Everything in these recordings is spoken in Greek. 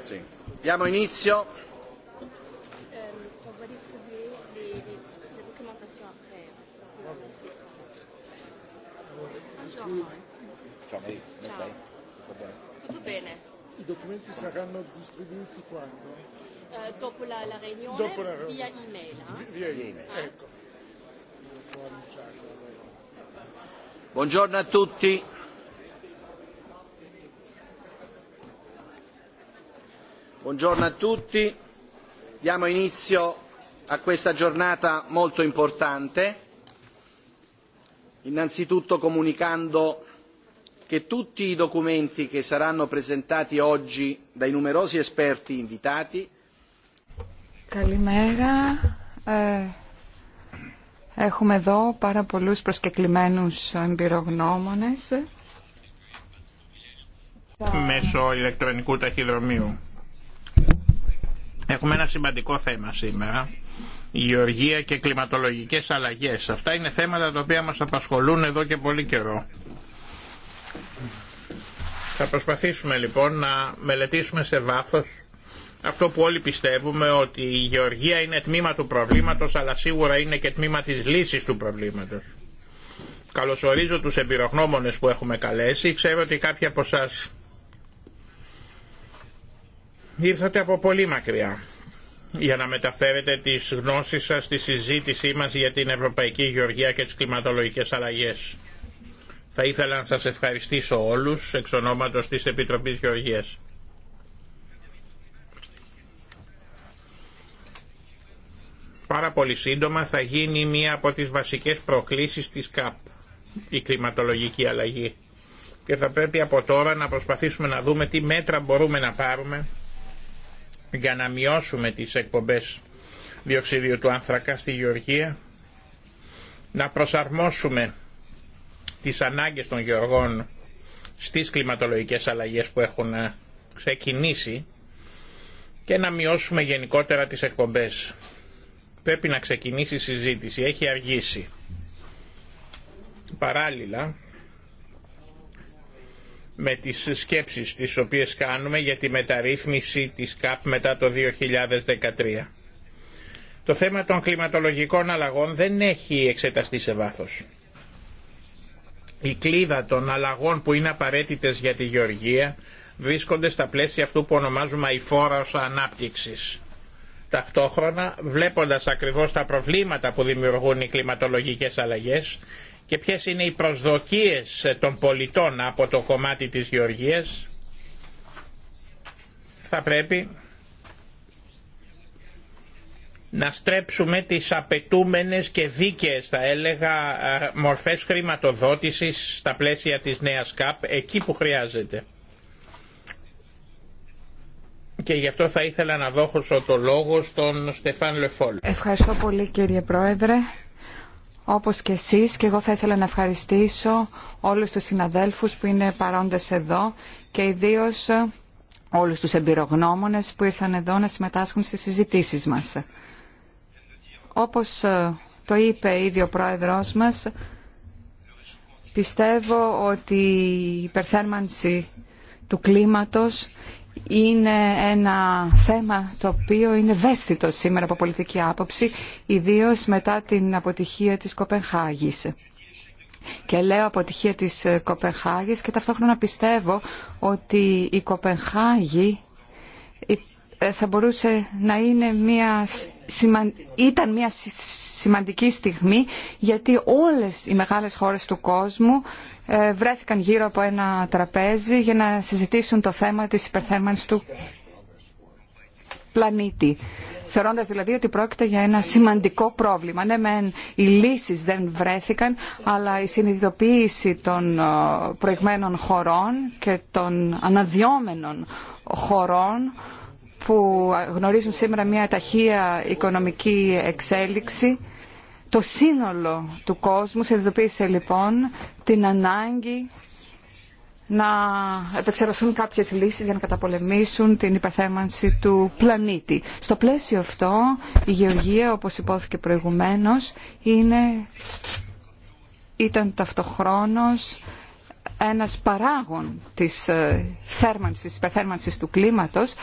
Sì. Diamo inizio. Tutto bene. I documenti saranno distribuiti quando? dopo la, la riunione via email. Eh? Via email, ecco. Buongiorno a tutti. Buongiorno a tutti. Diamo inizio a questa giornata molto importante. Innanzitutto comunicando che tutti i documenti che saranno presentati oggi dai numerosi esperti invitati Καλημέρα. Ε, έχουμε εδώ πάρα πολλούς προσκεκλημένους εμπειρογνώμονες. Μέσω ηλεκτρονικού ταχυδρομείου. Έχουμε ένα σημαντικό θέμα σήμερα. Γεωργία και κλιματολογικές αλλαγές. Αυτά είναι θέματα τα οποία μας απασχολούν εδώ και πολύ καιρό. Θα προσπαθήσουμε λοιπόν να μελετήσουμε σε βάθος αυτό που όλοι πιστεύουμε ότι η γεωργία είναι τμήμα του προβλήματος αλλά σίγουρα είναι και τμήμα της λύσης του προβλήματος. Καλωσορίζω τους εμπειρογνώμονες που έχουμε καλέσει. Ξέρω ότι κάποιοι από εσάς Ήρθατε από πολύ μακριά για να μεταφέρετε τις γνώσεις σας στη συζήτησή μας για την Ευρωπαϊκή Γεωργία και τις κλιματολογικές αλλαγές. Θα ήθελα να σας ευχαριστήσω όλους εξ ονόματος της Επιτροπής Γεωργίας. Πάρα πολύ σύντομα θα γίνει μία από τις βασικές προκλήσεις της ΚΑΠ, η κλιματολογική αλλαγή. Και θα πρέπει από τώρα να προσπαθήσουμε να δούμε τι μέτρα μπορούμε να πάρουμε για να μειώσουμε τις εκπομπές διοξιδίου του άνθρακα στη Γεωργία, να προσαρμόσουμε τις ανάγκες των γεωργών στις κλιματολογικές αλλαγές που έχουν ε, ξεκινήσει και να μειώσουμε γενικότερα τις εκπομπές. Πρέπει να ξεκινήσει η συζήτηση, έχει αργήσει. Παράλληλα, με τις σκέψεις τις οποίες κάνουμε για τη μεταρρύθμιση της ΚΑΠ μετά το 2013. Το θέμα των κλιματολογικών αλλαγών δεν έχει εξεταστεί σε βάθος. Η κλίδα των αλλαγών που είναι απαραίτητες για τη γεωργία βρίσκονται στα πλαίσια αυτού που ονομάζουμε φόρος ανάπτυξης. Ταυτόχρονα, βλέποντας ακριβώς τα προβλήματα που δημιουργούν οι κλιματολογικές αλλαγές, και ποιες είναι οι προσδοκίες των πολιτών από το κομμάτι της γεωργίας θα πρέπει να στρέψουμε τις απαιτούμενες και δίκαιες θα έλεγα μορφές χρηματοδότησης στα πλαίσια της νέας ΚΑΠ εκεί που χρειάζεται. Και γι' αυτό θα ήθελα να δώσω το λόγο στον Στεφάν Λεφόλ. Ευχαριστώ πολύ κύριε Πρόεδρε. Όπως και εσείς και εγώ θα ήθελα να ευχαριστήσω όλους τους συναδέλφους που είναι παρόντες εδώ και ιδίως ε, όλους τους εμπειρογνώμονες που ήρθαν εδώ να συμμετάσχουν στις συζητήσεις μας. Όπως ε, το είπε ήδη ο πρόεδρός μας, πιστεύω ότι η υπερθέρμανση του κλίματος είναι ένα θέμα το οποίο είναι ευαίσθητο σήμερα από πολιτική άποψη, ιδίως μετά την αποτυχία της Κοπενχάγης. Και λέω αποτυχία της Κοπενχάγης και ταυτόχρονα πιστεύω ότι η Κοπενχάγη ε, θα μπορούσε να είναι μια ήταν μια σημαντική στιγμή γιατί όλες οι μεγάλες χώρες του κόσμου ε, βρέθηκαν γύρω από ένα τραπέζι για να συζητήσουν το θέμα της υπερθέρμανσης του πλανήτη. Θεωρώντα δηλαδή ότι πρόκειται για ένα σημαντικό πρόβλημα. Ναι, μεν οι λύσει δεν βρέθηκαν, αλλά η συνειδητοποίηση των ε, προηγμένων χωρών και των αναδιόμενων χωρών που γνωρίζουν σήμερα μια ταχεία οικονομική εξέλιξη το σύνολο του κόσμου συνειδητοποίησε λοιπόν την ανάγκη να επεξεργαστούν κάποιες λύσεις για να καταπολεμήσουν την υπερθέρμανση του πλανήτη. Στο πλαίσιο αυτό η γεωργία όπως υπόθηκε προηγουμένως είναι, ήταν ταυτοχρόνως ένας παράγων της ε, θέρμανσης, υπερθέρμανσης του κλίματος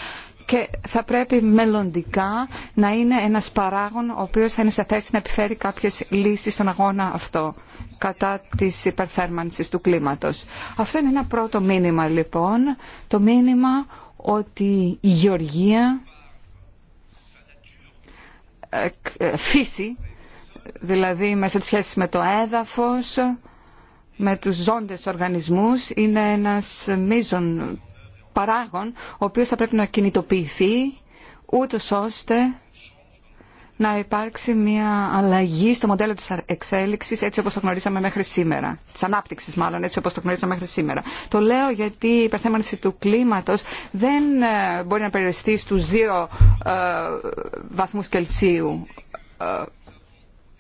και θα πρέπει μελλοντικά να είναι ένας παράγων ο οποίος θα είναι σε θέση να επιφέρει κάποιες λύσεις στον αγώνα αυτό κατά της υπερθέρμανσης του κλίματος. Αυτό είναι ένα πρώτο μήνυμα λοιπόν, το μήνυμα ότι η γεωργία ε, φύση, δηλαδή μέσω της σχέσης με το έδαφος, με τους ζώντες οργανισμούς, είναι ένας μείζον παράγων ο οποίος θα πρέπει να κινητοποιηθεί ούτω ώστε να υπάρξει μια αλλαγή στο μοντέλο της εξέλιξης έτσι όπως το γνωρίσαμε μέχρι σήμερα. Της ανάπτυξης μάλλον έτσι όπως το γνωρίσαμε μέχρι σήμερα. Το λέω γιατί η υπερθέμανση του κλίματος δεν ε, μπορεί να περιοριστεί στους δύο ε, βαθμούς Κελσίου. Ε,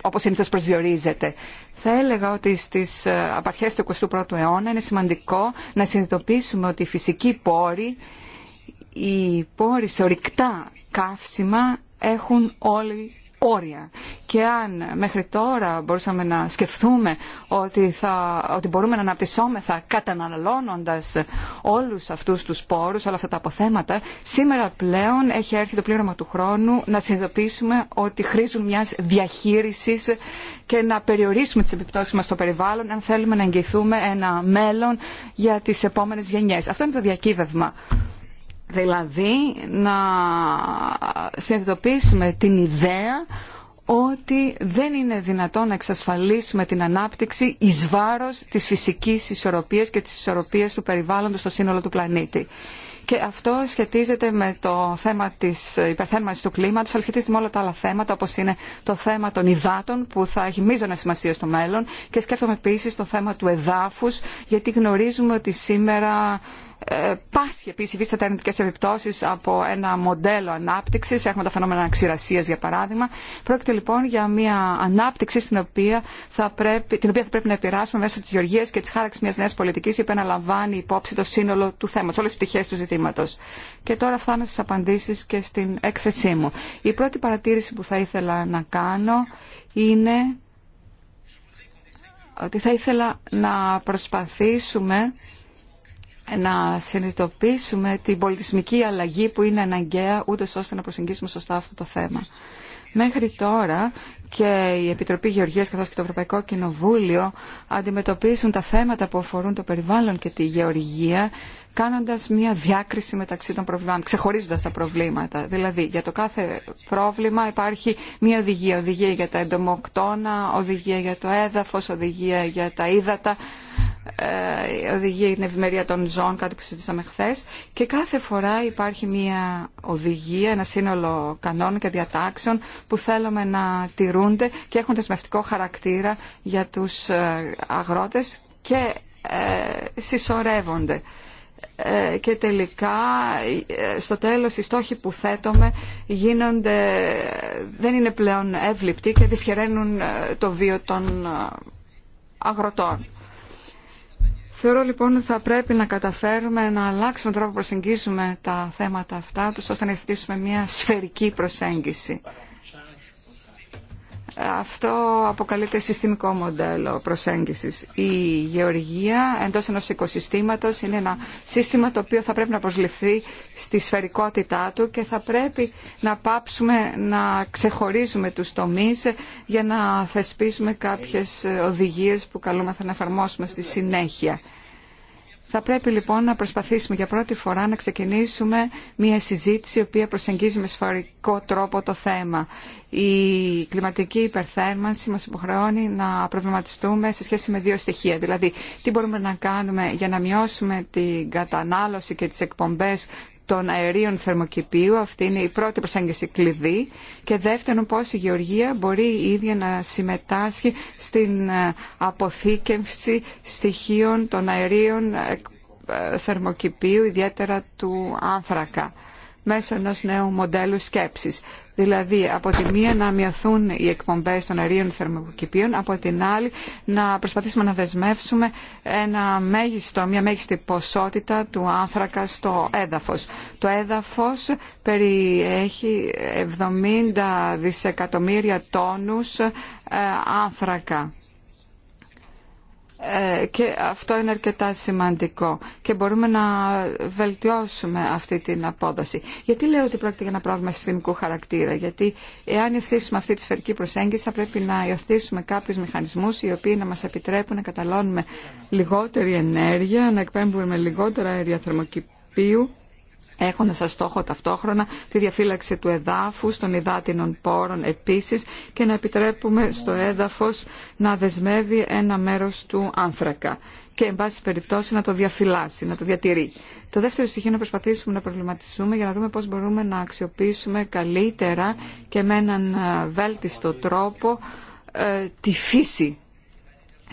όπως συνήθω προσδιορίζεται. Θα έλεγα ότι στι ε, απαρχέ του 21ου αιώνα είναι σημαντικό να συνειδητοποιήσουμε ότι οι φυσικοί πόροι, οι πόροι σε ορυκτά καύσιμα έχουν όλοι όρια. Και αν μέχρι τώρα μπορούσαμε να σκεφτούμε ότι, θα, ότι μπορούμε να αναπτυσσόμεθα καταναλώνοντας όλους αυτούς τους πόρους, όλα αυτά τα αποθέματα, σήμερα πλέον έχει έρθει το πλήρωμα του χρόνου να συνειδητοποιήσουμε ότι χρήζουν μιας διαχείρισης και να περιορίσουμε τις επιπτώσεις μας στο περιβάλλον αν θέλουμε να εγγυηθούμε ένα μέλλον για τις επόμενες γενιές. Αυτό είναι το διακύβευμα Δηλαδή να συνειδητοποιήσουμε την ιδέα ότι δεν είναι δυνατόν να εξασφαλίσουμε την ανάπτυξη εις βάρος της φυσικής ισορροπίας και της ισορροπίας του περιβάλλοντος στο σύνολο του πλανήτη. Και αυτό σχετίζεται με το θέμα της υπερθέρμανσης του κλίματος, αλλά σχετίζεται με όλα τα άλλα θέματα, όπως είναι το θέμα των υδάτων, που θα έχει μείζωνα σημασία στο μέλλον, και σκέφτομαι επίσης το θέμα του εδάφους, γιατί γνωρίζουμε ότι σήμερα ε, πάση επίση υφίσταται αρνητικέ επιπτώσει από ένα μοντέλο ανάπτυξη. Έχουμε τα φαινόμενα ξηρασία, για παράδειγμα. Πρόκειται λοιπόν για μια ανάπτυξη στην οποία θα πρέπει, την οποία θα πρέπει να επηρεάσουμε μέσω τη γεωργία και τη χάραξη μια νέα πολιτική, η οποία να λαμβάνει υπόψη το σύνολο του θέματο, όλε τι πτυχέ του ζητήματο. Και τώρα φτάνω στι απαντήσει και στην έκθεσή μου. Η πρώτη παρατήρηση που θα ήθελα να κάνω είναι ότι θα ήθελα να προσπαθήσουμε να συνειδητοποιήσουμε την πολιτισμική αλλαγή που είναι αναγκαία ούτε ώστε να προσεγγίσουμε σωστά αυτό το θέμα. Μέχρι τώρα και η Επιτροπή Γεωργίας καθώς και το Ευρωπαϊκό Κοινοβούλιο αντιμετωπίσουν τα θέματα που αφορούν το περιβάλλον και τη γεωργία κάνοντας μια διάκριση μεταξύ των προβλημάτων, ξεχωρίζοντας τα προβλήματα. Δηλαδή, για το κάθε πρόβλημα υπάρχει μια οδηγία. Οδηγία για τα εντομοκτώνα, οδηγία για το έδαφος, οδηγία για τα ύδατα ε, οδηγία για την ευημερία των ζώων, κάτι που συζητήσαμε χθε. Και κάθε φορά υπάρχει μια οδηγία, ένα σύνολο κανόνων και διατάξεων που θέλουμε να τηρούνται και έχουν δεσμευτικό χαρακτήρα για τους ε, αγρότες και ε, συσσωρεύονται. Ε, και τελικά στο τέλος οι στόχοι που θέτουμε γίνονται, δεν είναι πλέον εύληπτοι και δυσχεραίνουν το βίο των αγροτών. Θεωρώ λοιπόν ότι θα πρέπει να καταφέρουμε να αλλάξουμε τον τρόπο που προσεγγίζουμε τα θέματα αυτά, τους ώστε να ευθύσουμε μια σφαιρική προσέγγιση. Αυτό αποκαλείται συστημικό μοντέλο προσέγγισης. Η γεωργία εντός ενός οικοσυστήματος είναι ένα σύστημα το οποίο θα πρέπει να προσληφθεί στη σφαιρικότητά του και θα πρέπει να πάψουμε να ξεχωρίζουμε τους τομείς για να θεσπίσουμε κάποιες οδηγίες που καλούμεθα να εφαρμόσουμε στη συνέχεια. Θα πρέπει λοιπόν να προσπαθήσουμε για πρώτη φορά να ξεκινήσουμε μια συζήτηση η οποία προσεγγίζει με σφαρικό τρόπο το θέμα. Η κλιματική υπερθέρμανση μας υποχρεώνει να προβληματιστούμε σε σχέση με δύο στοιχεία. Δηλαδή, τι μπορούμε να κάνουμε για να μειώσουμε την κατανάλωση και τις εκπομπές των αερίων θερμοκηπίου. Αυτή είναι η πρώτη προσέγγιση κλειδί. Και δεύτερον, πώς η γεωργία μπορεί η ίδια να συμμετάσχει στην ε, αποθήκευση στοιχείων των αερίων ε, ε, θερμοκηπίου, ιδιαίτερα του άνθρακα μέσω ενός νέου μοντέλου σκέψης. Δηλαδή, από τη μία να μειωθούν οι εκπομπές των αερίων θερμοκηπίων, από την άλλη να προσπαθήσουμε να δεσμεύσουμε ένα μέγιστο, μια μέγιστη ποσότητα του άνθρακα στο έδαφος. Το έδαφος περιέχει 70 δισεκατομμύρια τόνους ε, άνθρακα ε, και αυτό είναι αρκετά σημαντικό και μπορούμε να βελτιώσουμε αυτή την απόδοση. Γιατί λέω ότι πρόκειται για ένα πρόβλημα συστημικού χαρακτήρα, γιατί εάν υιοθήσουμε αυτή τη σφαιρική προσέγγιση θα πρέπει να υιοθήσουμε κάποιους μηχανισμούς οι οποίοι να μας επιτρέπουν να καταλώνουμε λιγότερη ενέργεια, να εκπέμπουμε λιγότερα αερία θερμοκηπίου έχοντας σαν στόχο ταυτόχρονα τη διαφύλαξη του εδάφους, των υδάτινων πόρων επίσης και να επιτρέπουμε στο έδαφος να δεσμεύει ένα μέρος του άνθρακα και εν πάση περιπτώσει να το διαφυλάσει, να το διατηρεί. Το δεύτερο στοιχείο είναι να προσπαθήσουμε να προβληματιστούμε για να δούμε πώς μπορούμε να αξιοποιήσουμε καλύτερα και με έναν ε, βέλτιστο τρόπο ε, τη φύση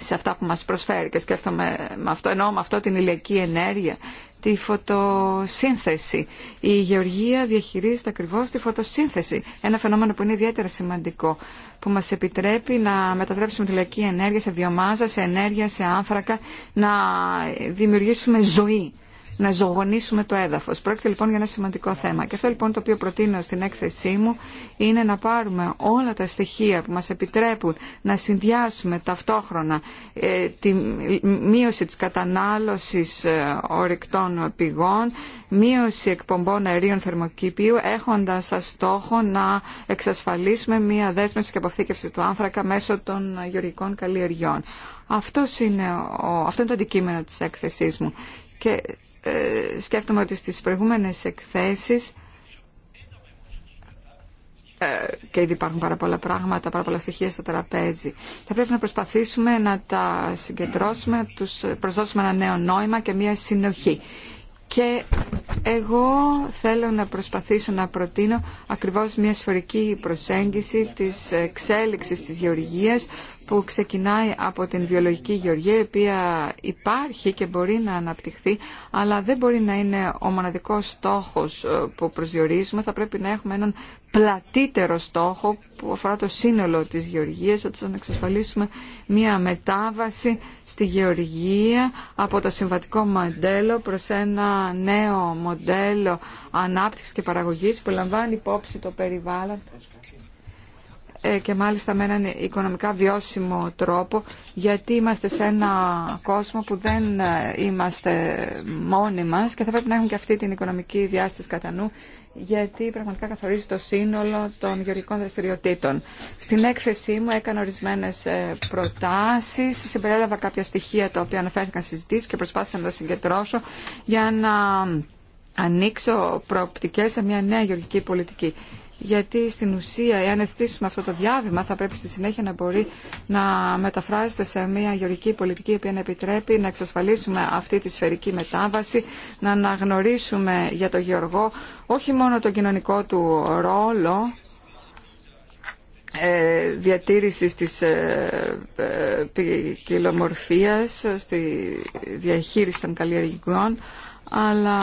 σε αυτά που μας προσφέρει και σκέφτομαι με αυτό, εννοώ με αυτό την ηλιακή ενέργεια τη φωτοσύνθεση. Η γεωργία διαχειρίζεται ακριβώς τη φωτοσύνθεση, ένα φαινόμενο που είναι ιδιαίτερα σημαντικό, που μας επιτρέπει να μετατρέψουμε τη λαϊκή ενέργεια σε βιομάζα, σε ενέργεια, σε άνθρακα, να δημιουργήσουμε ζωή να ζωγονίσουμε το έδαφο. Πρόκειται λοιπόν για ένα σημαντικό θέμα. Και αυτό λοιπόν το οποίο προτείνω στην έκθεσή μου είναι να πάρουμε όλα τα στοιχεία που μα επιτρέπουν να συνδυάσουμε ταυτόχρονα ε, τη μείωση της κατανάλωσης ε, ορυκτών πηγών, μείωση εκπομπών αερίων θερμοκήπιου, έχοντα σαν στόχο να εξασφαλίσουμε μια δέσμευση και αποθήκευση του άνθρακα μέσω των γεωργικών καλλιεργιών. Αυτός είναι, αυτό είναι το αντικείμενο της έκθεσής μου. Και ε, σκέφτομαι ότι στις προηγούμενες εκθέσεις ε, και ήδη υπάρχουν πάρα πολλά πράγματα, πάρα πολλά στοιχεία στο τραπέζι. Θα πρέπει να προσπαθήσουμε να τα συγκεντρώσουμε, να τους προσδώσουμε ένα νέο νόημα και μια συνοχή. Και εγώ θέλω να προσπαθήσω να προτείνω ακριβώς μια σφαιρική προσέγγιση της εξέλιξης της γεωργίας που ξεκινάει από την βιολογική γεωργία, η οποία υπάρχει και μπορεί να αναπτυχθεί, αλλά δεν μπορεί να είναι ο μοναδικός στόχος ε, που προσδιορίζουμε. Θα πρέπει να έχουμε έναν πλατύτερο στόχο που αφορά το σύνολο της γεωργίας, ώστε να εξασφαλίσουμε μια μετάβαση στη γεωργία από το συμβατικό μοντέλο προς ένα νέο μοντέλο ανάπτυξης και παραγωγής που λαμβάνει υπόψη το περιβάλλον ε, και μάλιστα με έναν οικονομικά βιώσιμο τρόπο γιατί είμαστε σε ένα κόσμο που δεν ε, είμαστε μόνοι μας και θα πρέπει να έχουμε και αυτή την οικονομική διάσταση κατά νου γιατί πραγματικά καθορίζει το σύνολο των γεωργικών δραστηριοτήτων. Στην έκθεσή μου έκανα ορισμένε προτάσει, συμπεριέλαβα κάποια στοιχεία τα οποία αναφέρθηκαν στι συζητήσει και προσπάθησα να τα συγκεντρώσω για να ε, ανοίξω προοπτικέ σε μια νέα γεωργική πολιτική γιατί στην ουσία εάν ευθύσουμε αυτό το διάβημα θα πρέπει στη συνέχεια να μπορεί να μεταφράζεται σε μια γεωργική πολιτική η οποία να επιτρέπει να εξασφαλίσουμε αυτή τη σφαιρική μετάβαση, να αναγνωρίσουμε για τον γεωργό όχι μόνο τον κοινωνικό του ρόλο, ε, διατήρησης της ε, ε, ποικιλομορφίας στη διαχείριση των καλλιεργικών αλλά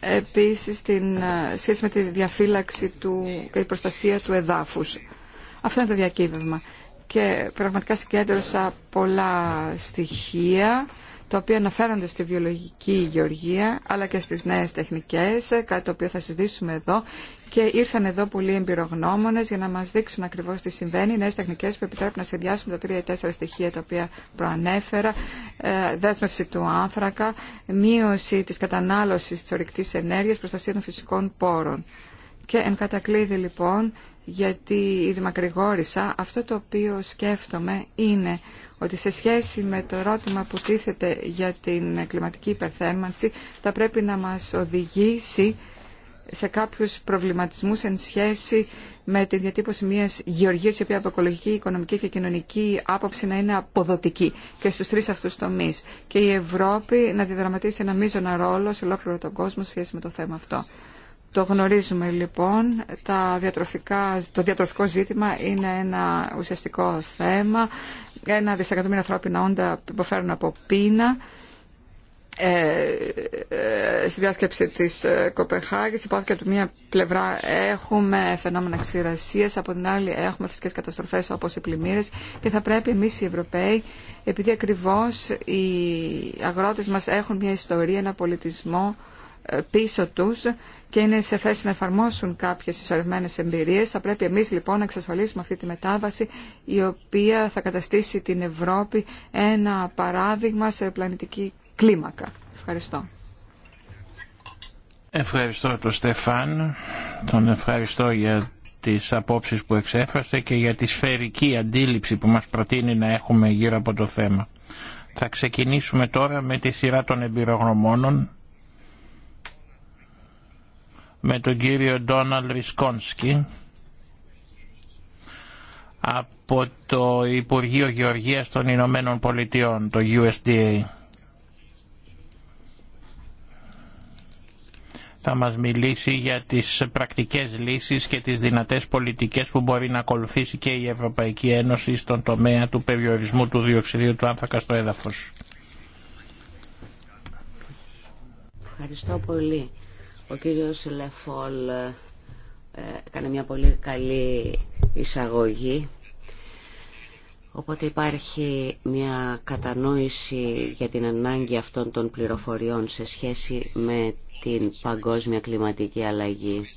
επίσης την ε, σχέση με τη διαφύλαξη του και η προστασία του εδάφους. Αυτό είναι το διακύβευμα. Και πραγματικά συγκέντρωσα πολλά στοιχεία τα οποία αναφέρονται στη βιολογική γεωργία αλλά και στις νέες τεχνικές, κάτι το οποίο θα συζητήσουμε εδώ και ήρθαν εδώ πολλοί εμπειρογνώμονε για να μα δείξουν ακριβώ τι συμβαίνει, Νέε τεχνικέ που επιτρέπουν να συνδυάσουμε τα τρία ή τέσσερα στοιχεία τα οποία προανέφερα, ε, δέσμευση του άνθρακα, μείωση τη κατανάλωση τη ορεικτή ενέργεια προστασία των φυσικών πόρων. Και εν κατακλείδη λοιπόν, γιατί ήδη μακρηγόρησα, αυτό το οποίο σκέφτομαι είναι ότι σε σχέση με το ερώτημα που τίθεται για την κλιματική υπερθέρμανση θα πρέπει να μας οδηγήσει σε κάποιους προβληματισμούς εν σχέση με τη διατύπωση μιας γεωργίας η οποία από οικολογική, οικονομική και κοινωνική άποψη να είναι αποδοτική και στους τρεις αυτούς τομείς και η Ευρώπη να διαδραματίσει ένα μείζωνα ρόλο σε ολόκληρο τον κόσμο σε σχέση με το θέμα αυτό. Το γνωρίζουμε λοιπόν, τα διατροφικά, το διατροφικό ζήτημα είναι ένα ουσιαστικό θέμα, ένα δισεκατομμύριο ανθρώπινα όντα υποφέρουν από πείνα ε, ε, στη διάσκεψη της ε, Κοπεχάγης υπάρχει από τη μία πλευρά έχουμε φαινόμενα ξηρασίας, από την άλλη έχουμε φυσικές καταστροφές όπως οι πλημμύρες και θα πρέπει εμείς οι Ευρωπαίοι, επειδή ακριβώς οι αγρότες μας έχουν μια ιστορία, ένα πολιτισμό πίσω τους και είναι σε θέση να εφαρμόσουν κάποιες ισορρευμένες εμπειρίες. Θα πρέπει εμείς λοιπόν να εξασφαλίσουμε αυτή τη μετάβαση η οποία θα καταστήσει την Ευρώπη ένα παράδειγμα σε πλανητική κλίμακα. Ευχαριστώ. Ευχαριστώ τον Στεφάν, τον ευχαριστώ για τις απόψεις που εξέφρασε και για τη σφαιρική αντίληψη που μας προτείνει να έχουμε γύρω από το θέμα. Θα ξεκινήσουμε τώρα με τη σειρά των εμπειρογνωμόνων με τον κύριο Ντόναλ Ρισκόνσκι από το Υπουργείο Γεωργίας των Ηνωμένων Πολιτειών, το USDA. θα μας μιλήσει για τις πρακτικές λύσεις και τις δυνατές πολιτικές που μπορεί να ακολουθήσει και η Ευρωπαϊκή Ένωση στον τομέα του περιορισμού του διοξιδίου του άνθρακα στο έδαφος. Ευχαριστώ πολύ. Ο κύριος Λεφόλ ε, έκανε μια πολύ καλή εισαγωγή Οπότε υπάρχει μια κατανόηση για την ανάγκη αυτών των πληροφοριών σε σχέση με την παγκόσμια κλιματική αλλαγή.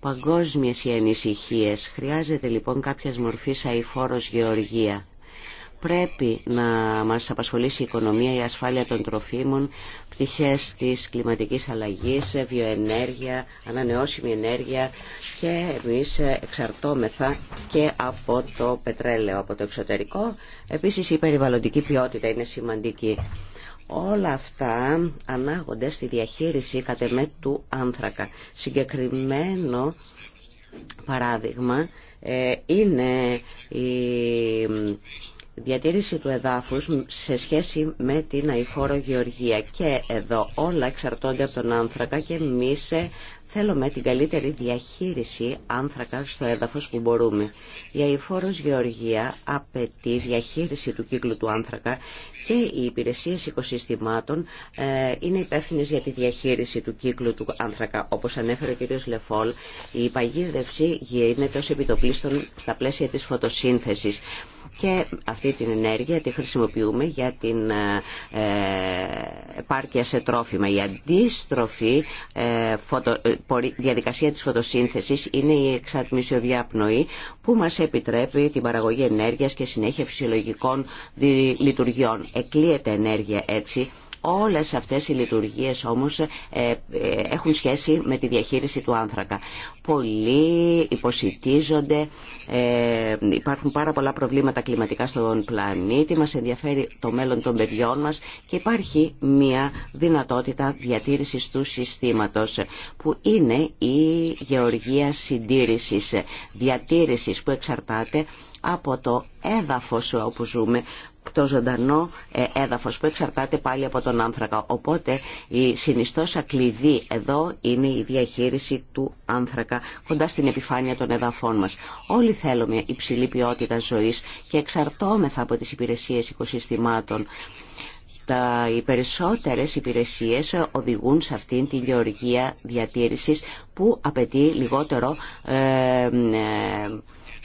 Παγκόσμιες οι ανησυχίες. Χρειάζεται λοιπόν κάποια μορφή αηφόρος γεωργία. Πρέπει να μας απασχολήσει η οικονομία, η ασφάλεια των τροφίμων, πτυχές της κλιματικής αλλαγής, βιοενέργεια, ανανεώσιμη ενέργεια και εμείς εξαρτώμεθα και από το πετρέλαιο, από το εξωτερικό. Επίσης η περιβαλλοντική ποιότητα είναι σημαντική. Όλα αυτά ανάγονται στη διαχείριση εμέ του άνθρακα. Συγκεκριμένο παράδειγμα ε, είναι η διατήρηση του εδάφους σε σχέση με την αηφόρο γεωργία. Και εδώ όλα εξαρτώνται από τον άνθρακα και μίσε. Θέλουμε την καλύτερη διαχείριση άνθρακα στο έδαφος που μπορούμε. Η αηφόρο γεωργία απαιτεί διαχείριση του κύκλου του άνθρακα και οι υπηρεσίε οικοσυστημάτων ε, είναι υπεύθυνε για τη διαχείριση του κύκλου του άνθρακα. Όπως ανέφερε ο κ. Λεφόλ, η παγίδευση γίνεται ω επιτοπλίστων στα πλαίσια τη φωτοσύνθεσης και αυτή την ενέργεια τη χρησιμοποιούμε για την ε, ε, σε τρόφιμα. Η αντίστροφη ε, ε, διαδικασία της φωτοσύνθεσης είναι η εξατμισιοδιαπνοή που μας επιτρέπει την παραγωγή ενέργειας και συνέχεια φυσιολογικών λειτουργιών. Εκλείεται ενέργεια έτσι Όλες αυτές οι λειτουργίες όμως ε, ε, έχουν σχέση με τη διαχείριση του άνθρακα. Πολλοί υποσυτίζονται, ε, υπάρχουν πάρα πολλά προβλήματα κλιματικά στον πλανήτη, μας ενδιαφέρει το μέλλον των παιδιών μας και υπάρχει μια δυνατότητα διατήρησης του συστήματος που είναι η γεωργία συντήρησης, διατήρησης που εξαρτάται από το έδαφος όπου ζούμε το ζωντανό ε, έδαφος που εξαρτάται πάλι από τον άνθρακα. Οπότε η συνιστόσα κλειδί εδώ είναι η διαχείριση του άνθρακα κοντά στην επιφάνεια των εδαφών μας. Όλοι θέλουμε υψηλή ποιότητα ζωής και εξαρτώμεθα από τις υπηρεσίες οικοσυστημάτων τα, οι περισσότερες υπηρεσίες οδηγούν σε αυτήν την γεωργία διατήρησης που απαιτεί λιγότερο ε, ε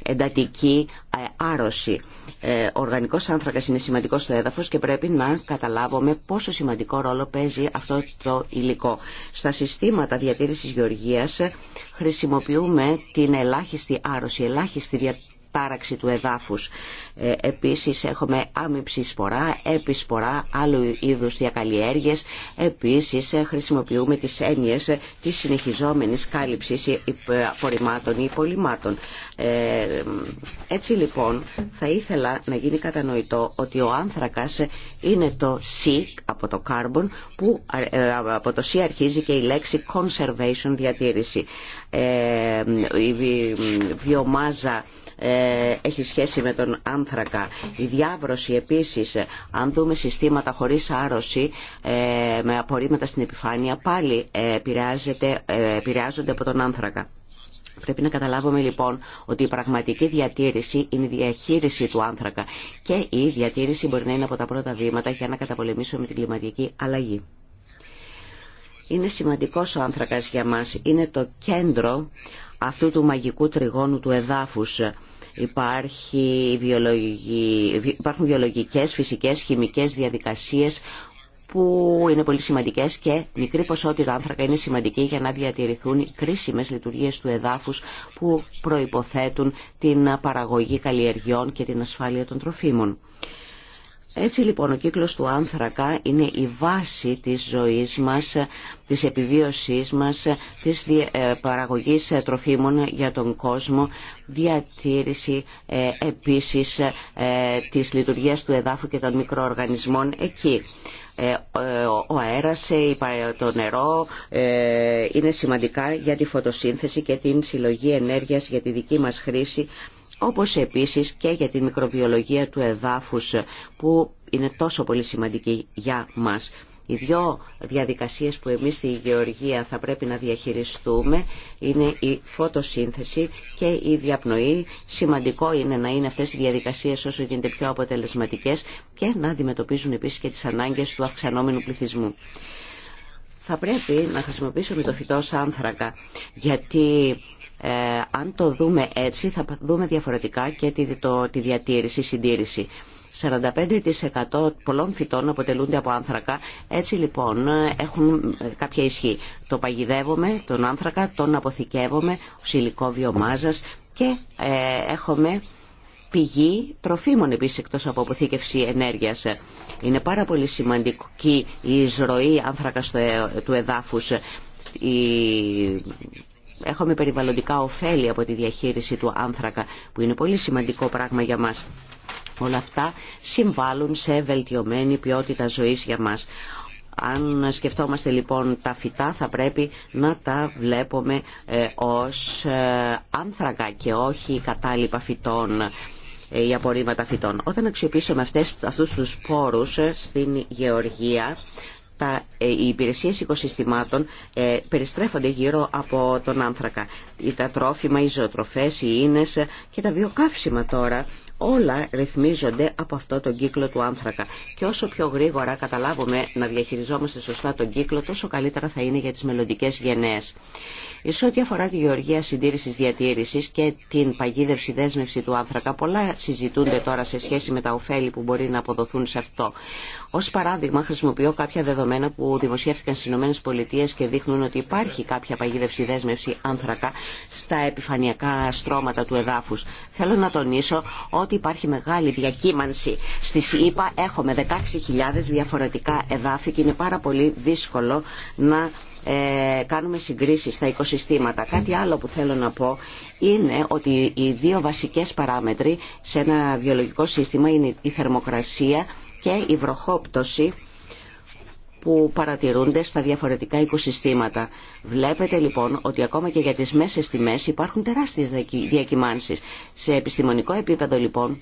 εντατική ε, άρρωση. Ε, ο οργανικός άνθρακας είναι σημαντικός στο έδαφος και πρέπει να καταλάβουμε πόσο σημαντικό ρόλο παίζει αυτό το υλικό. Στα συστήματα διατήρησης γεωργίας ε, χρησιμοποιούμε την ελάχιστη άρρωση, ελάχιστη διατήρηση χάραξη του εδάφους. Ε, επίσης έχουμε άμυψη σπορά, επισπορά, άλλου είδους διακαλλιέργειες. Επίσης ε, χρησιμοποιούμε τις έννοιες ε, της συνεχιζόμενης κάλυψης απορριμμάτων ή πολυμάτων. έτσι λοιπόν θα ήθελα να γίνει κατανοητό ότι ο άνθρακας είναι το C από το carbon που από το C αρχίζει και η λέξη conservation διατήρηση. η βιομάζα ε, έχει σχέση με τον άνθρακα. Η διάβρωση επίσης, ε, αν δούμε συστήματα χωρίς άρρωση ε, με απορρίμματα στην επιφάνεια, πάλι επηρεάζονται από τον άνθρακα. Πρέπει να καταλάβουμε λοιπόν ότι η πραγματική διατήρηση είναι η διαχείριση του άνθρακα και η διατήρηση μπορεί να είναι από τα πρώτα βήματα για να καταπολεμήσουμε την κλιματική αλλαγή. Είναι σημαντικός ο άνθρακας για μας, είναι το κέντρο αυτού του μαγικού τριγώνου του εδάφους. Υπάρχει βιολογική, υπάρχουν βιολογικές, φυσικές, χημικές διαδικασίες που είναι πολύ σημαντικές και μικρή ποσότητα άνθρακα είναι σημαντική για να διατηρηθούν οι κρίσιμες λειτουργίες του εδάφους που προϋποθέτουν την παραγωγή καλλιεργιών και την ασφάλεια των τροφίμων. Έτσι λοιπόν ο κύκλος του άνθρακα είναι η βάση της ζωής μας, της επιβίωσής μας, της ε, παραγωγής ε, τροφίμων για τον κόσμο, διατήρηση ε, επίσης της λειτουργίας του εδάφου και των μικροοργανισμών εκεί. Ο αέρας, το νερό είναι σημαντικά για τη φωτοσύνθεση και την συλλογή ενέργειας για τη δική μας χρήση όπως επίσης και για τη μικροβιολογία του εδάφους που είναι τόσο πολύ σημαντική για μας. Οι δυο διαδικασίες που εμείς στη Γεωργία θα πρέπει να διαχειριστούμε είναι η φωτοσύνθεση και η διαπνοή. Σημαντικό είναι να είναι αυτές οι διαδικασίες όσο γίνεται πιο αποτελεσματικές και να αντιμετωπίζουν επίσης και τις ανάγκες του αυξανόμενου πληθυσμού. Θα πρέπει να χρησιμοποιήσουμε το φυτό άνθρακα γιατί ε, αν το δούμε έτσι θα δούμε διαφορετικά και τη, το, τη διατήρηση, συντήρηση. 45% πολλών φυτών αποτελούνται από άνθρακα. Έτσι λοιπόν έχουν ε, κάποια ισχύ. Το παγιδεύουμε, τον άνθρακα, τον αποθηκεύουμε, υλικό βιομάζας και ε, έχουμε πηγή τροφίμων επίσης εκτός από αποθήκευση ενέργειας. Είναι πάρα πολύ σημαντική η εισρωή άνθρακα του εδάφους. Η έχουμε περιβαλλοντικά ωφέλη από τη διαχείριση του άνθρακα, που είναι πολύ σημαντικό πράγμα για μας. Όλα αυτά συμβάλλουν σε βελτιωμένη ποιότητα ζωής για μας. Αν σκεφτόμαστε λοιπόν τα φυτά θα πρέπει να τα βλέπουμε ε, ως ε, άνθρακα και όχι κατάλοιπα φυτών ε, ή απορρίμματα φυτών. Όταν αξιοποιήσουμε αυτές, αυτούς τους πόρους στην γεωργία τα, ε, οι υπηρεσίε οικοσυστημάτων ε, περιστρέφονται γύρω από τον άνθρακα. Τα τρόφιμα, οι ζωοτροφέ, οι ίνες ε, και τα βιοκαύσιμα τώρα όλα ρυθμίζονται από αυτό τον κύκλο του άνθρακα. Και όσο πιο γρήγορα καταλάβουμε να διαχειριζόμαστε σωστά τον κύκλο, τόσο καλύτερα θα είναι για τις μελλοντικέ γενναίες. Σε ό,τι αφορά τη γεωργία συντήρηση διατήρηση και την παγίδευση δέσμευση του άνθρακα, πολλά συζητούνται τώρα σε σχέση με τα ωφέλη που μπορεί να αποδοθούν σε αυτό. Ω παράδειγμα χρησιμοποιώ κάποια δεδομένα που δημοσιεύτηκαν στι ΗΠΑ και δείχνουν ότι υπάρχει κάποια παγίδευση δέσμευση άνθρακα στα επιφανειακά στρώματα του εδάφου. Θέλω να τονίσω ότι υπάρχει μεγάλη διακύμανση. στι ΗΠΑ έχουμε 16.000 διαφορετικά εδάφη και είναι πάρα πολύ δύσκολο να ε, κάνουμε συγκρίσει στα οικοσυστήματα. Κάτι άλλο που θέλω να πω είναι ότι οι δύο βασικές παράμετροι σε ένα βιολογικό σύστημα είναι η θερμοκρασία και η βροχόπτωση που παρατηρούνται στα διαφορετικά οικοσυστήματα. Βλέπετε λοιπόν ότι ακόμα και για τις μέσες τιμές υπάρχουν τεράστιες διακυμάνσεις. Σε επιστημονικό επίπεδο λοιπόν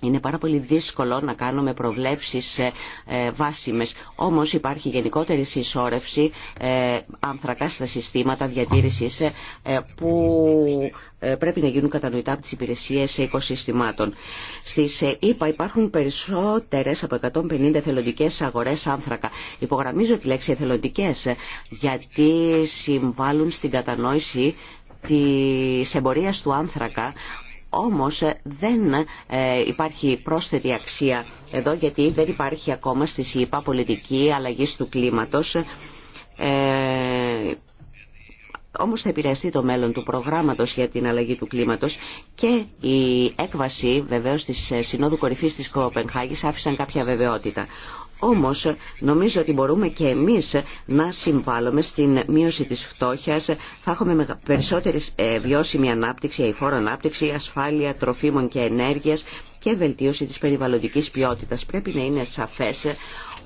είναι πάρα πολύ δύσκολο να κάνουμε προβλέψεις ε, ε, βάσιμες. Όμως υπάρχει γενικότερη συσσόρευση ε, άνθρακα στα συστήματα διατήρησης που πρέπει να γίνουν κατανοητά από τις υπηρεσίες οικοσυστημάτων. Στις ΕΠΑ υπάρχουν περισσότερες από 150 εθελοντικές αγορές άνθρακα. Υπογραμμίζω τη λέξη εθελοντικές γιατί συμβάλλουν στην κατανόηση της εμπορίας του άνθρακα όμως ε, δεν ε, υπάρχει πρόσθετη αξία εδώ γιατί δεν υπάρχει ακόμα στη ΣΥΠΑ πολιτική αλλαγής του κλίματος. Ε, όμως θα επηρεαστεί το μέλλον του προγράμματος για την αλλαγή του κλίματος και η έκβαση βεβαίως της ε, Συνόδου Κορυφής της Κοπενχάγης άφησαν κάποια βεβαιότητα. Όμως νομίζω ότι μπορούμε και εμείς να συμβάλλουμε στην μείωση της φτώχειας. Θα έχουμε περισσότερη ε, βιώσιμη ανάπτυξη, αηφόρο ανάπτυξη, ασφάλεια τροφίμων και ενέργειας και βελτίωση της περιβαλλοντικής ποιότητας. Πρέπει να είναι σαφές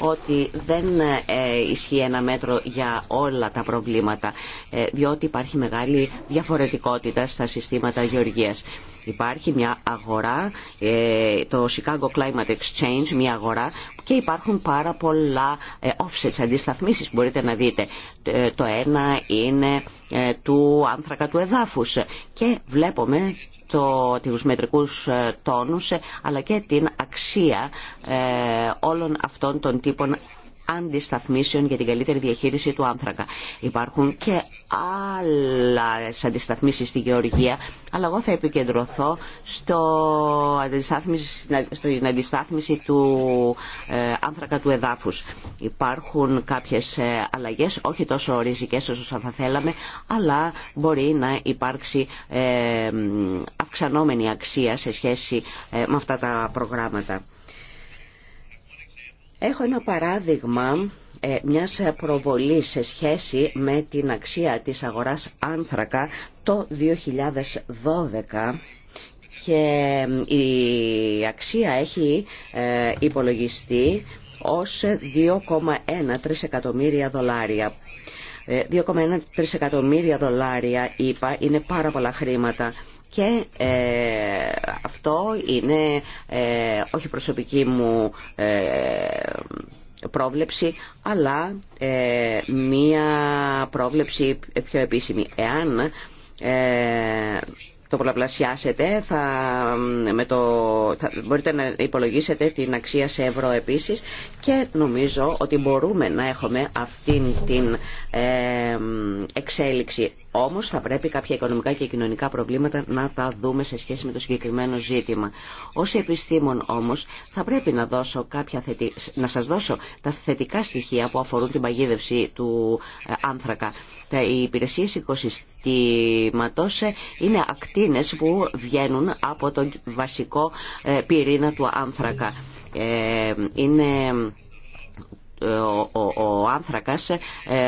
ότι δεν ε, ισχύει ένα μέτρο για όλα τα προβλήματα, ε, διότι υπάρχει μεγάλη διαφορετικότητα στα συστήματα γεωργίας. Υπάρχει μια αγορά, ε, το Chicago Climate Exchange, μια αγορά και υπάρχουν πάρα πολλά ε, offsets, αντισταθμίσεις που μπορείτε να δείτε. Ε, το ένα είναι του άνθρακα του εδάφους και βλέπουμε το, τους μετρικούς τόνους αλλά και την αξία όλων αυτών των τύπων αντισταθμίσεων για την καλύτερη διαχείριση του άνθρακα. Υπάρχουν και άλλες αντισταθμίσει στη γεωργία, αλλά εγώ θα επικεντρωθώ στο αντισταθμίση, στην αντιστάθμιση του ε, άνθρακα του εδάφους. Υπάρχουν κάποιες ε, αλλαγές, όχι τόσο ριζικές όσο θα θέλαμε, αλλά μπορεί να υπάρξει ε, αυξανόμενη αξία σε σχέση με αυτά τα προγράμματα. Έχω ένα παράδειγμα ε, μιας ε, προβολής σε σχέση με την αξία της αγοράς άνθρακα το 2012 και ε, η αξία έχει υπολογιστεί ως 2,1 τρισεκατομμύρια δολάρια. 2,1 τρισεκατομμύρια δολάρια, είπα, είναι πάρα πολλά χρήματα και ε, αυτό είναι ε, όχι προσωπική μου ε, πρόβλεψη αλλά ε, μία πρόβλεψη πιο επίσημη. Εάν το πολλαπλασιάσετε θα, με το, θα, μπορείτε να υπολογίσετε την αξία σε ευρώ επίσης και νομίζω ότι μπορούμε να έχουμε αυτήν την εξέλιξη. Όμως θα πρέπει κάποια οικονομικά και κοινωνικά προβλήματα να τα δούμε σε σχέση με το συγκεκριμένο ζήτημα. Ως επιστήμον όμως θα πρέπει να, δώσω κάποια να σας δώσω τα θετικά στοιχεία που αφορούν την παγίδευση του ε, άνθρακα. Τα... Οι υπηρεσίε οικοσυστήματος ε, είναι ακτίνες που βγαίνουν από τον βασικό ε, πυρήνα του άνθρακα. Είναι ο, ο, ο άνθρακας ε,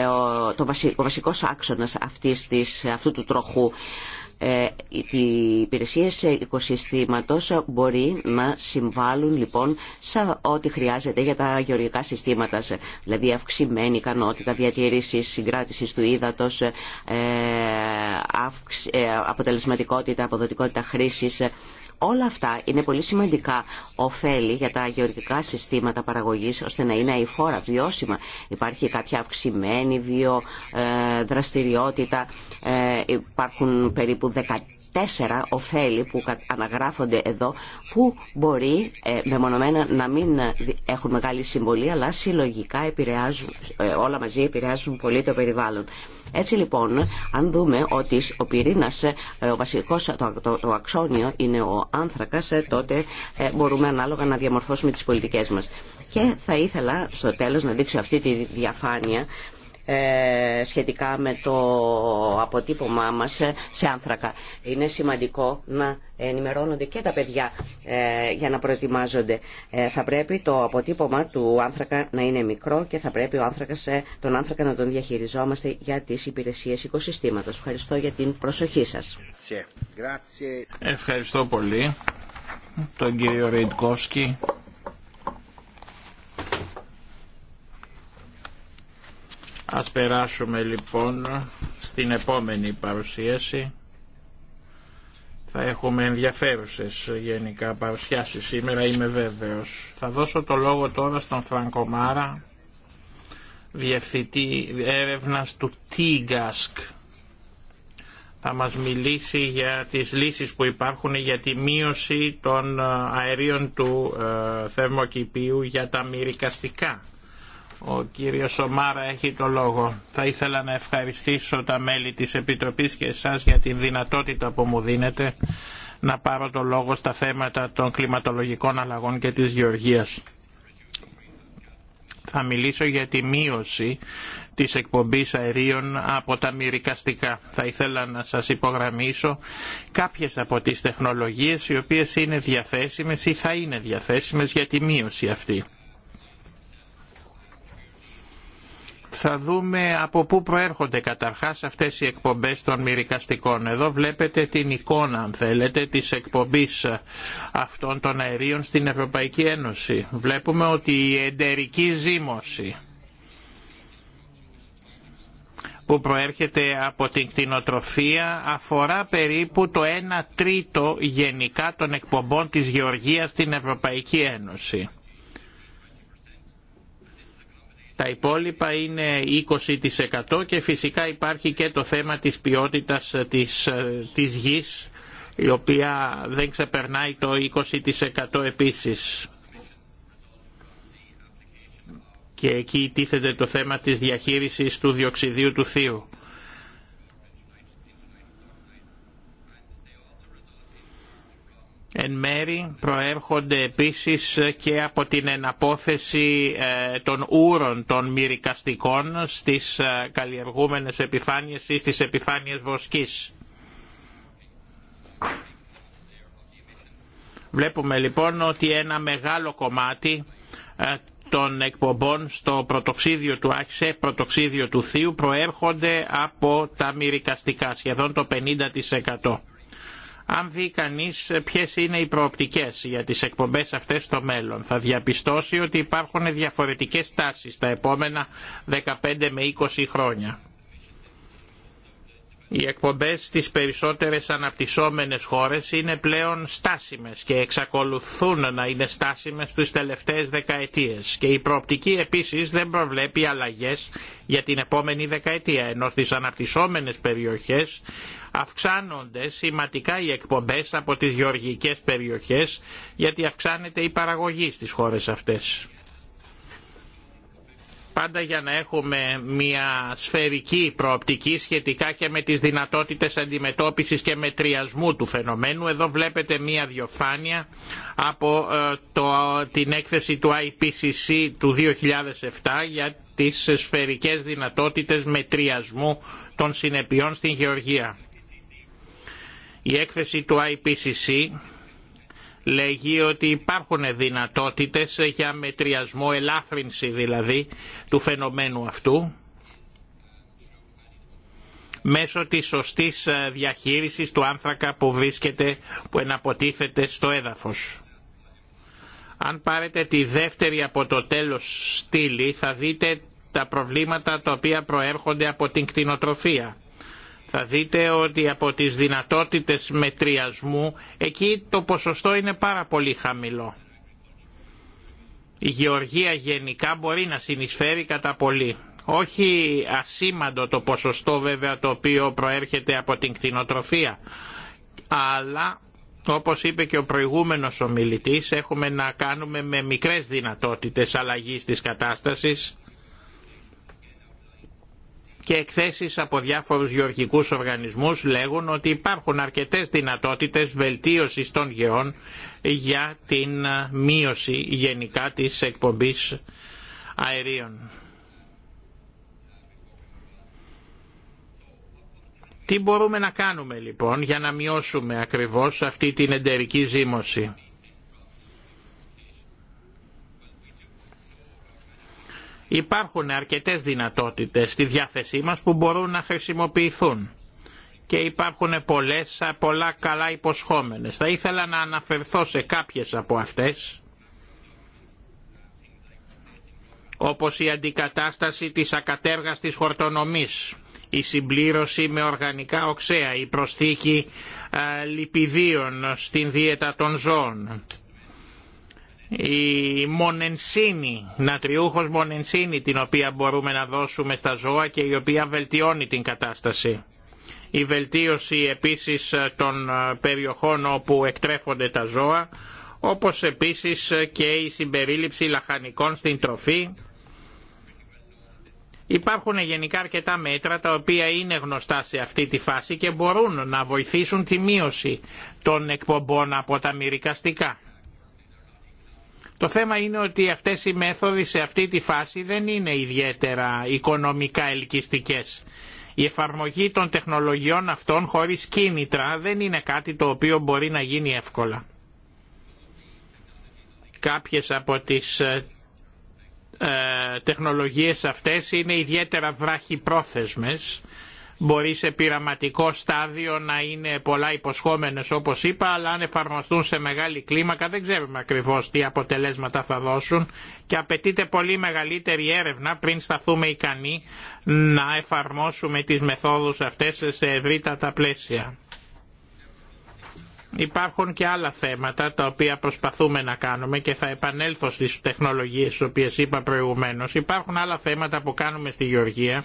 ο, το βασι, βασικός άξονας αυτής αυτού του τροχού ε, οι υπηρεσίε οικοσυστήματος μπορεί να συμβάλλουν λοιπόν σε ό,τι χρειάζεται για τα γεωργικά συστήματα, δηλαδή αυξημένη ικανότητα διατήρησης, συγκράτησης του ύδατος, ε, αποτελεσματικότητα, αποδοτικότητα χρήσης Όλα αυτά είναι πολύ σημαντικά ωφέλη για τα γεωργικά συστήματα παραγωγής ώστε να είναι αηφόρα, βιώσιμα. Υπάρχει κάποια αυξημένη βιοδραστηριότητα, ε, ε, υπάρχουν περίπου 13 τέσσερα ωφέλη που αναγράφονται εδώ που μπορεί ε, μεμονωμένα να μην ε, έχουν μεγάλη συμβολή αλλά συλλογικά επηρεάζουν, ε, όλα μαζί επηρεάζουν πολύ το περιβάλλον. Έτσι λοιπόν, αν δούμε ότι ο πυρήνας, ο βασικός, το, το, το αξόνιο είναι ο άνθρακας, τότε μπορούμε ανάλογα να διαμορφώσουμε τις πολιτικές μας. Και θα ήθελα στο τέλος να δείξω αυτή τη διαφάνεια ε, σχετικά με το αποτύπωμά μας σε άνθρακα. Είναι σημαντικό να ενημερώνονται και τα παιδιά ε, για να προετοιμάζονται. Ε, θα πρέπει το αποτύπωμα του άνθρακα να είναι μικρό και θα πρέπει ο άνθρακας, τον άνθρακα να τον διαχειριζόμαστε για τις υπηρεσίες οικοσυστήματος. Ευχαριστώ για την προσοχή σας. Ευχαριστώ πολύ τον κύριο Ρεϊντκόσκι. Ας περάσουμε λοιπόν στην επόμενη παρουσίαση. Θα έχουμε ενδιαφέρουσες γενικά παρουσιάσεις σήμερα, είμαι βέβαιος. Θα δώσω το λόγο τώρα στον Φρανκομάρα, διευθυντή έρευνας του Τιγασκ. Θα μας μιλήσει για τις λύσεις που υπάρχουν για τη μείωση των ε, αερίων του ε, θερμοκηπίου για τα μυρικαστικά. Ο κύριος Σομάρα έχει το λόγο. Θα ήθελα να ευχαριστήσω τα μέλη της Επιτροπής και εσάς για την δυνατότητα που μου δίνετε να πάρω το λόγο στα θέματα των κλιματολογικών αλλαγών και της γεωργίας. Θα μιλήσω για τη μείωση της εκπομπής αερίων από τα μυρικαστικά. Θα ήθελα να σας υπογραμμίσω κάποιες από τις τεχνολογίες οι οποίες είναι διαθέσιμες ή θα είναι διαθέσιμες για τη μείωση αυτή. θα δούμε από πού προέρχονται καταρχάς αυτές οι εκπομπές των μυρικαστικών. Εδώ βλέπετε την εικόνα, αν θέλετε, της εκπομπής αυτών των αερίων στην Ευρωπαϊκή Ένωση. Βλέπουμε ότι η εντερική ζήμωση που προέρχεται από την κτηνοτροφία αφορά περίπου το 1 τρίτο γενικά των εκπομπών της γεωργίας στην Ευρωπαϊκή Ένωση. Τα υπόλοιπα είναι 20% και φυσικά υπάρχει και το θέμα της ποιότητας της, ε, της γης η οποία δεν ξεπερνάει το 20% επίσης. Και εκεί τίθεται το θέμα της διαχείρισης του διοξιδίου του θείου. εν μέρη προέρχονται επίσης και από την εναπόθεση ε, των ούρων των μυρικαστικών στις ε, καλλιεργούμενες επιφάνειες ή στις επιφάνειες βοσκής. Βλέπουμε λοιπόν ότι ένα μεγάλο κομμάτι ε, των εκπομπών στο πρωτοξίδιο του άξε, πρωτοξίδιο του θείου προέρχονται από τα μυρικαστικά, σχεδόν το 50% αν δει κανεί ποιε είναι οι προοπτικέ για τι εκπομπέ αυτέ στο μέλλον, θα διαπιστώσει ότι υπάρχουν διαφορετικέ τάσει τα επόμενα 15 με 20 χρόνια. Οι εκπομπές στις περισσότερες αναπτυσσόμενες χώρες είναι πλέον στάσιμες και εξακολουθούν να είναι στάσιμες τις τελευταίες δεκαετίες και η προοπτική επίσης δεν προβλέπει αλλαγές για την επόμενη δεκαετία ενώ στις αναπτυσσόμενες περιοχές αυξάνονται σημαντικά οι εκπομπές από τις γεωργικές περιοχές γιατί αυξάνεται η παραγωγή στις χώρες αυτές πάντα για να έχουμε μια σφαιρική προοπτική σχετικά και με τις δυνατότητες αντιμετώπισης και μετριασμού του φαινομένου. Εδώ βλέπετε μια διοφάνεια από ε, το, την έκθεση του IPCC του 2007 για τις σφαιρικές δυνατότητες μετριασμού των συνεπειών στην Γεωργία. Η έκθεση του IPCC λέγει ότι υπάρχουν δυνατότητες για μετριασμό, ελάφρυνση δηλαδή του φαινομένου αυτού μέσω της σωστής ε, διαχείρισης του άνθρακα που βρίσκεται, που εναποτίθεται στο έδαφος. Αν πάρετε τη δεύτερη από το τέλος στήλη θα δείτε τα προβλήματα τα οποία προέρχονται από την κτηνοτροφία θα δείτε ότι από τις δυνατότητες μετριασμού εκεί το ποσοστό είναι πάρα πολύ χαμηλό. Η γεωργία γενικά μπορεί να συνεισφέρει κατά πολύ. Όχι ασήμαντο το ποσοστό βέβαια το οποίο προέρχεται από την κτηνοτροφία, αλλά όπως είπε και ο προηγούμενος ομιλητής έχουμε να κάνουμε με μικρές δυνατότητες αλλαγής της κατάστασης και εκθέσεις από διάφορους γεωργικούς οργανισμούς λέγουν ότι υπάρχουν αρκετές δυνατότητες βελτίωσης των γεών για την ε, μείωση γενικά της εκπομπής αερίων. Τι μπορούμε να κάνουμε λοιπόν για να μειώσουμε ακριβώς αυτή την εντερική ζήμωση. Υπάρχουν αρκετές δυνατότητες στη διάθεσή μας που μπορούν να χρησιμοποιηθούν και υπάρχουν πολλές, πολλά καλά υποσχόμενες. Θα ήθελα να αναφερθώ σε κάποιες από αυτές, όπως η αντικατάσταση της ακατέργαστης χορτονομής, η συμπλήρωση με οργανικά οξέα, η προσθήκη λιπιδίων στην δίαιτα των ζώων, η μονενσίνη, νατριούχος μονενσίνη την οποία μπορούμε να δώσουμε στα ζώα και η οποία βελτιώνει την κατάσταση. Η βελτίωση επίσης των περιοχών όπου εκτρέφονται τα ζώα, όπως επίσης και η συμπερίληψη λαχανικών στην τροφή. Υπάρχουν γενικά αρκετά μέτρα τα οποία είναι γνωστά σε αυτή τη φάση και μπορούν να βοηθήσουν τη μείωση των εκπομπών από τα μυρικαστικά. Το θέμα είναι ότι αυτές οι μέθοδοι σε αυτή τη φάση δεν είναι ιδιαίτερα οικονομικά ελκυστικές. Η εφαρμογή των τεχνολογιών αυτών χωρίς κίνητρα δεν είναι κάτι το οποίο μπορεί να γίνει εύκολα. Κάποιες από τις ε, ε τεχνολογίες αυτές είναι ιδιαίτερα βράχυπρόθεσμες μπορεί σε πειραματικό στάδιο να είναι πολλά υποσχόμενες όπως είπα αλλά αν εφαρμοστούν σε μεγάλη κλίμακα δεν ξέρουμε ακριβώς τι αποτελέσματα θα δώσουν και απαιτείται πολύ μεγαλύτερη έρευνα πριν σταθούμε ικανοί να εφαρμόσουμε τις μεθόδους αυτές σε ευρύτατα πλαίσια. Υπάρχουν και άλλα θέματα τα οποία προσπαθούμε να κάνουμε και θα επανέλθω στις τεχνολογίες τις οποίες είπα προηγουμένως. Υπάρχουν άλλα θέματα που κάνουμε στη Γεωργία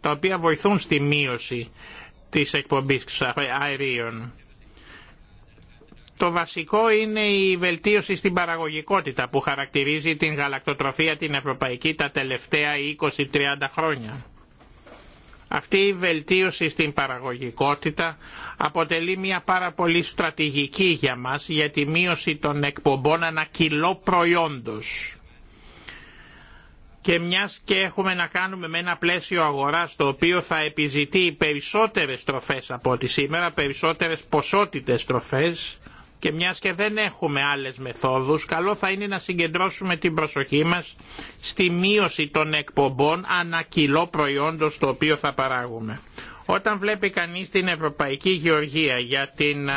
τα οποία βοηθούν στη μείωση της εκπομπής αερίων. Το βασικό είναι η βελτίωση στην παραγωγικότητα που χαρακτηρίζει την γαλακτοτροφία την ευρωπαϊκή τα τελευταία 20-30 χρόνια αυτή η βελτίωση στην παραγωγικότητα αποτελεί μια πάρα πολύ στρατηγική για μας για τη μείωση των εκπομπών ανά κιλό προϊόντος. Και μιας και έχουμε να κάνουμε με ένα πλαίσιο αγοράς το οποίο θα επιζητεί περισσότερες τροφές από ό,τι σήμερα, περισσότερες ποσότητες τροφές, και μιας και δεν έχουμε άλλες μεθόδους, καλό θα είναι να συγκεντρώσουμε την προσοχή μας στη μείωση των εκπομπών ανά κιλό προϊόντος το οποίο θα παράγουμε. Όταν βλέπει κανείς την Ευρωπαϊκή Γεωργία για την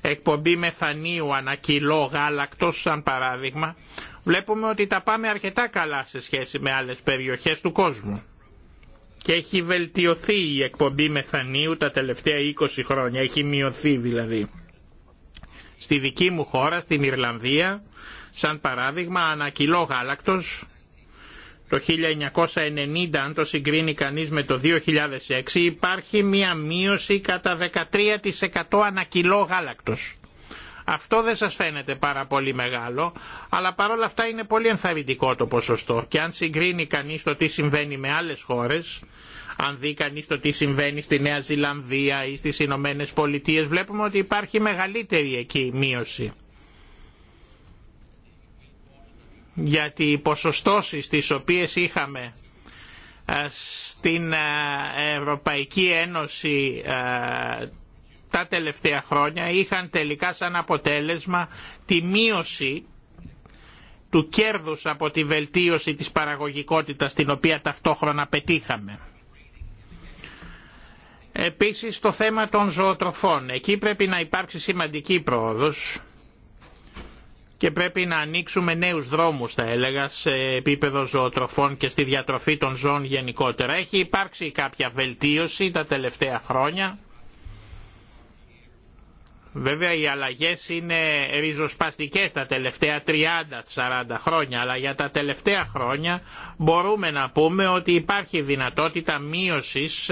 εκπομπή μεθανίου ανά κιλό γάλακτος σαν παράδειγμα, βλέπουμε ότι τα πάμε αρκετά καλά σε σχέση με άλλες περιοχές του κόσμου. Και έχει βελτιωθεί η εκπομπή μεθανίου τα τελευταία 20 χρόνια, έχει μειωθεί δηλαδή. Στη δική μου χώρα, στην Ιρλανδία, σαν παράδειγμα, ανακυλό το 1990 αν το συγκρίνει κανείς με το 2006 υπάρχει μια μείωση κατά 13% ανακυλό γάλακτος. Αυτό δεν σας φαίνεται πάρα πολύ μεγάλο, αλλά παρόλα αυτά είναι πολύ ενθαρρυντικό το ποσοστό και αν συγκρίνει κανείς το τι συμβαίνει με άλλες χώρες, αν δει κανεί το τι συμβαίνει στη Νέα Ζηλανδία ή στις Ηνωμένε Πολιτείε, βλέπουμε ότι υπάρχει μεγαλύτερη εκεί μείωση. Γιατί οι ποσοστώσεις τις οποίες είχαμε ε, στην ε, Ευρωπαϊκή Ένωση ε, τα τελευταία χρόνια είχαν τελικά σαν αποτέλεσμα τη μείωση του κέρδους από τη βελτίωση της παραγωγικότητας την οποία ταυτόχρονα πετύχαμε. Επίσης το θέμα των ζωοτροφών. Εκεί πρέπει να υπάρξει σημαντική πρόοδος και πρέπει να ανοίξουμε νέους δρόμους θα έλεγα σε επίπεδο ζωοτροφών και στη διατροφή των ζώων γενικότερα. Έχει υπάρξει κάποια βελτίωση τα τελευταία χρόνια. Βέβαια οι αλλαγές είναι ριζοσπαστικές τα τελευταία 30-40 χρόνια, αλλά για τα τελευταία χρόνια μπορούμε να πούμε ότι υπάρχει δυνατότητα μείωσης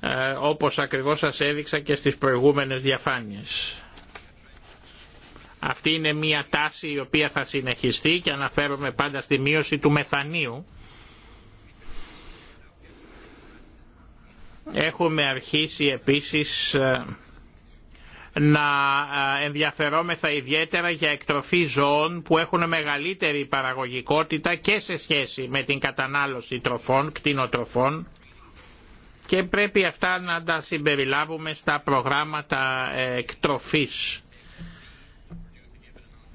Ε, όπως ακριβώς σας έδειξα και στις προηγούμενες διαφάνειες. Αυτή είναι μια τάση η οποία θα συνεχιστεί και αναφέρομαι πάντα στη μείωση του μεθανίου. Έχουμε αρχίσει επίσης ε, να ε, ενδιαφερόμεθα ιδιαίτερα για εκτροφή ζώων που έχουν μεγαλύτερη παραγωγικότητα και σε σχέση με την κατανάλωση τροφών, κτηνοτροφών και πρέπει αυτά να τα συμπεριλάβουμε στα προγράμματα εκτροφής.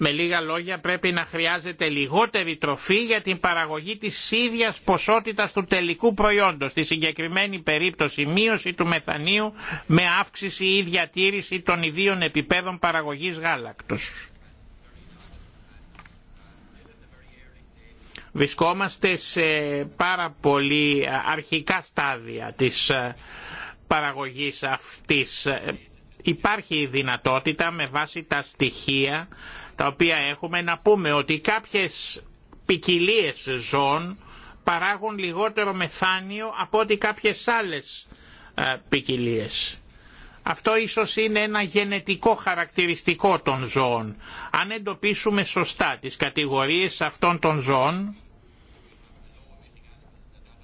Με λίγα λόγια πρέπει να χρειάζεται λιγότερη τροφή για την παραγωγή της ίδιας ποσότητας του τελικού προϊόντος. Στη συγκεκριμένη περίπτωση μείωση του μεθανίου με αύξηση ή διατήρηση των ιδίων επιπέδων παραγωγής γάλακτος. Βρισκόμαστε σε πάρα πολύ αρχικά στάδια της ε, παραγωγής αυτής. Ε, υπάρχει η δυνατότητα με βάση τα στοιχεία τα οποία έχουμε να πούμε ότι κάποιες ποικιλίε ζώων παράγουν λιγότερο μεθάνιο από ότι κάποιες άλλες ε, ποικιλίε. Αυτό ίσως είναι ένα γενετικό χαρακτηριστικό των ζώων. Αν εντοπίσουμε σωστά τις κατηγορίες αυτών των ζώων,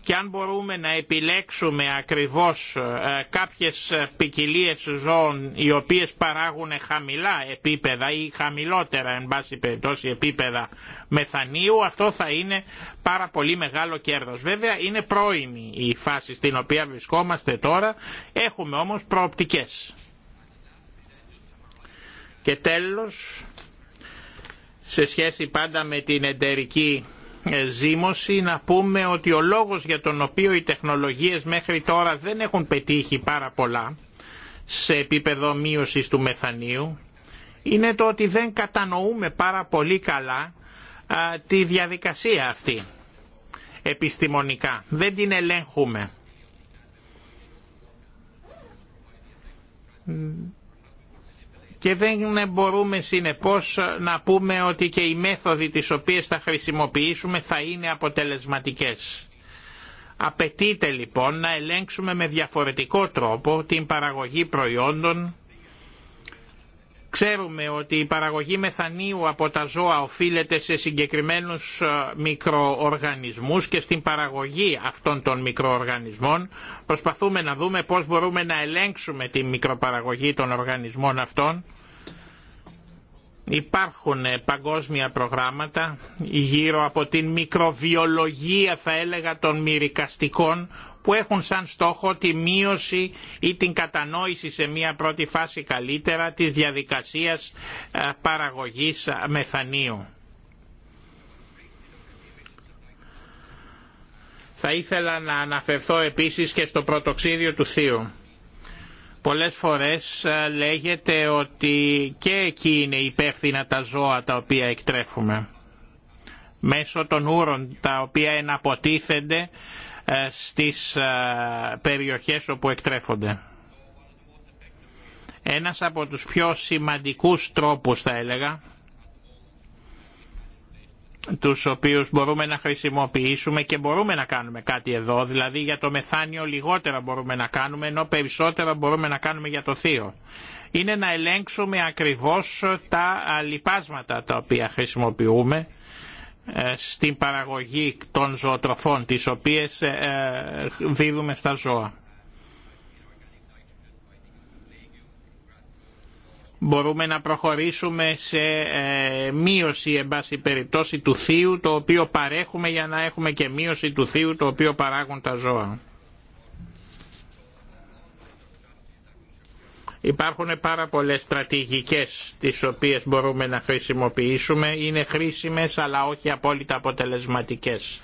και αν μπορούμε να επιλέξουμε ακριβώς ε, κάποιες ποικιλίε ζώων οι οποίες παράγουν χαμηλά επίπεδα ή χαμηλότερα εν πάση περιπτώσει επίπεδα μεθανίου αυτό θα είναι πάρα πολύ μεγάλο κέρδος. Βέβαια είναι πρώιμη η φάση στην οποία βρισκόμαστε τώρα έχουμε όμως προοπτικές. Και τέλος σε σχέση πάντα με την εταιρική ε, ζήμωση να πούμε ότι ο λόγος για τον οποίο οι τεχνολογίες μέχρι τώρα δεν έχουν πετύχει πάρα πολλά σε επίπεδο μείωσης του μεθανίου είναι το ότι δεν κατανοούμε πάρα πολύ καλά τη διαδικασία αυτή επιστημονικά. Δεν την ελέγχουμε και δεν μπορούμε συνεπώς να πούμε ότι και οι μέθοδοι τις οποίες θα χρησιμοποιήσουμε θα είναι αποτελεσματικές. Απαιτείται λοιπόν να ελέγξουμε με διαφορετικό τρόπο την παραγωγή προϊόντων Ξέρουμε ότι η παραγωγή μεθανίου από τα ζώα οφείλεται σε συγκεκριμένους ε, μικροοργανισμούς και στην παραγωγή αυτών των μικροοργανισμών προσπαθούμε να δούμε πώς μπορούμε να ελέγξουμε την μικροπαραγωγή των οργανισμών αυτών. Υπάρχουν ε, παγκόσμια προγράμματα γύρω από την μικροβιολογία θα έλεγα των μυρικαστικών που έχουν σαν στόχο τη μείωση ή την κατανόηση σε μια πρώτη φάση καλύτερα της διαδικασίας ε, παραγωγής ε, μεθανίου. Θα ήθελα να αναφερθώ επίσης και στο πρωτοξίδιο του θείου. Πολλές φορές ε, λέγεται ότι και εκεί είναι υπεύθυνα τα ζώα τα οποία εκτρέφουμε. Μέσω των ούρων τα οποία εναποτίθενται ε, στις ε, περιοχές όπου εκτρέφονται. Ένας από τους πιο σημαντικούς τρόπους θα έλεγα τους οποίους μπορούμε να χρησιμοποιήσουμε και μπορούμε να κάνουμε κάτι εδώ, δηλαδή για το μεθάνιο λιγότερα μπορούμε να κάνουμε, ενώ περισσότερα μπορούμε να κάνουμε για το θείο. Είναι να ελέγξουμε ακριβώς τα λοιπάσματα τα οποία χρησιμοποιούμε ε, στην παραγωγή των ζωοτροφών τις οποίες ε, ε, δίδουμε στα ζώα. Μπορούμε να προχωρήσουμε σε μείωση εν πάση περιπτώσει του θείου το οποίο παρέχουμε για να έχουμε και μείωση του θείου το οποίο παράγουν τα ζώα. Υπάρχουν πάρα πολλές στρατηγικές τις οποίες μπορούμε να χρησιμοποιήσουμε. Είναι χρήσιμες αλλά όχι απόλυτα αποτελεσματικές.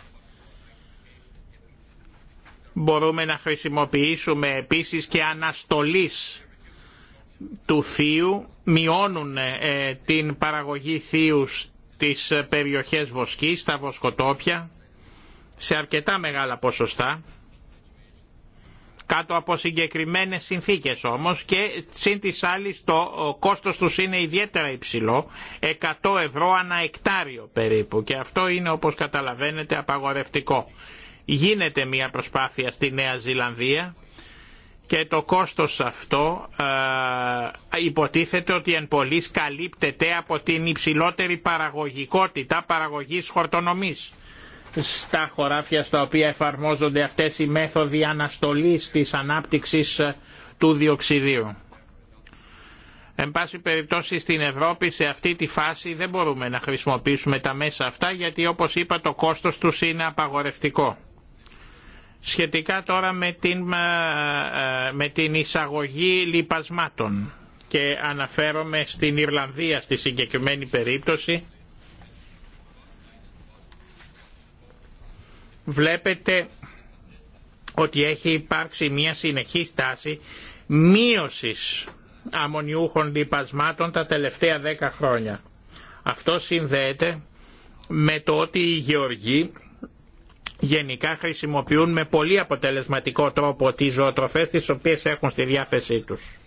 Μπορούμε να χρησιμοποιήσουμε επίσης και αναστολής του θείου, μειώνουν ε, την παραγωγή θείου της περιοχές βοσκής, στα βοσκοτόπια, σε αρκετά μεγάλα ποσοστά κάτω από συγκεκριμένες συνθήκες όμως και σύν της άλλης το κόστος τους είναι ιδιαίτερα υψηλό 100 ευρώ ανά εκτάριο περίπου και αυτό είναι όπως καταλαβαίνετε απαγορευτικό. Γίνεται μια προσπάθεια στη Νέα Ζηλανδία και το κόστος αυτό ε, υποτίθεται ότι εν πολλής καλύπτεται από την υψηλότερη παραγωγικότητα παραγωγής χορτονομής στα χωράφια στα οποία εφαρμόζονται αυτές οι μέθοδοι αναστολής της ανάπτυξης ε, του διοξιδίου. Εν πάση περιπτώσει στην Ευρώπη σε αυτή τη φάση δεν μπορούμε να χρησιμοποιήσουμε τα μέσα αυτά γιατί όπως είπα το κόστος τους είναι απαγορευτικό. Σχετικά τώρα με την, ε, ε, με την εισαγωγή λιπασμάτων και αναφέρομαι στην Ιρλανδία στη συγκεκριμένη περίπτωση βλέπετε ότι έχει υπάρξει μια συνεχή στάση μείωσης αμμονιούχων λιπασμάτων τα τελευταία δέκα χρόνια. Αυτό συνδέεται με το ότι οι γεωργοί γενικά χρησιμοποιούν με πολύ αποτελεσματικό τρόπο τις ζωοτροφές τις οποίες έχουν στη διάθεσή τους.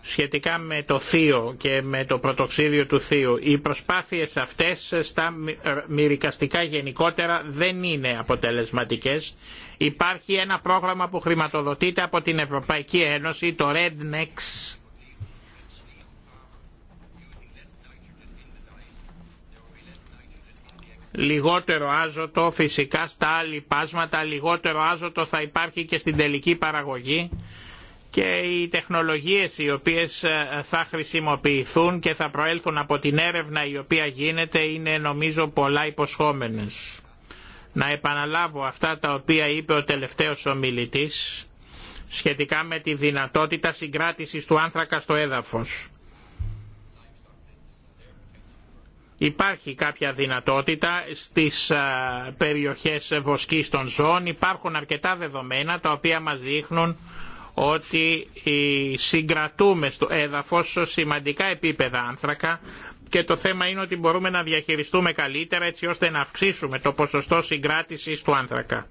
σχετικά με το θείο και με το πρωτοξίδιο του θείου. Οι προσπάθειες αυτές στα ε, μυρικαστικά γενικότερα δεν είναι αποτελεσματικές. Υπάρχει ένα πρόγραμμα που χρηματοδοτείται από την Ευρωπαϊκή Ένωση, το REDNEX, λιγότερο άζωτο φυσικά στα άλλη πάσματα, λιγότερο άζωτο θα υπάρχει και στην τελική παραγωγή και οι τεχνολογίες οι οποίες ε, θα χρησιμοποιηθούν και θα προέλθουν από την έρευνα η οποία γίνεται είναι νομίζω πολλά υποσχόμενες. Να επαναλάβω αυτά τα οποία είπε ο τελευταίος ομιλητής σχετικά με τη δυνατότητα συγκράτησης του άνθρακα στο έδαφος. Υπάρχει κάποια δυνατότητα στις ε, περιοχές βοσκής των ζώων, υπάρχουν αρκετά δεδομένα τα οποία μας δείχνουν ότι συγκρατούμε στο έδαφος σημαντικά επίπεδα άνθρακα και το θέμα είναι ότι μπορούμε να διαχειριστούμε καλύτερα έτσι ώστε να αυξήσουμε το ποσοστό συγκράτησης του άνθρακα.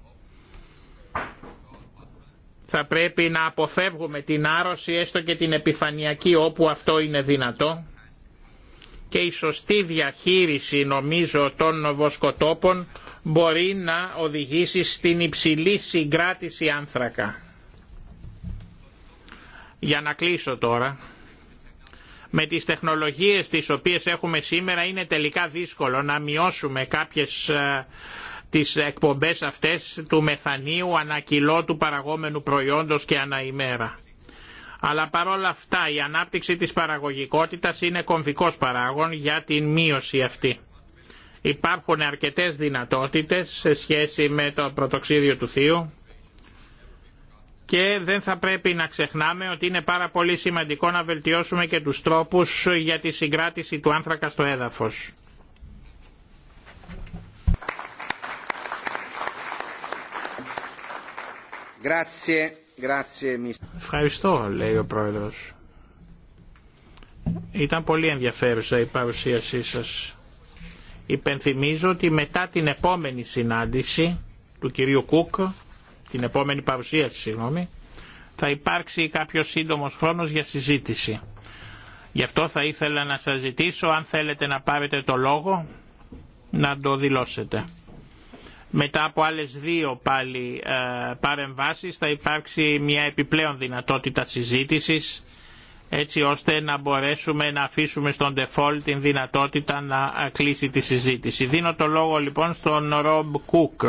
Θα πρέπει να αποφεύγουμε την άρρωση έστω και την επιφανειακή όπου αυτό είναι δυνατό και η σωστή διαχείριση νομίζω των βοσκοτόπων μπορεί να οδηγήσει στην υψηλή συγκράτηση άνθρακα. Για να κλείσω τώρα, με τις τεχνολογίες τις οποίες έχουμε σήμερα είναι τελικά δύσκολο να μειώσουμε κάποιες ε, τις εκπομπές αυτές του μεθανίου ανακυλό του παραγόμενου προϊόντος και αναημέρα. Αλλά παρόλα αυτά η ανάπτυξη της παραγωγικότητας είναι κομβικός παράγων για την μείωση αυτή. Υπάρχουν αρκετές δυνατότητες σε σχέση με το πρωτοξίδιο του θείου και δεν θα πρέπει να ξεχνάμε ότι είναι πάρα πολύ σημαντικό να βελτιώσουμε και τους τρόπους για τη συγκράτηση του άνθρακα στο έδαφος. Ευχαριστώ, λέει ο Πρόεδρος. Ήταν πολύ ενδιαφέρουσα η παρουσίασή σας. Υπενθυμίζω ότι μετά την επόμενη συνάντηση του κυρίου Κούκ την επόμενη παρουσίαση συγγνώμη, θα υπάρξει κάποιο σύντομο χρόνος για συζήτηση. Γι' αυτό θα ήθελα να σας ζητήσω αν θέλετε να πάρετε το λόγο να το δηλώσετε. Μετά από άλλες δύο πάλι ε, παρεμβάσεις θα υπάρξει μια επιπλέον δυνατότητα συζήτησης έτσι ώστε να μπορέσουμε να αφήσουμε στον default την δυνατότητα να ε, κλείσει τη συζήτηση. Δίνω το λόγο λοιπόν στον Ρομπ Κούκ.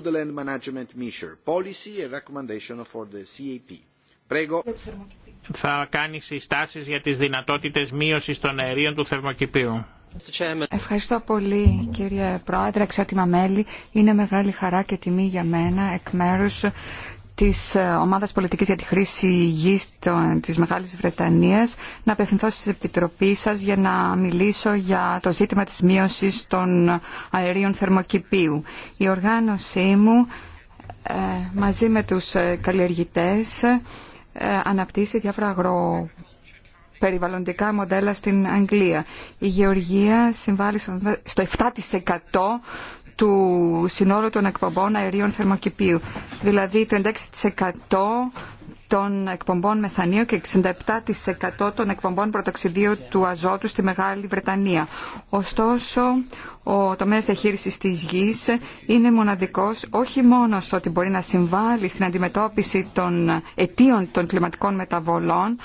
the land management measure policy and recommendation for the CAP. Θα κάνει συστάσεις για τις δυνατότητες μείωσης των αερίων του θερμοκηπίου. Ευχαριστώ πολύ κύριε Πρόεδρε, εξότιμα μέλη. Είναι μεγάλη χαρά και τιμή για μένα εκ μέρους της ε, Ομάδας Πολιτικής για τη Χρήση Γης της Μεγάλης Βρετανίας να απευθυνθώ στην Επιτροπή σας για να μιλήσω για το ζήτημα της μείωσης των αερίων θερμοκηπίου. Η οργάνωσή μου ε, μαζί με τους ε, καλλιεργητές αναπτύσσει διάφορα αγρο περιβαλλοντικά μοντέλα στην Αγγλία. Η γεωργία συμβάλλει στο 7% του συνόλου των εκπομπών αερίων θερμοκηπίου. Δηλαδή 36% των εκπομπών μεθανίου και 67% των εκπομπών πρωτοξιδίου του αζότου στη Μεγάλη Βρετανία. Ωστόσο, ο τομέας διαχείρισης της γης είναι μοναδικός όχι μόνο στο ότι μπορεί να συμβάλλει στην αντιμετώπιση των αιτίων των κλιματικών μεταβολών,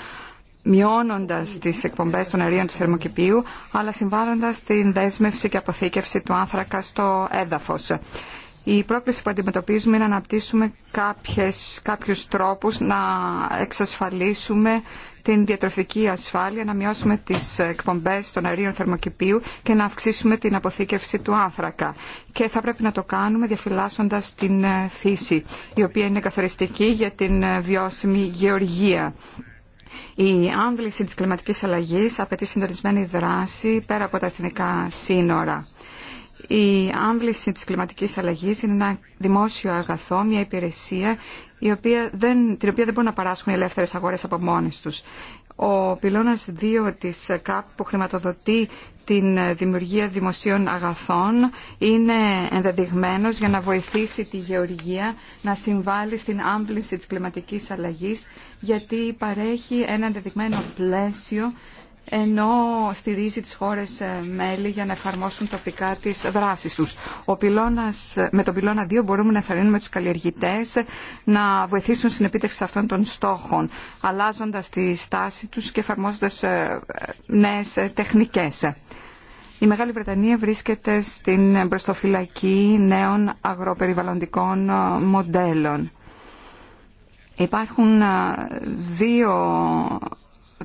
μειώνοντας τις εκπομπές των αερίων του θερμοκηπίου, αλλά συμβάλλοντας την δέσμευση και αποθήκευση του άνθρακα στο έδαφος. Η πρόκληση που αντιμετωπίζουμε είναι να αναπτύσσουμε κάποιου κάποιους τρόπους να εξασφαλίσουμε την διατροφική ασφάλεια, να μειώσουμε τις εκπομπές των αερίων θερμοκηπίου και να αυξήσουμε την αποθήκευση του άνθρακα. Και θα πρέπει να το κάνουμε διαφυλάσσοντας την φύση, η οποία είναι καθοριστική για την βιώσιμη γεωργία. Η άμβληση της κλιματικής αλλαγής απαιτεί συντονισμένη δράση πέρα από τα εθνικά σύνορα. Η άμβληση της κλιματικής αλλαγής είναι ένα δημόσιο αγαθό, μια υπηρεσία η οποία δεν, την οποία δεν μπορούν να παράσχουν οι ελεύθερες αγορές από μόνες τους ο πυλώνας 2 της ΚΑΠ που χρηματοδοτεί την δημιουργία δημοσίων αγαθών είναι ενδεδειγμένος για να βοηθήσει τη γεωργία να συμβάλλει στην άμβληση της κλιματικής αλλαγής γιατί παρέχει ένα ενδεδειγμένο πλαίσιο ενώ στηρίζει τις χώρες ε, μέλη για να εφαρμόσουν τοπικά τις δράσεις τους. Ο με τον πυλώνα 2 μπορούμε να εφαρρύνουμε τους καλλιεργητές να βοηθήσουν στην επίτευξη αυτών των στόχων, αλλάζοντας τη στάση τους και εφαρμόζοντας ε, νέες ε, τεχνικές. Η Μεγάλη Βρετανία βρίσκεται στην μπροστοφυλακή νέων αγροπεριβαλλοντικών μοντέλων. Υπάρχουν δύο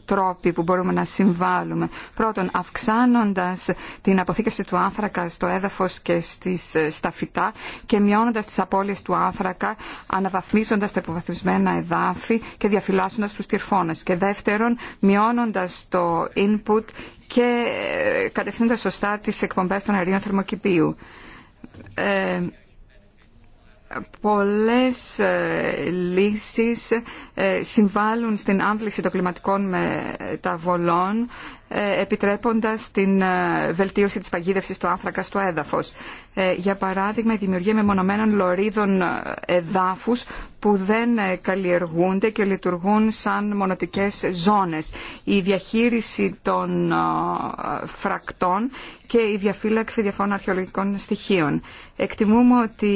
τρόποι που μπορούμε να συμβάλλουμε. Πρώτον, αυξάνοντας την αποθήκευση του άνθρακα στο έδαφος και στις, ε, στα φυτά και μειώνοντας τις απώλειες του άνθρακα, αναβαθμίζοντας τα υποβαθμισμένα εδάφη και διαφυλάσσοντας τους τυρφώνες. Και δεύτερον, μειώνοντας το input και ε, κατευθύνοντας σωστά τις εκπομπές των αερίων θερμοκηπίου. Ε, πολλές ε, λύσεις ε, συμβάλλουν στην άμβληση των κλιματικών μεταβολών ε, επιτρέποντας την ε, βελτίωση της παγίδευσης του άνθρακα στο έδαφος. Ε, για παράδειγμα, η δημιουργία μεμονωμένων λωρίδων εδάφους που δεν καλλιεργούνται και λειτουργούν σαν μονοτικές ζώνες. Η διαχείριση των φρακτών και η διαφύλαξη διαφόρων αρχαιολογικών στοιχείων. Εκτιμούμε ότι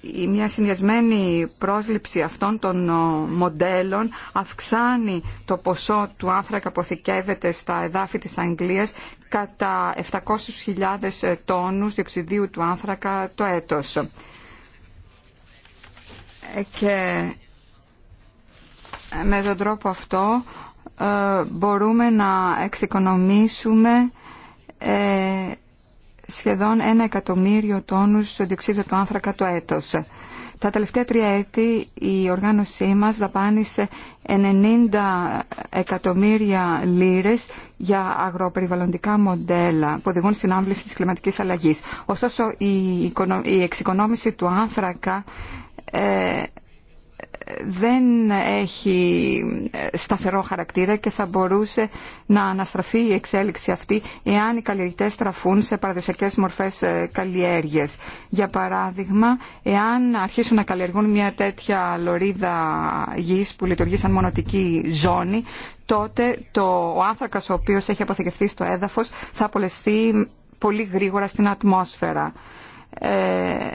η μια συνδυασμένη πρόσληψη αυτών των μοντέλων αυξάνει το ποσό του άνθρακα που αποθηκεύεται στα εδάφη της Αγγλίας κατά 700.000 ε, τόνους διοξιδίου του άνθρακα το έτος. Ε, και ε, με τον τρόπο αυτό μπορούμε να εξοικονομήσουμε σχεδόν ένα εκατομμύριο τόνους διοξίδιο του άνθρακα το έτος. Τα τελευταία τρία έτη η οργάνωσή μας δαπάνησε 90 εκατομμύρια λίρες για αγροπεριβαλλοντικά μοντέλα που οδηγούν στην άμβληση της κλιματικής αλλαγής. Ωστόσο η εξοικονόμηση του άνθρακα ε, δεν έχει ε, σταθερό χαρακτήρα και θα μπορούσε να αναστραφεί η εξέλιξη αυτή εάν οι καλλιεργητές στραφούν σε παραδοσιακές μορφές ε, καλλιέργειας. Για παράδειγμα, εάν αρχίσουν να καλλιεργούν μια τέτοια λωρίδα γης που λειτουργεί σαν μονοτική ζώνη, τότε το, ο άνθρακας ο οποίος έχει αποθηκευτεί στο έδαφος θα απολεστεί πολύ γρήγορα στην ατμόσφαιρα. Ε,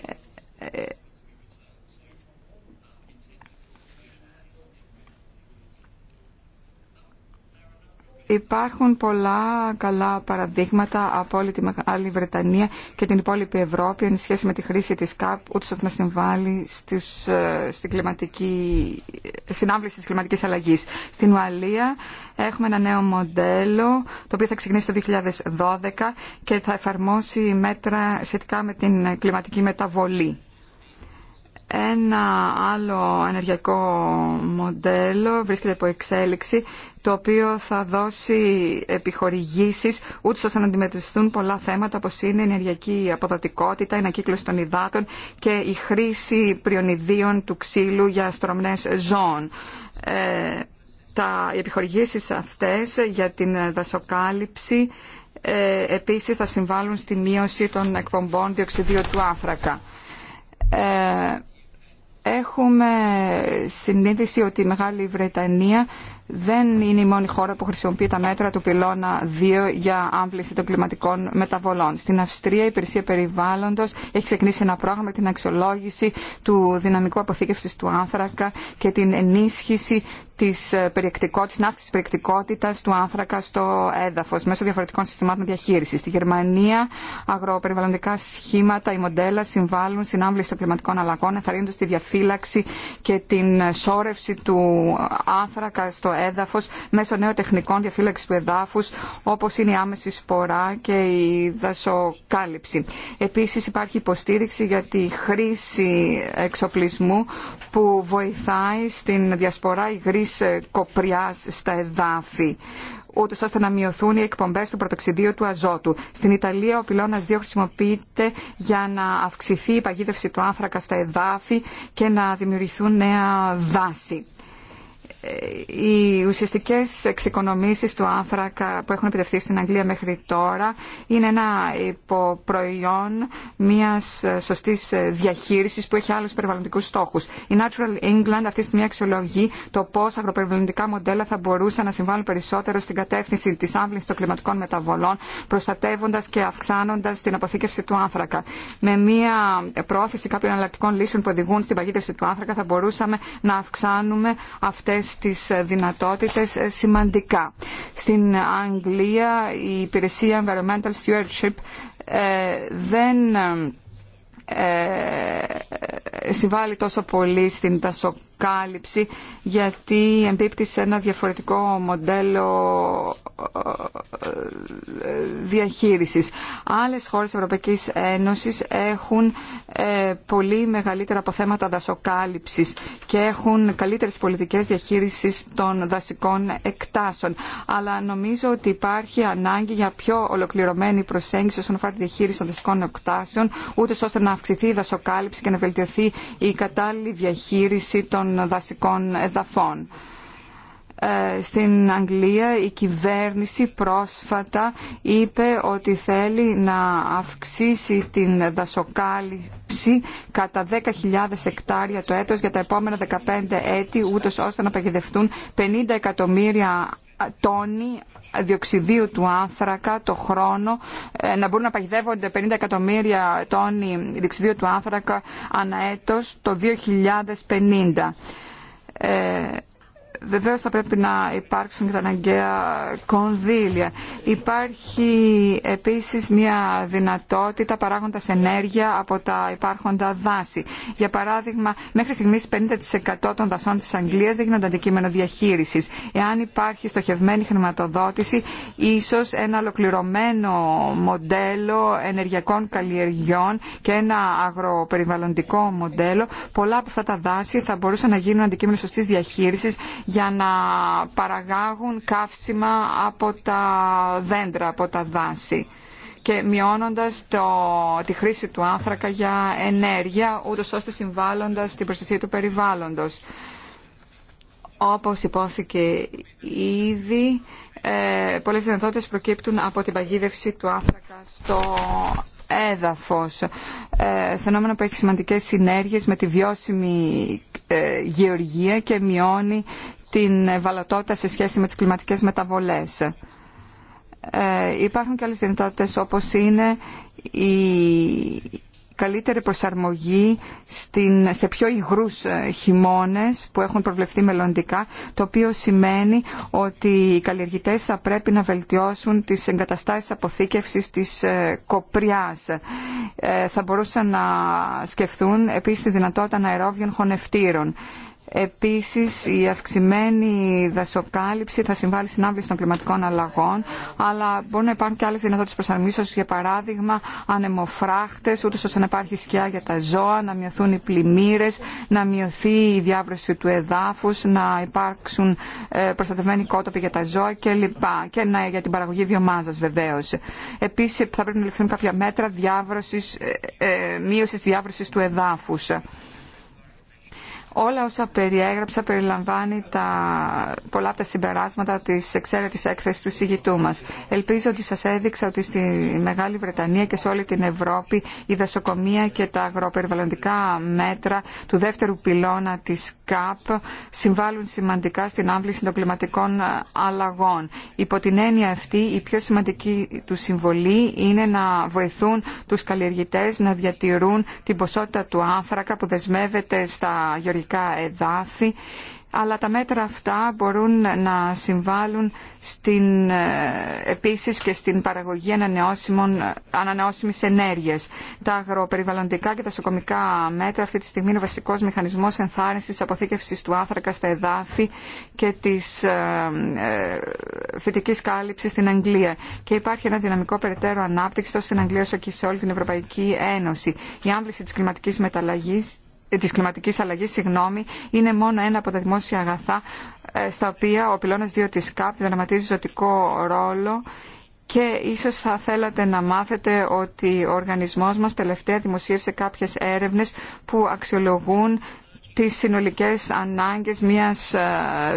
Υπάρχουν πολλά καλά παραδείγματα από όλη τη Μεγάλη Βρετανία και την υπόλοιπη Ευρώπη εν σχέση με τη χρήση της ΚΑΠ, ούτω ώστε να συμβάλλει στις ε, στην κλιματική, συνάβληση της κλιματικής αλλαγής. Στην Ουαλία έχουμε ένα νέο μοντέλο, το οποίο θα ξεκινήσει το 2012 και θα εφαρμόσει μέτρα σχετικά με την κλιματική μεταβολή. Ένα άλλο ενεργειακό μοντέλο βρίσκεται υπό εξέλιξη, το οποίο θα δώσει επιχορηγήσεις, ούτως ώστε να αντιμετωπιστούν πολλά θέματα, όπως είναι η ενεργειακή αποδοτικότητα, η ανακύκλωση των υδάτων και η χρήση πριονιδίων του ξύλου για στρομνές ζώων. Ε, τα, οι επιχορηγήσεις αυτές για την δασοκάλυψη ε, επίσης θα συμβάλλουν στη μείωση των εκπομπών διοξιδίου του άνθρακα. Ε, Έχουμε συνείδηση ότι η Μεγάλη Βρετανία δεν είναι η μόνη χώρα που χρησιμοποιεί τα μέτρα του πυλώνα 2 για άμβληση των κλιματικών μεταβολών. Στην Αυστρία η Υπηρεσία Περιβάλλοντος έχει ξεκινήσει ένα πρόγραμμα για την αξιολόγηση του δυναμικού αποθήκευσης του άνθρακα και την ενίσχυση της περιεκτικότητας, την αύξηση της περιεκτικότητας του άνθρακα στο έδαφος μέσω διαφορετικών συστημάτων διαχείρισης. Στη Γερμανία αγροπεριβαλλοντικά σχήματα, η μοντέλα συμβάλλουν στην άμβληση των κλιματικών αλλαγών, ενθαρρύνοντας τη διαφύ και την σώρευση του άνθρακα στο έδαφος μέσω νέων τεχνικών διαφύλαξη του εδάφους όπως είναι η άμεση σπορά και η δασοκάλυψη. Επίσης υπάρχει υποστήριξη για τη χρήση εξοπλισμού που βοηθάει στην διασπορά υγρής κοπριάς στα εδάφη ούτω ώστε να μειωθούν οι εκπομπέ του πρωτοξιδίου του αζότου. Στην Ιταλία ο πυλώνα 2 χρησιμοποιείται για να αυξηθεί η παγίδευση του άνθρακα στα εδάφη και να δημιουργηθούν νέα δάση οι ουσιαστικές εξοικονομήσεις του άνθρακα που έχουν επιτευχθεί στην Αγγλία μέχρι τώρα είναι ένα υποπροϊόν μιας σωστής διαχείρισης που έχει άλλους περιβαλλοντικούς στόχους. Η Natural England αυτή τη στιγμή αξιολογεί το πώς αγροπεριβαλλοντικά μοντέλα θα μπορούσαν να συμβάλλουν περισσότερο στην κατεύθυνση της άμβλησης των κλιματικών μεταβολών προστατεύοντας και αυξάνοντας την αποθήκευση του άνθρακα. Με μια πρόθεση κάποιων εναλλακτικών λύσεων που οδηγούν στην παγίδευση του άνθρακα θα μπορούσαμε να αυξάνουμε αυτές στις δυνατότητες σημαντικά. Στην Αγγλία η υπηρεσία Environmental Stewardship ε, δεν ε, συμβάλλει τόσο πολύ στην κάλυψη γιατί εμπίπτει σε ένα διαφορετικό μοντέλο ε, ε, διαχείρισης. Άλλες χώρες Ευρωπαϊκής Ένωσης έχουν ε, πολύ μεγαλύτερα αποθέματα δασοκάλυψης και έχουν καλύτερες πολιτικές διαχείρισης των δασικών εκτάσεων. Αλλά νομίζω ότι υπάρχει ανάγκη για πιο ολοκληρωμένη προσέγγιση όσον αφορά τη διαχείριση των δασικών εκτάσεων, ούτως ώστε να αυξηθεί η δασοκάλυψη και να βελτιωθεί η κατάλληλη διαχείριση των δασικών εδαφών. Ε, στην Αγγλία η κυβέρνηση πρόσφατα είπε ότι θέλει να αυξήσει την δασοκάλυψη κατά 10.000 εκτάρια το έτος για τα επόμενα 15 έτη, ούτως ώστε να παγιδευτούν 50 εκατομμύρια τόνοι διοξιδίου του άνθρακα το χρόνο, ε, να μπορούν να παγιδεύονται 50 εκατομμύρια τόνοι διοξιδίου του άνθρακα ανά έτος το 2050. Βεβαίω θα πρέπει να υπάρξουν και τα αναγκαία κονδύλια. Υπάρχει επίση μια δυνατότητα παράγοντα ενέργεια από τα υπάρχοντα δάση. Για παράδειγμα, μέχρι στιγμή 50% των δασών τη Αγγλίας δεν γίνονται αντικείμενο διαχείριση. Εάν υπάρχει στοχευμένη χρηματοδότηση, ίσω ένα ολοκληρωμένο μοντέλο ενεργειακών καλλιεργιών και ένα αγροπεριβαλλοντικό μοντέλο, πολλά από αυτά τα δάση θα μπορούσαν να γίνουν αντικείμενο σωστή διαχείριση για να παραγάγουν καύσιμα από τα δέντρα, από τα δάση και μειώνοντας το, τη χρήση του άνθρακα για ενέργεια, ούτως ώστε συμβάλλοντας την προστασία του περιβάλλοντος. Όπως υπόθηκε ήδη, ε, πολλές δυνατότητες προκύπτουν από την παγίδευση του άνθρακα στο έδαφος. Ε, φαινόμενο που έχει σημαντικές συνέργειες με τη βιώσιμη ε, γεωργία και μειώνει την ευαλωτότητα σε σχέση με τις κλιματικές μεταβολές. Ε, υπάρχουν και άλλες δυνατότητες όπως είναι η καλύτερη προσαρμογή στην, σε πιο υγρούς ε, χειμώνες που έχουν προβλεφθεί μελλοντικά, το οποίο σημαίνει ότι οι καλλιεργητές θα πρέπει να βελτιώσουν τις εγκαταστάσεις αποθήκευσης της ε, κοπριάς. θα μπορούσαν να σκεφτούν επίσης τη δυνατότητα αερόβιων χωνευτήρων. Επίσης η αυξημένη δασοκάλυψη θα συμβάλλει στην άμβληση των κλιματικών αλλαγών, αλλά μπορούν να υπάρχουν και άλλες δυνατότητες προσαρμίσεως, για παράδειγμα ανεμοφράχτες, ούτως ώστε να υπάρχει σκιά για τα ζώα, να μειωθούν οι πλημμύρες, να μειωθεί η διάβρωση του εδάφους, να υπάρξουν ε, προστατευμένοι κότοποι για τα ζώα κλπ. Και για την παραγωγή βιομάζας βεβαίως. Επίσης θα πρέπει να ληφθούν κάποια μέτρα διάβρωσης, ε, ε, μείωσης διάβρωσης του εδάφους. Όλα όσα περιέγραψα περιλαμβάνει τα πολλά από τα συμπεράσματα της εξαίρετης έκθεσης του συγητού μας. Ελπίζω ότι σας έδειξα ότι στη Μεγάλη Βρετανία και σε όλη την Ευρώπη η δασοκομεία και τα αγροπεριβαλλοντικά μέτρα του δεύτερου πυλώνα της ΚΑΠ συμβάλλουν σημαντικά στην άμβληση των κλιματικών αλλαγών. Υπό την έννοια αυτή η πιο σημαντική του συμβολή είναι να βοηθούν τους καλλιεργητές να διατηρούν την ποσότητα του άνθρακα που δεσμεύεται στα γεωργικά ιστορικά εδάφη, αλλά τα μέτρα αυτά μπορούν να συμβάλλουν στην, ε, επίσης και στην παραγωγή ανανεώσιμης ενέργειας. Τα αγροπεριβαλλοντικά και τα σοκομικά μέτρα αυτή τη στιγμή είναι ο βασικός μηχανισμός ενθάρρυνσης αποθήκευσης του άνθρακα στα εδάφη και της ε, ε, φυτικής κάλυψης στην Αγγλία. Και υπάρχει ένα δυναμικό περαιτέρω ανάπτυξη τόσο στην Αγγλία όσο και σε όλη την Ευρωπαϊκή Ένωση. Η άμβληση της κλιματικής μεταλλαγής της κλιματικής αλλαγής συγγνώμη, είναι μόνο ένα από τα δημόσια αγαθά ε, στα οποία ο πυλώνας 2 της ΚΑΠ δραματίζει ζωτικό ρόλο και ίσως θα θέλατε να μάθετε ότι ο οργανισμός μας τελευταία δημοσίευσε κάποιες έρευνες που αξιολογούν τις συνολικές ανάγκες μιας ε,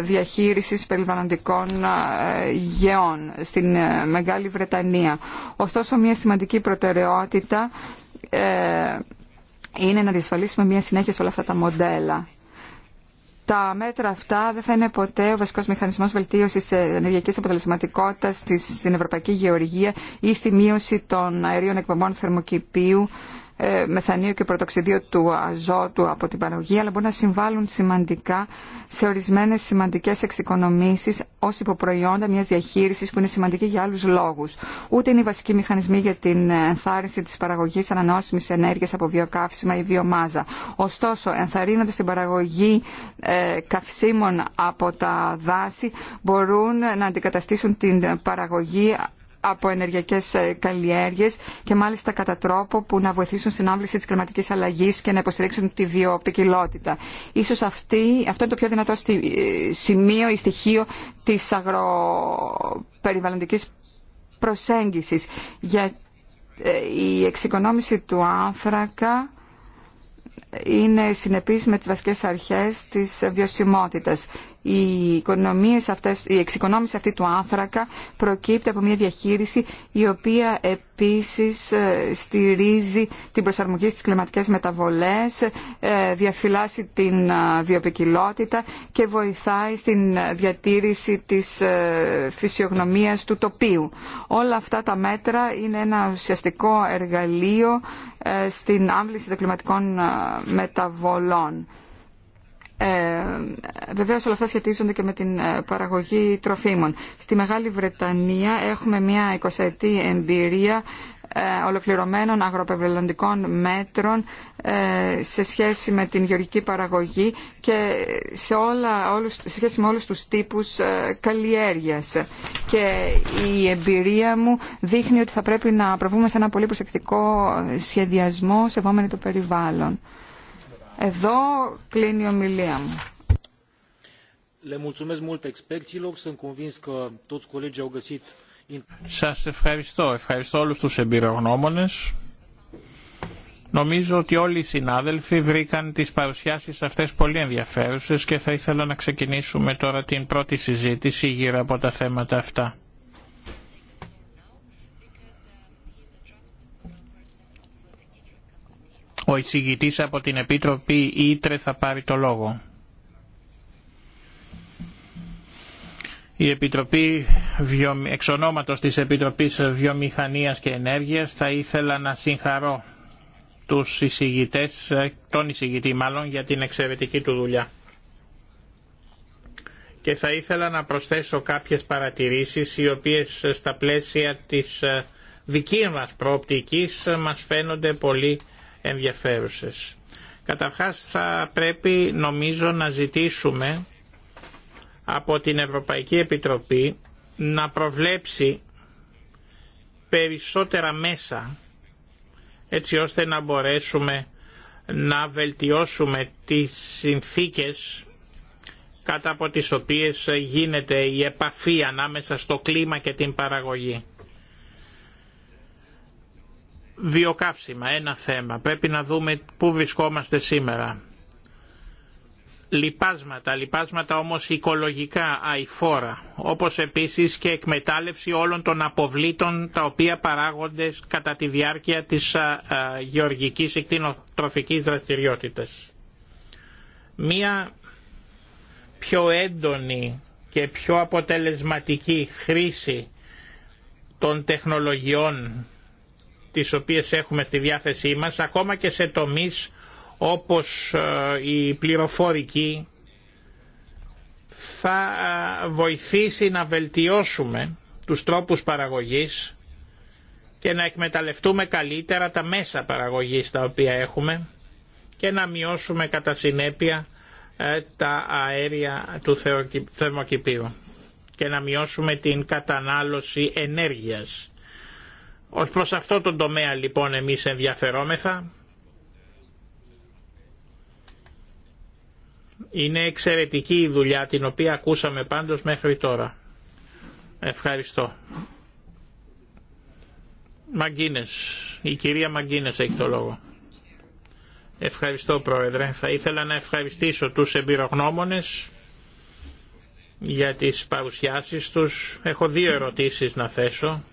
διαχείρισης περιβαλλοντικών ε, γεών στην Μεγάλη Βρετανία. Ωστόσο, μια σημαντική προτεραιότητα είναι να διασφαλίσουμε μια συνέχεια σε όλα αυτά τα μοντέλα. Τα μέτρα αυτά δεν θα είναι ποτέ ο βασικό μηχανισμό βελτίωση ενεργειακή αποτελεσματικότητα στην Ευρωπαϊκή Γεωργία ή στη μείωση των αερίων εκπομπών θερμοκηπίου ε, μεθανίου και πρωτοξιδίου του αζότου από την παραγωγή, αλλά μπορούν να συμβάλλουν σημαντικά σε ορισμένες σημαντικές εξοικονομήσεις ως υποπροϊόντα μιας διαχείρισης που είναι σημαντική για άλλους λόγους. Ούτε είναι οι βασικοί μηχανισμοί για την ενθάρρυνση της παραγωγής ανανεώσιμης ενέργειας από βιοκαύσιμα ή βιομάζα. Ωστόσο, ενθαρρύνοντας την παραγωγή ε, καυσίμων από τα δάση, μπορούν να αντικαταστήσουν την παραγωγή από ενεργειακές ε, καλλιέργειες και μάλιστα κατά τρόπο που να βοηθήσουν στην άμβληση της κλιματική αλλαγή και να υποστηρίξουν τη βιοπικιλότητα. Ίσως αυτό είναι το πιο δυνατό ε, σημείο ή στοιχείο της αγροπεριβαλλοντικής προσέγγισης για ε, η εξοικονόμηση του άνθρακα είναι συνεπής με τις βασικές αρχές της βιωσιμότητας. Οι, αυτές, η εξοικονόμηση αυτή του άνθρακα προκύπτει από μια διαχείριση η οποία επίσης ε, στηρίζει την προσαρμογή στις κλιματικές μεταβολές, ε, διαφυλάσσει την ε, βιοπικιλότητα και βοηθάει στην διατήρηση της φυσιογνωμίας του τοπίου. Όλα αυτά τα μέτρα είναι ένα ουσιαστικό εργαλείο στην άμβληση των κλιματικών μεταβολών. Ε, Βεβαίω όλα αυτά σχετίζονται και με την ε, παραγωγή τροφίμων. Στη Μεγάλη Βρετανία έχουμε μια 20ετή εμπειρία ε, ολοκληρωμένων αγροπευρελοντικών μέτρων σε σχέση με την γεωργική παραγωγή και σε, όλα, όλους, σχέση με όλους τους τύπους καλλιέργειας. Και η εμπειρία μου δείχνει ότι θα πρέπει να προβούμε σε ένα πολύ προσεκτικό σχεδιασμό σεβόμενοι το περιβάλλον. Εδώ κλείνει η ομιλία μου. Σας ευχαριστώ. Ευχαριστώ όλους τους εμπειρογνώμονες. Νομίζω ότι όλοι οι συνάδελφοι βρήκαν τις παρουσιάσεις αυτές πολύ ενδιαφέρουσες και θα ήθελα να ξεκινήσουμε τώρα την πρώτη συζήτηση γύρω από τα θέματα αυτά. Ο εισηγητής από την Επίτροπη Ήτρε θα πάρει το λόγο. Η Επιτροπή εξ ονόματος της Επιτροπής Βιομηχανίας και Ενέργειας θα ήθελα να συγχαρώ τους εισηγητές, τον εισηγητή μάλλον, για την εξαιρετική του δουλειά. Και θα ήθελα να προσθέσω κάποιες παρατηρήσεις οι οποίες στα πλαίσια της ε, δική μας προοπτικής μας φαίνονται πολύ ενδιαφέρουσες. Καταρχάς θα πρέπει νομίζω να ζητήσουμε από την Ευρωπαϊκή Επιτροπή να προβλέψει περισσότερα μέσα έτσι ώστε να μπορέσουμε να βελτιώσουμε τις συνθήκες κατά από τις οποίες γίνεται η επαφή ανάμεσα στο κλίμα και την παραγωγή. Βιοκαύσιμα, ένα θέμα. Πρέπει να δούμε πού βρισκόμαστε σήμερα. Λιπάσματα, λιπάσματα όμως οικολογικά, αηφόρα, όπως επίσης και εκμετάλλευση όλων των αποβλήτων τα οποία παράγονται κατά τη διάρκεια της γεωργικής εκτινοτροφικής δραστηριότητας. Μία πιο έντονη και πιο αποτελεσματική χρήση των τεχνολογιών τις οποίες έχουμε στη διάθεσή μας ακόμα και σε τομείς όπως ε, η πληροφορική θα ε, βοηθήσει να βελτιώσουμε τους τρόπους παραγωγής και να εκμεταλλευτούμε καλύτερα τα μέσα παραγωγής τα οποία έχουμε και να μειώσουμε κατά συνέπεια ε, τα αέρια του θερμοκηπίου και να μειώσουμε την κατανάλωση ενέργειας. Ως προς αυτό τον τομέα λοιπόν εμείς ενδιαφερόμεθα είναι εξαιρετική η δουλειά την οποία ακούσαμε πάντως μέχρι τώρα. Ευχαριστώ. Μαγκίνες, η κυρία Μαγκίνες έχει το λόγο. Ευχαριστώ Πρόεδρε. Θα ήθελα να ευχαριστήσω τους εμπειρογνώμονες για τις παρουσιάσεις τους. Έχω δύο ερωτήσεις να θέσω.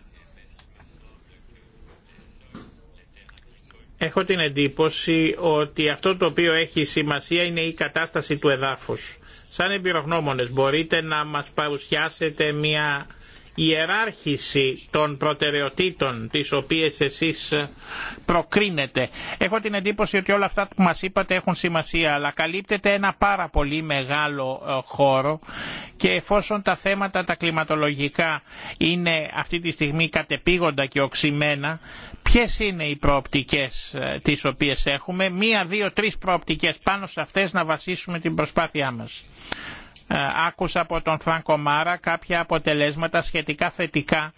Έχω την εντύπωση ότι αυτό το οποίο έχει σημασία είναι η κατάσταση του εδάφους. Σαν εμπειρογνώμονες μπορείτε να μας παρουσιάσετε μια η ιεράρχηση των προτεραιοτήτων τις οποίες εσείς προκρίνετε. Έχω την εντύπωση ότι όλα αυτά που μας είπατε έχουν σημασία αλλά καλύπτεται ένα πάρα πολύ μεγάλο ε, χώρο και εφόσον τα θέματα τα κλιματολογικά είναι αυτή τη στιγμή κατεπήγοντα και οξυμένα ποιες είναι οι προοπτικές ε, τις οποίες έχουμε, μία, δύο, τρεις προοπτικές πάνω σε αυτές να βασίσουμε την προσπάθειά μας. Ε, άκουσα από τον Φρανκο Μάρα κάποια αποτελέσματα σχετικά θετικά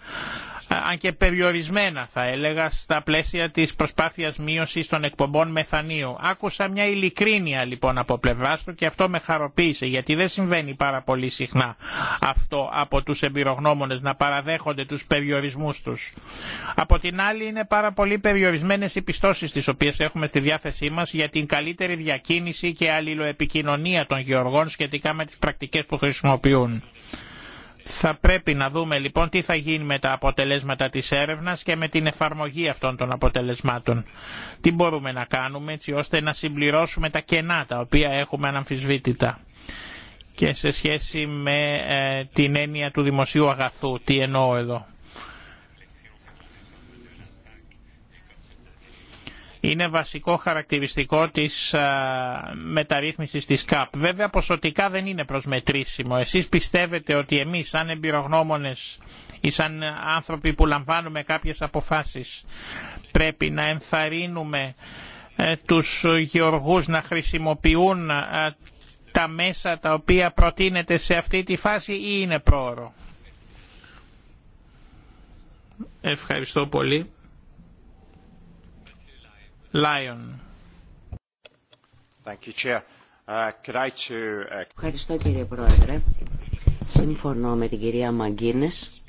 αν και περιορισμένα θα έλεγα, στα πλαίσια της προσπάθειας μείωσης των εκπομπών μεθανίου. Άκουσα μια ειλικρίνεια λοιπόν από πλευράς του και αυτό με χαροποίησε, γιατί δεν συμβαίνει πάρα πολύ συχνά αυτό από τους εμπειρογνώμονες να παραδέχονται τους περιορισμούς τους. Από την άλλη είναι πάρα πολύ περιορισμένες οι πιστώσεις τις οποίες έχουμε στη διάθεσή μας για την καλύτερη διακίνηση και αλληλοεπικοινωνία των γεωργών σχετικά με τις πρακτικές που χρησιμοποιούν. Θα πρέπει να δούμε λοιπόν τι θα γίνει με τα αποτελέσματα της έρευνας και με την εφαρμογή αυτών των αποτελεσμάτων. Τι μπορούμε να κάνουμε έτσι ώστε να συμπληρώσουμε τα κενά τα οποία έχουμε αναμφισβήτητα. Και σε σχέση με ε, την έννοια του δημοσίου αγαθού, τι εννοώ εδώ. είναι βασικό χαρακτηριστικό της μεταρρύθμισης της ΚΑΠ. Βέβαια ποσοτικά δεν είναι προσμετρήσιμο. Εσείς πιστεύετε ότι εμείς σαν εμπειρογνώμονες ή σαν άνθρωποι που λαμβάνουμε κάποιες αποφάσεις πρέπει να ενθαρρύνουμε ε, τους γεωργούς να χρησιμοποιούν τα μέσα τα οποία προτείνεται σε αυτή τη φάση ή είναι πρόωρο. Ευχαριστώ πολύ. Uh, uh, Ευχαριστώ κύριε Πρόεδρε. Συμφωνώ με την κυρία Μαγκίνες.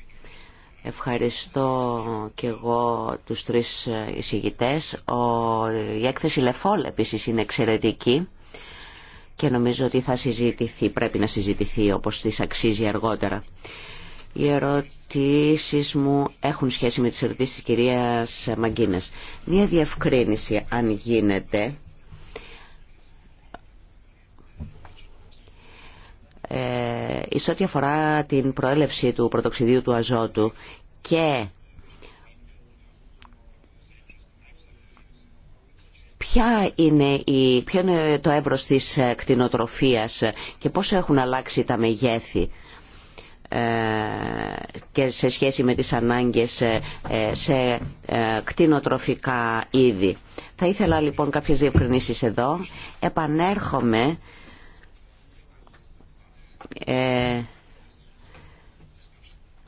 Ευχαριστώ και εγώ τους τρεις ε, εισηγητές. Ο... Η έκθεση Λεφόλ επίσης είναι εξαιρετική και νομίζω ότι θα συζητηθεί, πρέπει να συζητηθεί όπως της αξίζει αργότερα. Οι ερωτήσεις μου έχουν σχέση με τις ερωτήσεις της κυρίας Μαγκίνες. Μία διευκρίνηση, αν γίνεται, ε, ό,τι αφορά την προέλευση του πρωτοξιδίου του αζότου και ποια είναι η, ποιο είναι το εύρος της κτηνοτροφίας και πώς έχουν αλλάξει τα μεγέθη. Ε, και σε σχέση με τις ανάγκες ε, ε, σε κτηνοτροφικά είδη. Θα ήθελα λοιπόν κάποιες διευκρινήσεις εδώ. Επανέρχομαι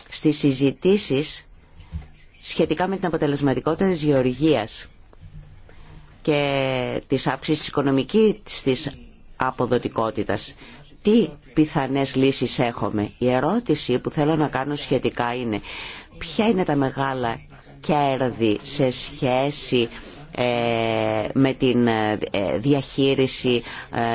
στις συζητήσεις σχετικά με την αποτελεσματικότητα της γεωργίας και της αύξησης της οικονομικής της αποδοτικότητας. Τι πιθανές λύσεις έχουμε. Η ερώτηση που θέλω να κάνω σχετικά είναι ποια είναι τα μεγάλα κέρδη σε σχέση ε, με την ε, διαχείριση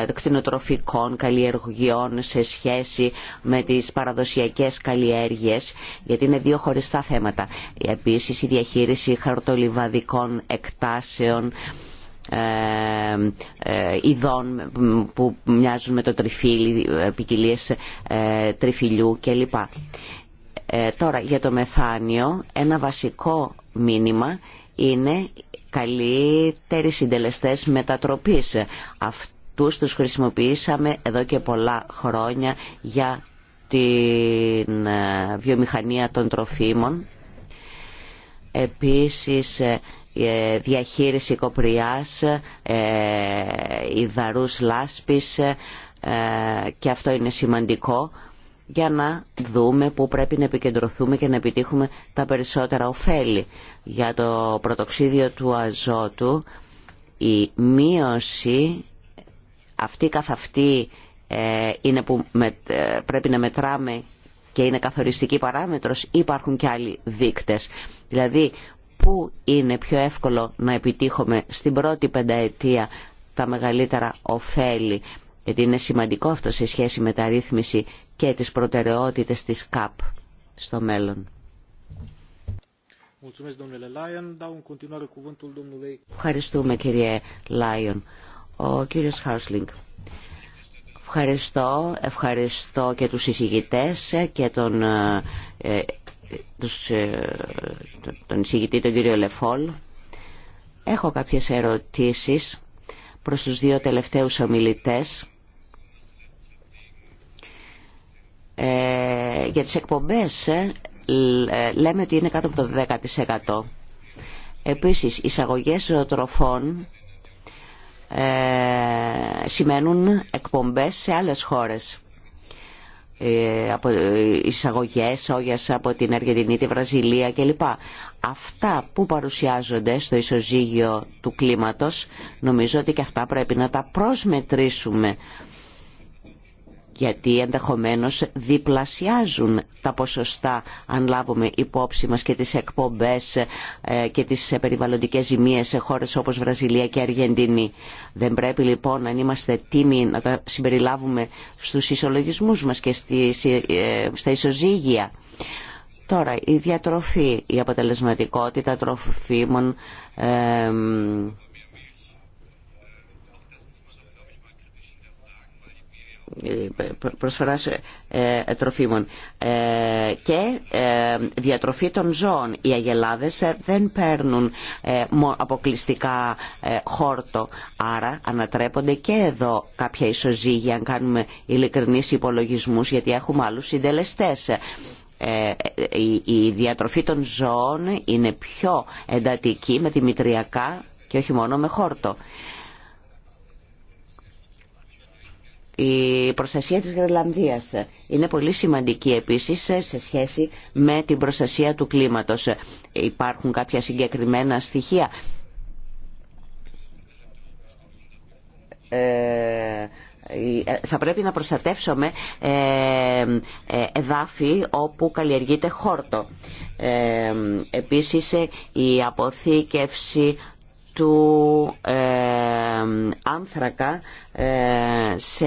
ε, κτηνοτροφικών καλλιεργειών σε σχέση με τις παραδοσιακές καλλιέργειες γιατί είναι δύο χωριστά θέματα. Επίσης η διαχείριση χαρτολιβαδικών εκτάσεων ε, ε, ειδών που μοιάζουν με το τριφύλι, ποικιλίε ε, τριφυλιού κλπ. Τώρα για το μεθάνιο ένα βασικό μήνυμα είναι καλύτεροι συντελεστέ μετατροπή. Αυτούς τους χρησιμοποιήσαμε εδώ και πολλά χρόνια για την βιομηχανία των τροφίμων. Επίσης ε, διαχείριση κοπριάς, ε, ιδαρούς λάσπης ε, και αυτό είναι σημαντικό για να δούμε πού πρέπει να επικεντρωθούμε και να επιτύχουμε τα περισσότερα ωφέλη. Για το πρωτοξίδιο του αζότου η μείωση αυτή καθ' αυτή είναι που πρέπει να μετράμε και είναι καθοριστική παράμετρος, υπάρχουν και άλλοι δείκτες. Δηλαδή πού είναι πιο εύκολο να επιτύχουμε στην πρώτη πενταετία τα μεγαλύτερα ωφέλη, γιατί είναι σημαντικό αυτό σε σχέση με τα ρύθμιση και τις προτεραιότητες της ΚΑΠ στο μέλλον. Ευχαριστούμε κύριε Λάιον. Ο κύριος Χάρσλινγκ. Ευχαριστώ, ευχαριστώ και τους εισηγητές και τον ε, τους, ε, τον εισηγητή τον κύριο Λεφόλ. Έχω κάποιες ερωτήσεις προς τους δύο τελευταίους ομιλητές ε, για τις εκπομπές ε, λέμε ότι είναι κάτω από το 10% επίσης εισαγωγές ζωοτροφών ε, σημαίνουν εκπομπές σε άλλες χώρες ε, από ε, εισαγωγές από την Αργεντινή, τη Βραζιλία κλπ. Αυτά που παρουσιάζονται στο ισοζύγιο του κλίματος νομίζω ότι και αυτά πρέπει να τα προσμετρήσουμε γιατί ενδεχομένως διπλασιάζουν τα ποσοστά αν λάβουμε υπόψη μας και τις εκπομπές ε, και τις περιβαλλοντικές ζημίες σε χώρες όπως Βραζιλία και Αργεντινή. Δεν πρέπει λοιπόν αν είμαστε τίμοι να τα συμπεριλάβουμε στους ισολογισμούς μας και ε, στα ισοζύγια. Τώρα, η διατροφή, η αποτελεσματικότητα τροφίμων, ε, προσφοράς ε, ε, τροφίμων ε, και διατροφή των ζώων. Οι αγελάδες δεν παίρνουν αποκλειστικά χόρτο, άρα ανατρέπονται και εδώ κάποια ισοζύγια αν κάνουμε ειλικρινείς υπολογισμούς γιατί έχουμε άλλους συντελεστές. Η διατροφή των ζώων είναι πιο εντατική με δημητριακά και όχι μόνο με χόρτο. Η προστασία της Γρελανδίας είναι πολύ σημαντική επίσης σε σχέση με την προστασία του κλίματος. Υπάρχουν κάποια συγκεκριμένα στοιχεία. Ε, θα πρέπει να προστατεύσουμε ε, ε, εδάφη όπου καλλιεργείται χόρτο. Ε, επίσης η αποθήκευση του ε, άνθρακα ε, σε,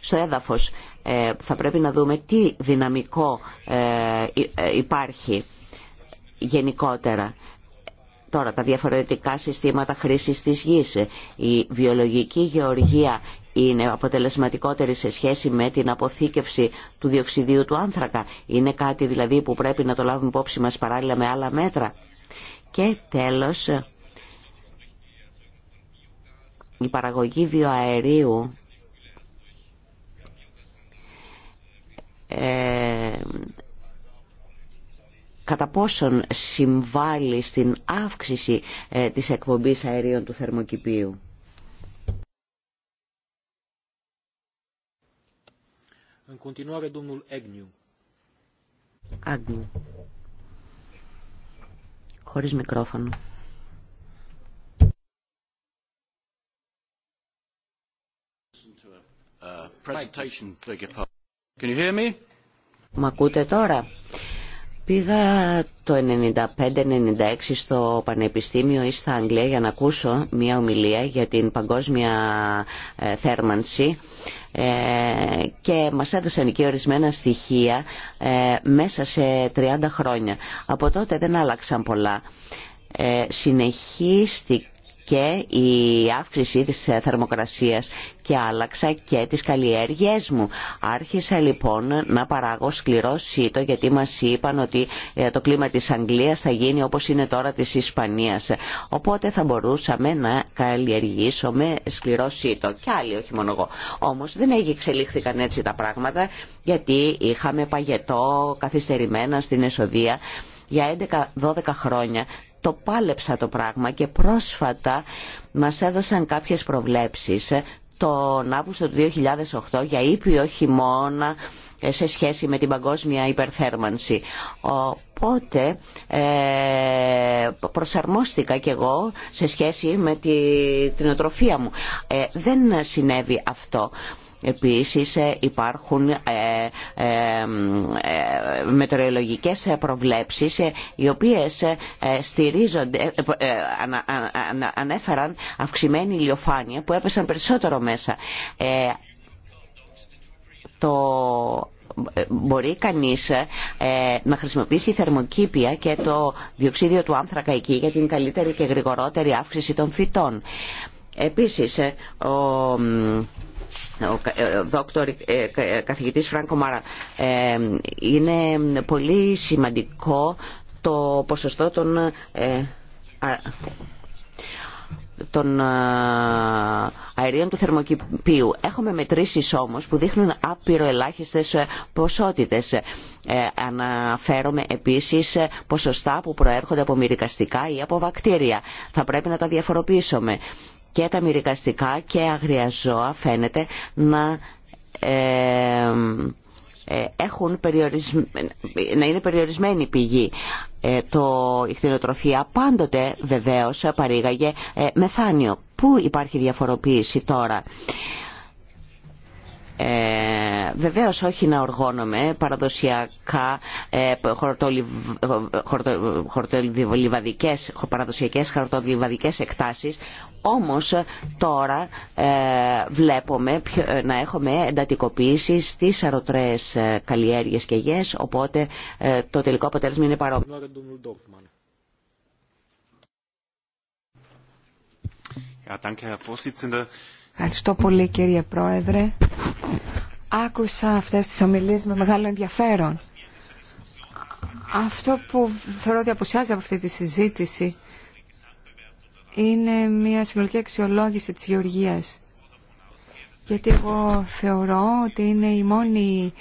στο έδαφος. Ε, θα πρέπει να δούμε τι δυναμικό ε, υπάρχει γενικότερα. Τώρα, τα διαφορετικά συστήματα χρήσης της γης, η βιολογική γεωργία είναι αποτελεσματικότερη σε σχέση με την αποθήκευση του διοξιδίου του άνθρακα. Είναι κάτι δηλαδή που πρέπει να το λάβουμε υπόψη μας παράλληλα με άλλα μέτρα. Και τέλος, η παραγωγή βιοαερίου ε, κατά πόσον συμβάλλει στην αύξηση ε, της εκπομπής αερίων του θερμοκηπίου. În χωρίς μικρόφωνο. Μ' ακούτε τώρα. Πήγα το 95-96 στο Πανεπιστήμιο ή στα Αγγλία για να ακούσω μία ομιλία για την παγκόσμια ε, θέρμανση ε, και μας έδωσαν και ορισμένα στοιχεία ε, μέσα σε 30 χρόνια. Από τότε δεν άλλαξαν πολλά. Συνεχίστηκε και η αύξηση της θερμοκρασίας και άλλαξα και τις καλλιέργειές μου. Άρχισα λοιπόν να παράγω σκληρό σύτο γιατί μας είπαν ότι ε, το κλίμα της Αγγλίας θα γίνει όπως είναι τώρα της Ισπανίας. Οπότε θα μπορούσαμε να καλλιεργήσουμε σκληρό σίτο και άλλοι όχι μόνο εγώ. Όμως δεν εξελίχθηκαν έτσι τα πράγματα γιατί είχαμε παγετό καθυστερημένα στην εσοδεία για 11-12 χρόνια το πάλεψα το πράγμα και πρόσφατα μας έδωσαν κάποιες προβλέψεις ε, τον Αύγουστο του 2008 για ήπιο χειμώνα ε, σε σχέση με την παγκόσμια υπερθέρμανση. Οπότε ε, προσαρμόστηκα κι εγώ σε σχέση με τη, την οτροφία μου. δεν συνέβη αυτό. Επίσης ε, υπάρχουν ε, ε, μετεωρολογικές προβλέψεις οι οποίες στηρίζονται, ανέφεραν αυξημένη ηλιοφάνεια που έπεσαν περισσότερο μέσα. Το μπορεί κανείς να χρησιμοποιήσει θερμοκήπια και το διοξίδιο του άνθρακα εκεί για την καλύτερη και γρηγορότερη αύξηση των φυτών. Επίσης, ο ε, ο δόκτωρ ε, ε, καθηγητής Φράνκο Μάρα είναι πολύ σημαντικό το ποσοστό των των αερίων του θερμοκηπίου. Έχουμε μετρήσει όμως που δείχνουν άπειρο ελάχιστες ποσότητες. Ε, αναφέρομαι επίσης ποσοστά που προέρχονται από μυρικαστικά ή από βακτήρια. Θα πρέπει να τα διαφοροποιήσουμε και τα μυρικαστικά και αγρία ζώα φαίνεται να ε, ε, έχουν να είναι περιορισμένη η πηγή. Ε, το, η πάντοτε βεβαίως παρήγαγε μεθάνιο. Πού υπάρχει διαφοροποίηση τώρα. Ε, βεβαίως όχι να οργώνομαι παραδοσιακά ε, χορτολιβαδικές, παραδοσιακές χορτολιβαδικές εκτάσεις όμως τώρα ε, βλέπουμε ε, να έχουμε εντατικοποίηση στις αρωτρές ε, καλλιέργειες και οπότε το τελικό αποτέλεσμα είναι παρόμοιο. Ja, danke, Herr Vorsitzender. Ευχαριστώ πολύ κύριε Πρόεδρε. Άκουσα αυτές τις ομιλίες με μεγάλο ενδιαφέρον. Αυτό που θεωρώ ότι αποσιάζει από αυτή τη συζήτηση είναι μια συνολική αξιολόγηση της γεωργίας. Γιατί εγώ θεωρώ ότι είναι η μόνη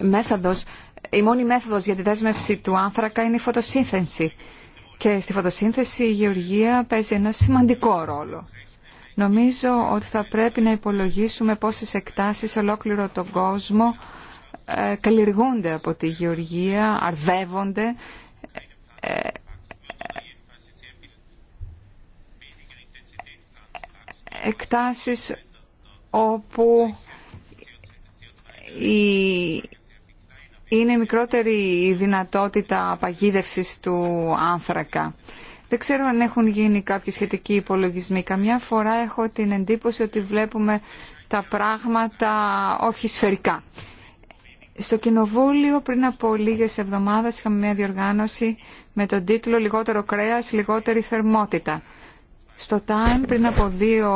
μέθοδος, η μόνη μέθοδος για τη δέσμευση του άνθρακα είναι η φωτοσύνθεση. Και στη φωτοσύνθεση η γεωργία παίζει ένα σημαντικό ρόλο. Νομίζω ότι θα πρέπει να υπολογίσουμε πόσες εκτάσεις σε ολόκληρο τον κόσμο ε, καλλιεργούνται από τη γεωργία, αρδεύονται ε, ε, εκτάσεις όπου είναι μικρότερη η δυνατότητα απαγίδευσης του άνθρακα. Δεν ξέρω αν έχουν γίνει κάποιοι σχετικοί υπολογισμοί. Καμιά φορά έχω την εντύπωση ότι βλέπουμε τα πράγματα όχι σφαιρικά. Στο Κοινοβούλιο πριν από λίγες εβδομάδες είχαμε μια διοργάνωση με τον τίτλο «Λιγότερο κρέας, λιγότερη θερμότητα». Στο Time πριν από δύο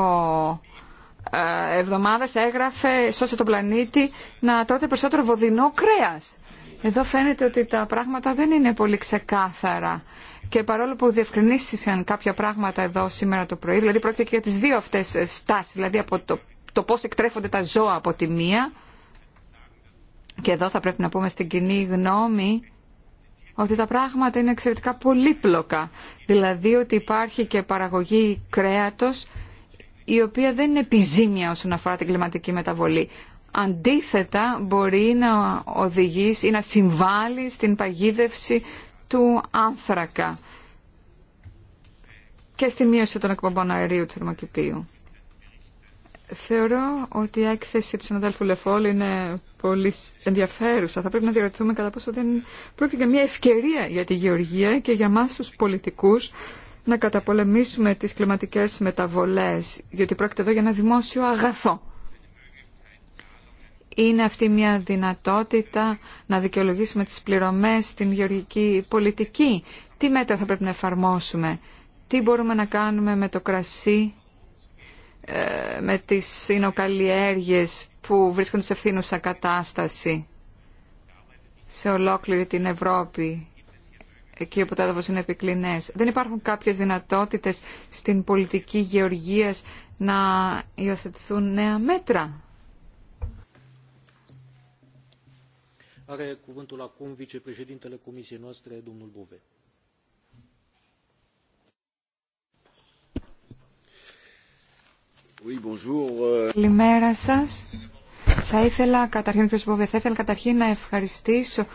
ε, εβδομάδες έγραφε «Σώσε τον πλανήτη να τρώτε περισσότερο βοδινό κρέας». Εδώ φαίνεται ότι τα πράγματα δεν είναι πολύ ξεκάθαρα και παρόλο που διευκρινίστηκαν κάποια πράγματα εδώ σήμερα το πρωί, δηλαδή πρόκειται και για τις δύο αυτές ε, στάσεις, δηλαδή από το, το πώς εκτρέφονται τα ζώα από τη μία, και εδώ θα πρέπει να πούμε στην κοινή γνώμη ότι τα πράγματα είναι εξαιρετικά πολύπλοκα. Δηλαδή ότι υπάρχει και παραγωγή κρέατος η οποία δεν είναι επιζήμια όσον αφορά την κλιματική μεταβολή. Αντίθετα μπορεί να οδηγήσει ή να συμβάλλει στην παγίδευση του άνθρακα και στη μείωση των εκπομπών αερίου του θερμοκηπίου. Θεωρώ ότι η έκθεση του συναδέλφου Λεφόλ είναι πολύ ενδιαφέρουσα. Θα πρέπει να διερωτηθούμε κατά πόσο δεν πρόκειται για μια ευκαιρία για τη γεωργία και για μας τους πολιτικούς να καταπολεμήσουμε τις κλιματικές μεταβολές, γιατί πρόκειται εδώ για ένα δημόσιο αγαθό είναι αυτή μια δυνατότητα να δικαιολογήσουμε τις πληρωμές στην γεωργική πολιτική. Τι μέτρα θα πρέπει να εφαρμόσουμε, τι μπορούμε να κάνουμε με το κρασί, ε, με τις συνοκαλλιέργειες που βρίσκονται σε ευθύνουσα κατάσταση σε ολόκληρη την Ευρώπη, εκεί όπου τα έδαφος είναι επικλινές. Δεν υπάρχουν κάποιες δυνατότητες στην πολιτική γεωργίας να υιοθετηθούν νέα μέτρα. Are cuvântul euh. Καλημέρα σας. Θα ήθελα καταρχήν, κ. Μποβε, θα ήθελα καταρχήν να ευχαριστήσω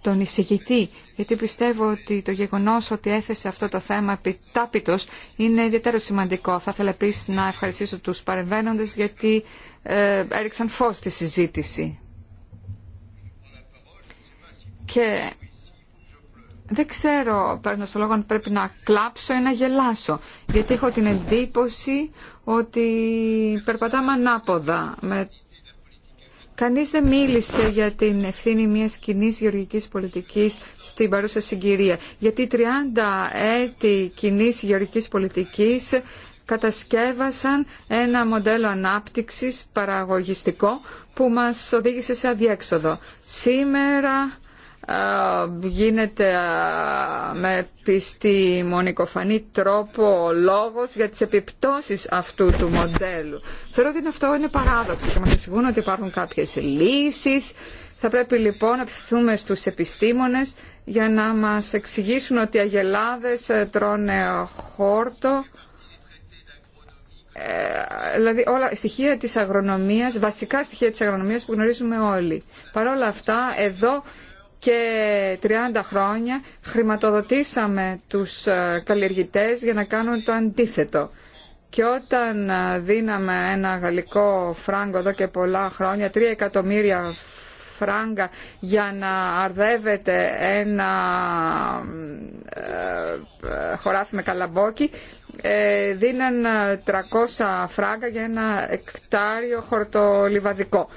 τον εισηγητή, γιατί πιστεύω ότι το γεγονό ότι έθεσε αυτό το θέμα επιτάπητος είναι ιδιαίτερο σημαντικό. Θα ήθελα επίση να ευχαριστήσω του παρεμβαίνοντες γιατί ε, έριξαν φω στη συζήτηση. Και δεν ξέρω, παίρνω στο λόγο, αν πρέπει να κλάψω ή να γελάσω. Γιατί έχω την εντύπωση ότι περπατάμε ανάποδα. Με... Κανείς δεν μίλησε για την ευθύνη μιας κοινή γεωργικής πολιτικής στην παρούσα συγκυρία. Γιατί 30 έτη κοινή γεωργικής πολιτικής κατασκεύασαν ένα μοντέλο ανάπτυξης παραγωγιστικό που μας οδήγησε σε αδιέξοδο. Σήμερα γίνεται με πιστή μονικοφανή τρόπο λόγος για τις επιπτώσεις αυτού του μοντέλου. Θεωρώ ότι αυτό είναι παράδοξο και μας εξηγούν ότι υπάρχουν κάποιες λύσεις. Θα πρέπει λοιπόν να ψηθούμε στους επιστήμονες για να μας εξηγήσουν ότι οι αγελάδες ε, τρώνε χόρτο. Ε, δηλαδή όλα στοιχεία της αγρονομίας, βασικά στοιχεία της αγρονομίας που γνωρίζουμε όλοι. Παρ' όλα αυτά εδώ και 30 χρόνια χρηματοδοτήσαμε τους ε, καλλιεργητές για να κάνουν το αντίθετο. Και όταν ε, δίναμε ένα γαλλικό φράγκο εδώ και πολλά χρόνια, 3 εκατομμύρια φράγκα για να αρδεύεται ένα ε, χωράφι με καλαμπόκι, δίναν 300 φράγκα για ένα εκτάριο χορτολιβαδικό.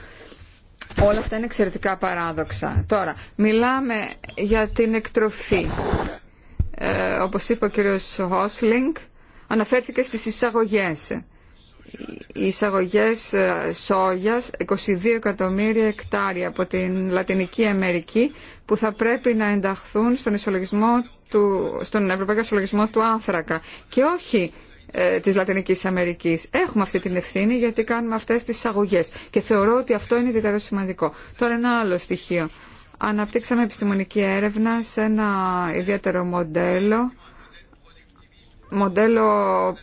Όλα αυτά είναι εξαιρετικά παράδοξα. Τώρα, μιλάμε για την εκτροφή. Ε, όπως είπε ο κύριος Χόσλινγκ, αναφέρθηκε στις εισαγωγές. Οι εισαγωγές ε, σόγιας, 22 εκατομμύρια εκτάρια από την Λατινική Αμερική, που θα πρέπει να ενταχθούν στον, του, στον Ευρωπαϊκό Ισολογισμό του Άνθρακα. Και όχι ε, της Λατινικής Αμερικής. Έχουμε αυτή την ευθύνη γιατί κάνουμε αυτές τις εισαγωγές και θεωρώ ότι αυτό είναι ιδιαίτερα σημαντικό. Τώρα ένα άλλο στοιχείο. Αναπτύξαμε επιστημονική έρευνα σε ένα ιδιαίτερο μοντέλο μοντέλο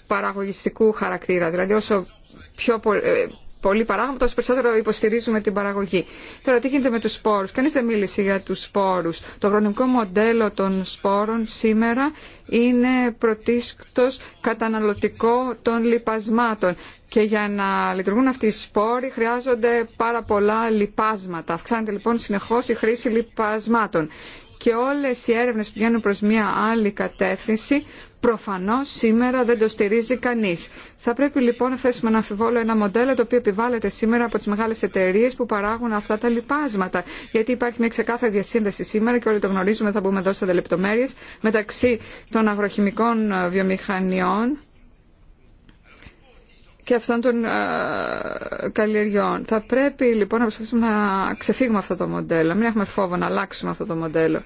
παραγωγιστικού χαρακτήρα. Δηλαδή όσο πιο ε, πολλοί παράγοντε, όσο περισσότερο υποστηρίζουμε την παραγωγή. Τώρα, τι γίνεται με του σπόρου. Κανεί δεν μίλησε για του σπόρου. Το αγρονομικό μοντέλο των σπόρων σήμερα είναι πρωτίστω καταναλωτικό των λιπασμάτων. Και για να λειτουργούν αυτοί οι σπόροι χρειάζονται πάρα πολλά λιπάσματα. Αυξάνεται λοιπόν συνεχώ η χρήση λιπασμάτων. Και όλες οι έρευνες που πηγαίνουν προς μια άλλη κατεύθυνση Προφανώς σήμερα δεν το στηρίζει κανείς. Θα πρέπει λοιπόν να θέσουμε να αμφιβόλω ένα μοντέλο το οποίο επιβάλλεται σήμερα από τις μεγάλες εταιρείες που παράγουν αυτά τα λοιπάσματα. Γιατί υπάρχει μια ξεκάθαρη διασύνδεση σήμερα και όλοι το γνωρίζουμε, θα μπούμε εδώ σε λεπτομέρειες, μεταξύ των αγροχημικών ε, βιομηχανιών και αυτών των ε, καλλιεργιών. Θα πρέπει λοιπόν να προσπαθήσουμε να ξεφύγουμε αυτό το μοντέλο, μην έχουμε φόβο να αλλάξουμε αυτό το μοντέλο.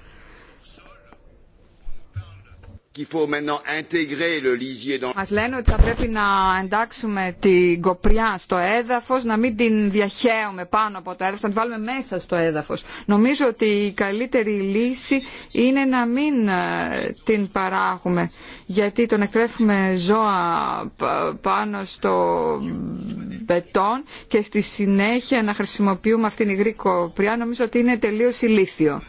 Μας λένε ότι θα πρέπει να εντάξουμε την κοπριά στο έδαφος, να μην την διαχέουμε πάνω από το έδαφος, να την βάλουμε μέσα στο έδαφος. Νομίζω ότι η καλύτερη λύση είναι να μην ε, την παράγουμε, γιατί τον εκτρέφουμε ζώα πάνω στο πετόν και στη συνέχεια να χρησιμοποιούμε αυτήν την υγρή κοπριά, νομίζω ότι είναι τελείως ηλίθιο.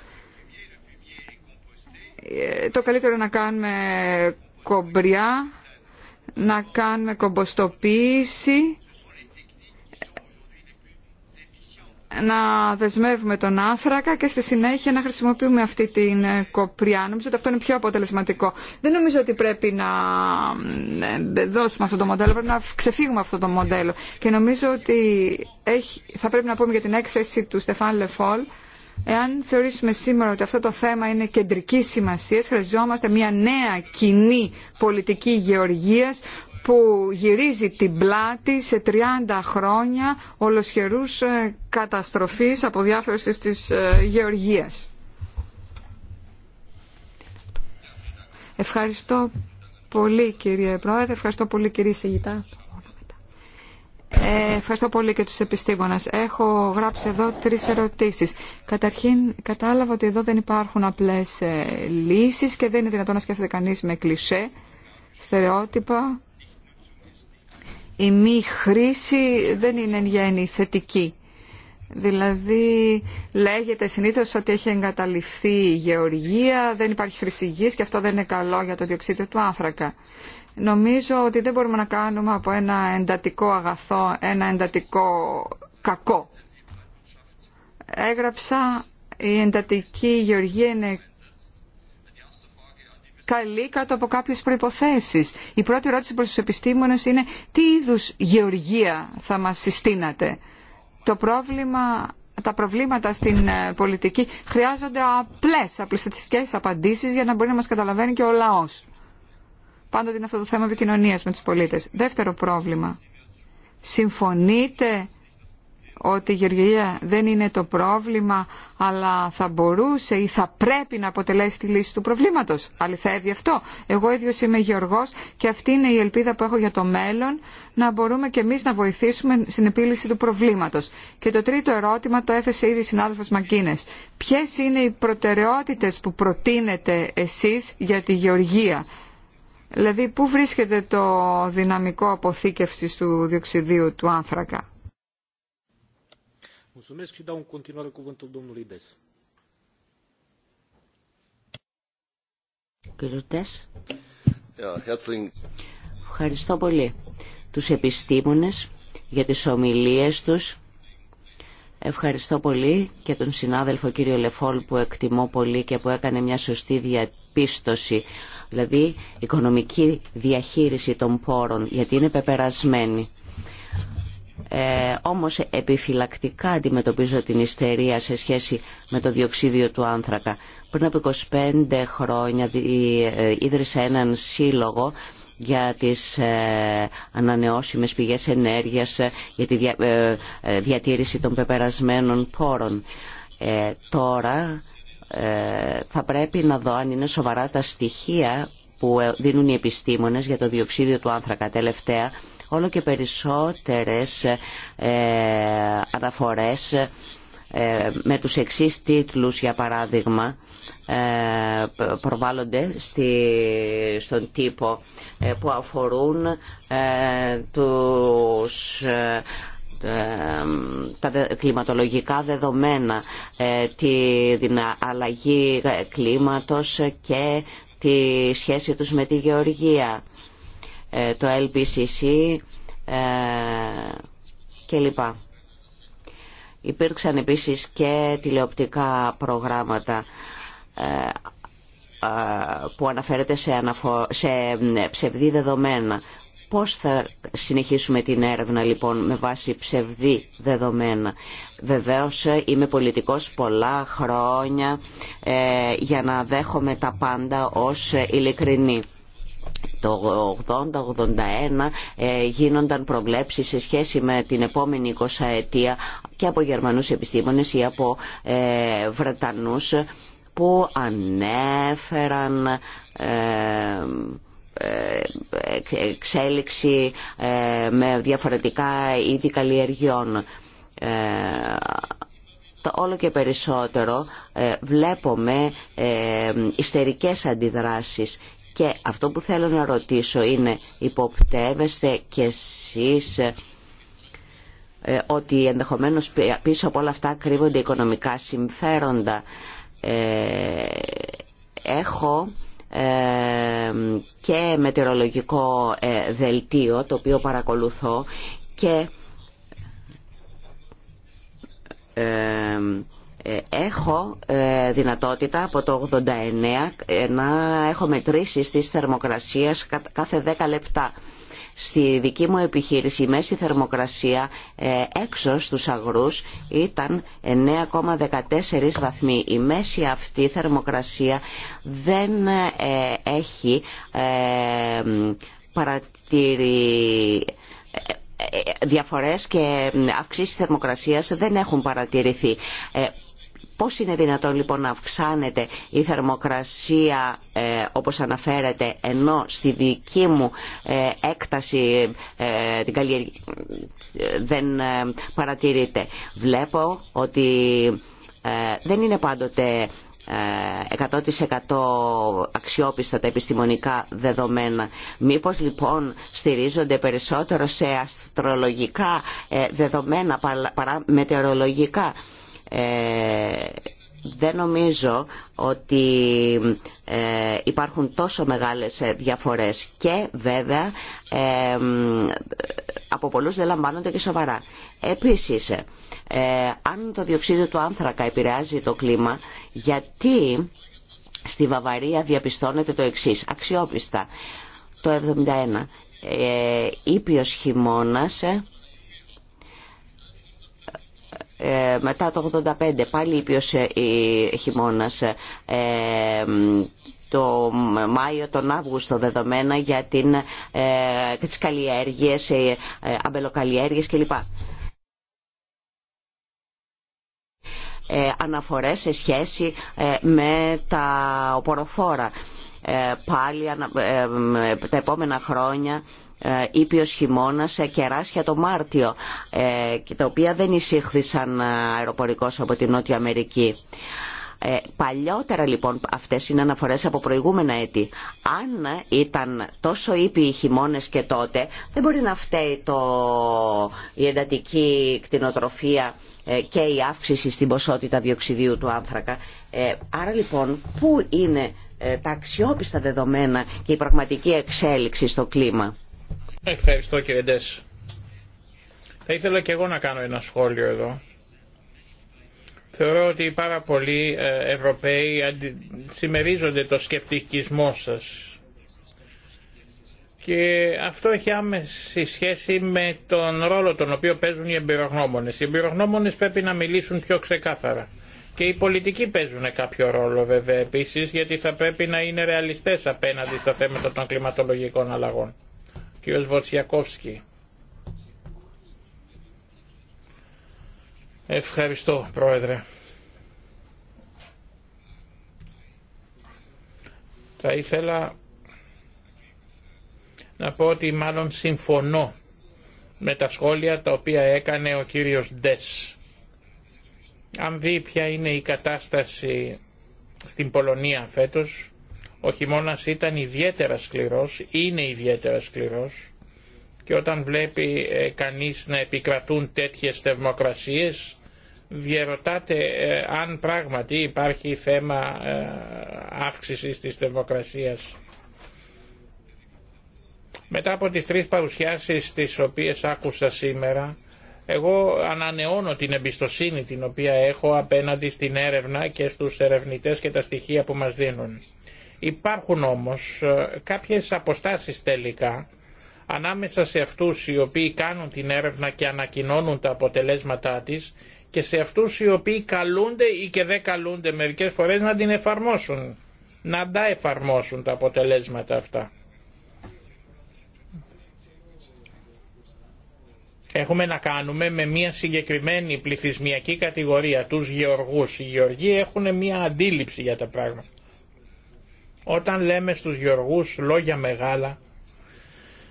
Ε, το καλύτερο να κάνουμε κομπριά, να κάνουμε κομποστοποίηση, να δεσμεύουμε τον άνθρακα και στη συνέχεια να χρησιμοποιούμε αυτή την κοπριά. Νομίζω ότι αυτό είναι πιο αποτελεσματικό. Δεν νομίζω ότι πρέπει να ε, δώσουμε αυτό το μοντέλο, πρέπει να ξεφύγουμε αυτό το μοντέλο. Και νομίζω ότι έχει, θα πρέπει να πούμε για την έκθεση του Στεφάν Λεφόλ, Εάν θεωρήσουμε σήμερα ότι αυτό το θέμα είναι κεντρική σημασία, χρειαζόμαστε μια νέα κοινή πολιτική γεωργίας που γυρίζει την πλάτη σε 30 χρόνια ολοσχερούς ε, καταστροφής από διάφορες της ε, γεωργίας. Ευχαριστώ πολύ κύριε Πρόεδρε, ευχαριστώ πολύ κύριε Σιγητά. Ε, ευχαριστώ πολύ και τους επιστήμονες. Έχω γράψει εδώ τρεις ερωτήσεις. Καταρχήν, κατάλαβα ότι εδώ δεν υπάρχουν απλές ε, λύσεις και δεν είναι δυνατόν να σκέφτεται κανείς με κλισέ, στερεότυπα. Η μη χρήση δεν είναι εν γέννη θετική. Δηλαδή λέγεται συνήθως ότι έχει εγκαταληφθεί η γεωργία, δεν υπάρχει χρυσή και αυτό δεν είναι καλό για το διοξείδιο του άνθρακα. Νομίζω ότι δεν μπορούμε να κάνουμε από ένα εντατικό αγαθό ένα εντατικό κακό. Έγραψα η εντατική γεωργία είναι καλή κάτω από κάποιες προϋποθέσεις. Η πρώτη ερώτηση προς τους επιστήμονες είναι τι είδους γεωργία θα μας συστήνατε. Το πρόβλημα τα προβλήματα στην ε, πολιτική χρειάζονται απλές, απλουστατιστικές απαντήσεις για να μπορεί να μας καταλαβαίνει και ο λαός. Πάντοτε είναι αυτό το θέμα επικοινωνία με του πολίτε. Δεύτερο πρόβλημα. Συμφωνείτε ότι η Γεωργία δεν είναι το πρόβλημα, αλλά θα μπορούσε ή θα πρέπει να αποτελέσει τη λύση του προβλήματος. Αληθεύει αυτό. Εγώ ίδιος είμαι Γεωργός και αυτή είναι η θα πρεπει να αποτελεσει τη λυση του προβληματο αληθευει αυτο εγω ιδιο ειμαι γεωργο και αυτη ειναι η ελπιδα που έχω για το μέλλον, να μπορούμε και εμεί να βοηθήσουμε στην επίλυση του προβλήματο. Και το τρίτο ερώτημα το έθεσε ήδη η συνάδελφο Μαγκίνες. Ποιες είναι οι προτεραιότητε που προτείνετε εσεί για τη Γεωργία Δηλαδή, πού βρίσκεται το δυναμικό αποθήκευσης του διοξιδίου του άνθρακα. Ευχαριστώ πολύ τους επιστήμονες για τις ομιλίες τους. Ευχαριστώ πολύ και τον συνάδελφο κύριο Λεφόλ που εκτιμώ πολύ και που έκανε μια σωστή διαπίστωση δηλαδή οικονομική διαχείριση των πόρων, γιατί είναι πεπερασμένη. Ε, όμως επιφυλακτικά αντιμετωπίζω την ιστερία σε σχέση με το διοξίδιο του άνθρακα. Πριν από 25 χρόνια ε, ίδρυσα έναν σύλλογο για τις ε, ανανεώσιμες πηγές ενέργειας, ε, για τη διατήρηση των πεπερασμένων πόρων. τώρα ε, θα πρέπει να δω αν είναι σοβαρά τα στοιχεία που ε, δίνουν οι επιστήμονες για το διοξίδιο του άνθρακα τελευταία όλο και περισσότερες ε, αναφορές με τους εξής τίτλους για παράδειγμα προβάλλονται στον τύπο που αφορούν τους τα κλιματολογικά δεδομένα, ε, την αλλαγή ε, κλίματος και τη σχέση τους με τη γεωργία, ε, το LPCC κλπ. Υπήρξαν επίσης και τηλεοπτικά προγράμματα που αναφέρεται σε, αναφο... σε ψευδή δεδομένα Πώς θα συνεχίσουμε την έρευνα λοιπόν με βάση ψευδή δεδομένα. Βεβαίως είμαι πολιτικός πολλά χρόνια ε, για να δέχομαι τα πάντα ως ειλικρινή. Το 80-81 ε, γίνονταν προβλέψεις σε σχέση με την επόμενη 20 ετία και από Γερμανούς επιστήμονες ή από ε, Βρετανούς που ανέφεραν ε, εξέλιξη ε, με διαφορετικά είδη καλλιεργιών. Ε, το όλο και περισσότερο ε, βλέπουμε ιστερικές αντιδράσεις και αυτό που θέλω να ρωτήσω είναι υποπτεύεστε κι εσείς ότι ενδεχομένως πίσω από όλα αυτά κρύβονται οικονομικά συμφέροντα. έχω και μετεωρολογικό ε, δελτίο το οποίο παρακολουθώ και ε, έχω ε, δυνατότητα από το 89 να έχω μετρήσει της θερμοκρασίας κάθε 10 λεπτά. Στη δική μου επιχείρηση η μέση θερμοκρασία ε, έξω στους αγρούς ήταν 9,14 βαθμοί. Η μέση αυτή θερμοκρασία δεν ε, έχει ε, παρατηρεί διαφορές και αυξήσεις θερμοκρασίας δεν έχουν παρατηρηθεί. Πώς είναι δυνατόν λοιπόν να αυξάνεται η θερμοκρασία ε, όπως αναφέρεται ενώ στη δική μου ε, έκταση ε, δεν παρατηρείται. Βλέπω ότι δεν είναι πάντοτε 100% αξιόπιστα τα επιστημονικά δεδομένα. Μήπως λοιπόν στηρίζονται περισσότερο σε αστρολογικά δεδομένα παρά μετεωρολογικά. Ε, δεν νομίζω ότι ε, υπάρχουν τόσο μεγάλες ε, διαφορές και βέβαια από πολλούς δεν λαμβάνονται και σοβαρά. Επίσης, αν το διοξείδιο του άνθρακα επηρεάζει το κλίμα, γιατί στη Βαβαρία διαπιστώνεται το εξής, αξιόπιστα. Το 1971, ήπιος χειμώνας ε, μετά το 85 πάλι ήπιος η χειμώνας ε, το Μάιο, τον Αύγουστο δεδομένα για την, ε, τις καλλιέργειες, ε, ε, αμπελοκαλλιέργειες κλπ. Ε, αναφορές σε σχέση με τα οποροφόρα. πάλι τα επόμενα χρόνια ε, ήπιος σε κεράσια το Μάρτιο, ε, τα οποία δεν εισήχθησαν ε, αεροπορικός από την Νότια Αμερική. παλιότερα λοιπόν αυτές είναι αναφορές από προηγούμενα έτη. Αν ήταν τόσο ήπιοι οι χειμώνες και τότε, δεν μπορεί να φταίει το, η εντατική κτηνοτροφία και η αύξηση στην ποσότητα διοξιδίου του άνθρακα. άρα λοιπόν, πού είναι τα αξιόπιστα δεδομένα και η πραγματική εξέλιξη στο κλίμα. Ευχαριστώ κύριε Ντές. Θα ήθελα και εγώ να κάνω ένα σχόλιο εδώ. Θεωρώ ότι πάρα πολλοί ε, Ευρωπαίοι συμμερίζονται το σκεπτικισμό σας και αυτό έχει άμεση σχέση με τον ρόλο τον οποίο παίζουν οι εμπειρογνώμονες. Οι εμπειρογνώμονες πρέπει να μιλήσουν πιο ξεκάθαρα. Και οι πολιτικοί παίζουν κάποιο ρόλο βέβαια επίσης γιατί θα πρέπει να είναι ρεαλιστές απέναντι στα θέματα των κλιματολογικών αλλαγών κύριος Βορτσιακόφσκι. Ευχαριστώ, Πρόεδρε. Θα ήθελα να πω ότι μάλλον συμφωνώ με τα σχόλια τα οποία έκανε ο κύριος Ντες. Αν δει ποια είναι η κατάσταση στην Πολωνία φέτος, ο χειμώνας ήταν ιδιαίτερα σκληρός, είναι ιδιαίτερα σκληρός και όταν βλέπει ε, κανείς να επικρατούν τέτοιες θερμοκρασίες διαρωτάται ε, αν πράγματι υπάρχει θέμα ε, αύξησης της θερμοκρασίας. Μετά από τις τρεις παρουσιάσεις τις οποίες άκουσα σήμερα, εγώ ανανεώνω την εμπιστοσύνη την οποία έχω απέναντι στην έρευνα και στους ερευνητές και τα στοιχεία που μας δίνουν. Υπάρχουν όμως ε, κάποιες αποστάσεις τελικά ανάμεσα σε αυτούς οι οποίοι κάνουν την έρευνα και ανακοινώνουν τα αποτελέσματά της και σε αυτούς οι οποίοι καλούνται ή και δεν καλούνται μερικές φορές να την εφαρμόσουν, να τα εφαρμόσουν τα αποτελέσματα αυτά. Έχουμε να κάνουμε με μια συγκεκριμένη πληθυσμιακή κατηγορία, τους γεωργούς. Οι γεωργοί έχουν μια αντίληψη για τα πράγματα. Όταν λέμε στους γεωργούς λόγια μεγάλα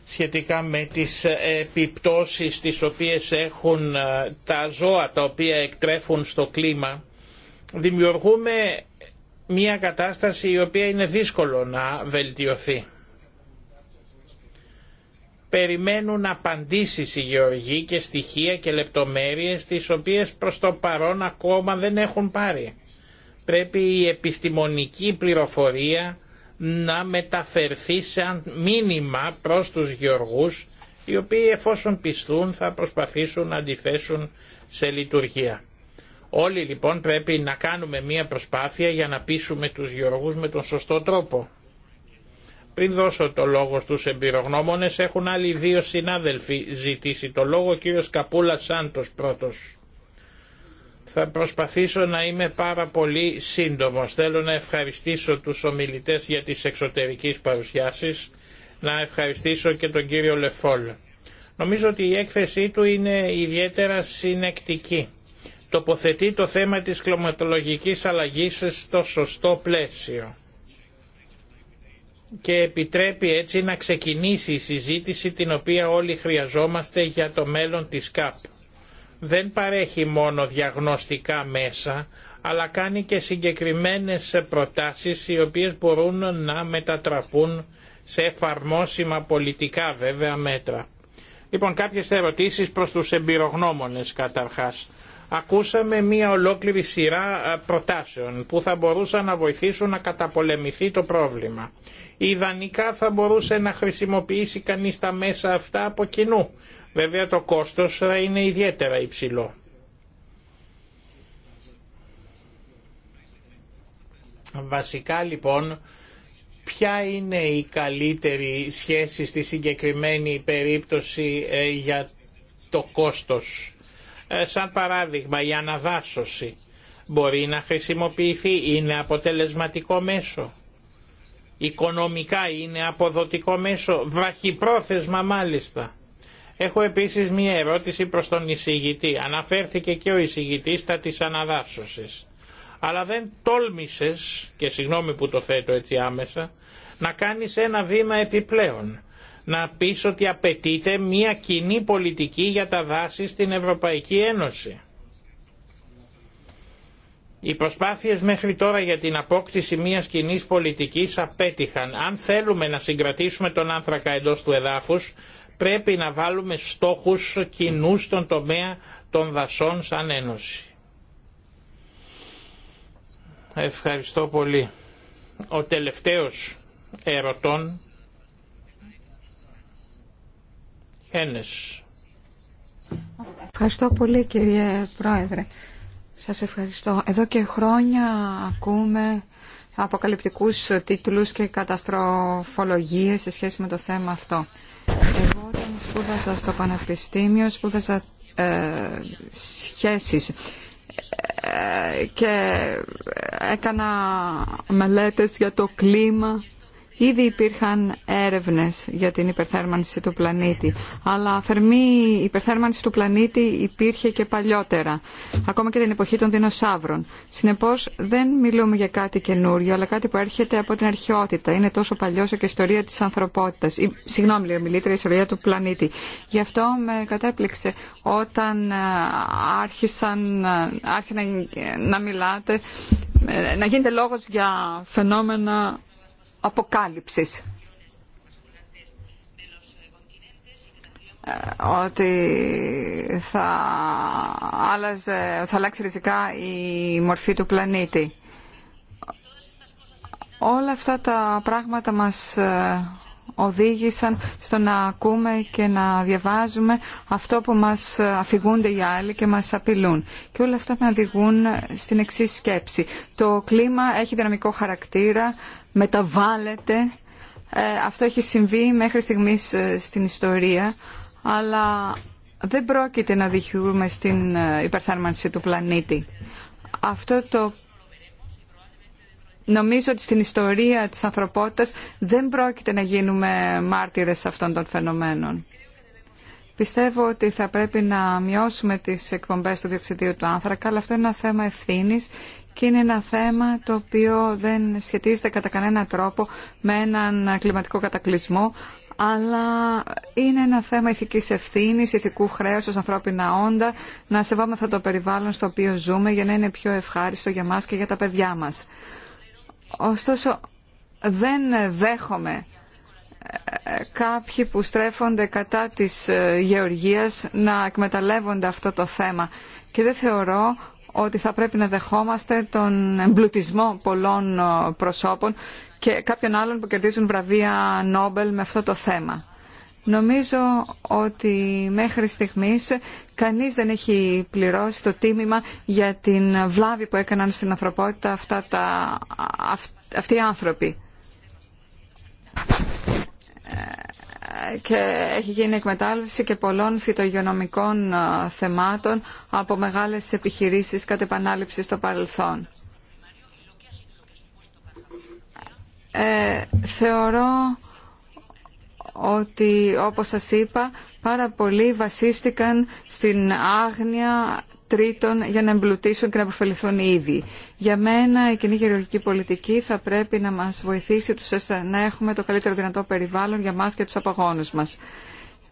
σχετικά με τις επιπτώσεις τις οποίες έχουν ε, τα ζώα τα οποία εκτρέφουν στο κλίμα, δημιουργούμε μια κατάσταση η οποία είναι δύσκολο να βελτιωθεί. Περιμένουν απαντήσεις οι γεωργοί και στοιχεία και λεπτομέρειες τις οποίες προς το παρόν ακόμα δεν έχουν πάρει. Πρέπει η επιστημονική πληροφορία να μεταφερθεί σαν μήνυμα προς τους γεωργούς οι οποίοι εφόσον πιστούν θα προσπαθήσουν να αντιθέσουν σε λειτουργία. Όλοι λοιπόν πρέπει να κάνουμε μία προσπάθεια για να πείσουμε τους γεωργούς με τον σωστό τρόπο. Πριν δώσω το λόγο στους εμπειρογνώμονες έχουν άλλοι δύο συνάδελφοι ζητήσει το λόγο ο κύριος Καπούλα Σάντος πρώτος. Θα προσπαθήσω να είμαι πάρα πολύ σύντομος. Θέλω να ευχαριστήσω τους ομιλητές για τις εξωτερικές παρουσιάσεις, να ευχαριστήσω και τον κύριο Λεφόλ. Νομίζω ότι η έκθεσή του είναι ιδιαίτερα συνεκτική. Τοποθετεί το θέμα της κλωματολογικής αλλαγής στο σωστό πλαίσιο και επιτρέπει έτσι να ξεκινήσει η συζήτηση την οποία όλοι χρειαζόμαστε για το μέλλον της ΚΑΠ δεν παρέχει μόνο διαγνωστικά μέσα, αλλά κάνει και συγκεκριμένες προτάσεις οι οποίες μπορούν να μετατραπούν σε εφαρμόσιμα πολιτικά βέβαια μέτρα. Λοιπόν, κάποιες ερωτήσεις προς τους εμπειρογνώμονες καταρχάς ακούσαμε μία ολόκληρη σειρά προτάσεων που θα μπορούσαν να βοηθήσουν να καταπολεμηθεί το πρόβλημα. Ιδανικά θα μπορούσε να χρησιμοποιήσει κανείς τα μέσα αυτά από κοινού. Βέβαια το κόστος θα είναι ιδιαίτερα υψηλό. Βασικά λοιπόν ποια είναι η καλύτερη σχέση στη συγκεκριμένη περίπτωση ε, για το κόστος ε, σαν παράδειγμα η αναδάσωση μπορεί να χρησιμοποιηθεί, είναι αποτελεσματικό μέσο. Οικονομικά είναι αποδοτικό μέσο, βραχυπρόθεσμα μάλιστα. Έχω επίσης μία ερώτηση προς τον εισηγητή. Αναφέρθηκε και ο εισηγητής στα της αναδάσωσης. Αλλά δεν τόλμησες, και συγγνώμη που το θέτω έτσι άμεσα, να κάνεις ένα βήμα επιπλέον να πεις ότι απαιτείται μια κοινή πολιτική για τα δάση στην Ευρωπαϊκή Ένωση. Οι προσπάθειες μέχρι τώρα για την απόκτηση μιας κοινή πολιτικής απέτυχαν. Αν θέλουμε να συγκρατήσουμε τον άνθρακα εντός του εδάφους, πρέπει να βάλουμε στόχους κοινού στον τομέα των δασών σαν ένωση. Ευχαριστώ πολύ. Ο τελευταίος ερωτών Ευχαριστώ πολύ κύριε Πρόεδρε. Σας ευχαριστώ. Εδώ και χρόνια ακούμε αποκαλυπτικούς τίτλους και καταστροφολογίες σε σχέση με το θέμα αυτό. Εγώ όταν σπούδασα στο Πανεπιστήμιο σπούδασα ε, σχέσεις ε, και έκανα μελέτες για το κλίμα Ήδη υπήρχαν έρευνες για την υπερθέρμανση του πλανήτη, αλλά θερμή υπερθέρμανση του πλανήτη υπήρχε και παλιότερα, ακόμα και την εποχή των δεινοσαύρων. Συνεπώς δεν μιλούμε για κάτι καινούριο, αλλά κάτι που έρχεται από την αρχαιότητα. Είναι τόσο παλιό όσο και η ιστορία της ανθρωπότητας, η, συγγνώμη, λέει, μιλήτρια η ιστορία του πλανήτη. Γι' αυτό με κατέπληξε όταν ε, άρχισαν, ε, να μιλάτε, ε, να γίνεται λόγος για φαινόμενα αποκάλυψης. Ε, ότι θα, άλλαζε, θα αλλάξει ριζικά η μορφή του πλανήτη. Όλα αυτά τα πράγματα μας ε, οδήγησαν στο να ακούμε και να διαβάζουμε αυτό που μας ε, αφηγούνται οι άλλοι και μας απειλούν. Και όλα αυτά με οδηγούν στην εξή σκέψη. Το κλίμα έχει δυναμικό χαρακτήρα, μεταβάλλεται. Ε, αυτό έχει συμβεί μέχρι στιγμής ε, στην ιστορία, αλλά δεν πρόκειται να διχειούμε στην ε, υπερθέρμανση του πλανήτη. Αυτό το νομίζω ότι στην ιστορία της ανθρωπότητας δεν πρόκειται να γίνουμε μάρτυρες αυτών των φαινομένων. Πιστεύω ότι θα πρέπει να μειώσουμε τις εκπομπές του διοξιδίου του άνθρακα, αλλά αυτό είναι ένα θέμα ευθύνης και είναι ένα θέμα το οποίο δεν σχετίζεται κατά κανένα τρόπο με έναν κλιματικό κατακλυσμό αλλά είναι ένα θέμα ηθικής ευθύνης, ηθικού χρέους ως ανθρώπινα όντα, να σεβόμεθα το περιβάλλον στο οποίο ζούμε για να είναι πιο ευχάριστο για μας και για τα παιδιά μας. Ωστόσο, δεν δέχομαι ε, κάποιοι που στρέφονται κατά της ε, γεωργίας να εκμεταλλεύονται αυτό το θέμα και δεν θεωρώ ότι θα πρέπει να δεχόμαστε τον εμπλουτισμό πολλών ε, προσώπων και κάποιων άλλων που κερδίζουν βραβεία Νόμπελ με αυτό το θέμα. Νομίζω ότι μέχρι στιγμής κανείς δεν έχει πληρώσει το τίμημα για την βλάβη που έκαναν στην ανθρωπότητα αυτά τα, αυτοί οι άνθρωποι. Ε, και έχει γίνει εκμετάλλευση και πολλών φυτογειονομικών θεμάτων από μεγάλες επιχειρήσεις κατ' επανάληψη στο παρελθόν. Ε, θεωρώ ότι όπως σας είπα πάρα πολλοί βασίστηκαν στην άγνοια Τρίτον, για να εμπλουτίσουν και να αποφεληθούν οι ίδιοι. Για μένα η κοινή γεωργική πολιτική θα πρέπει να μας βοηθήσει τους ώστε να έχουμε το καλύτερο δυνατό περιβάλλον για μας και τους απαγόνους μας.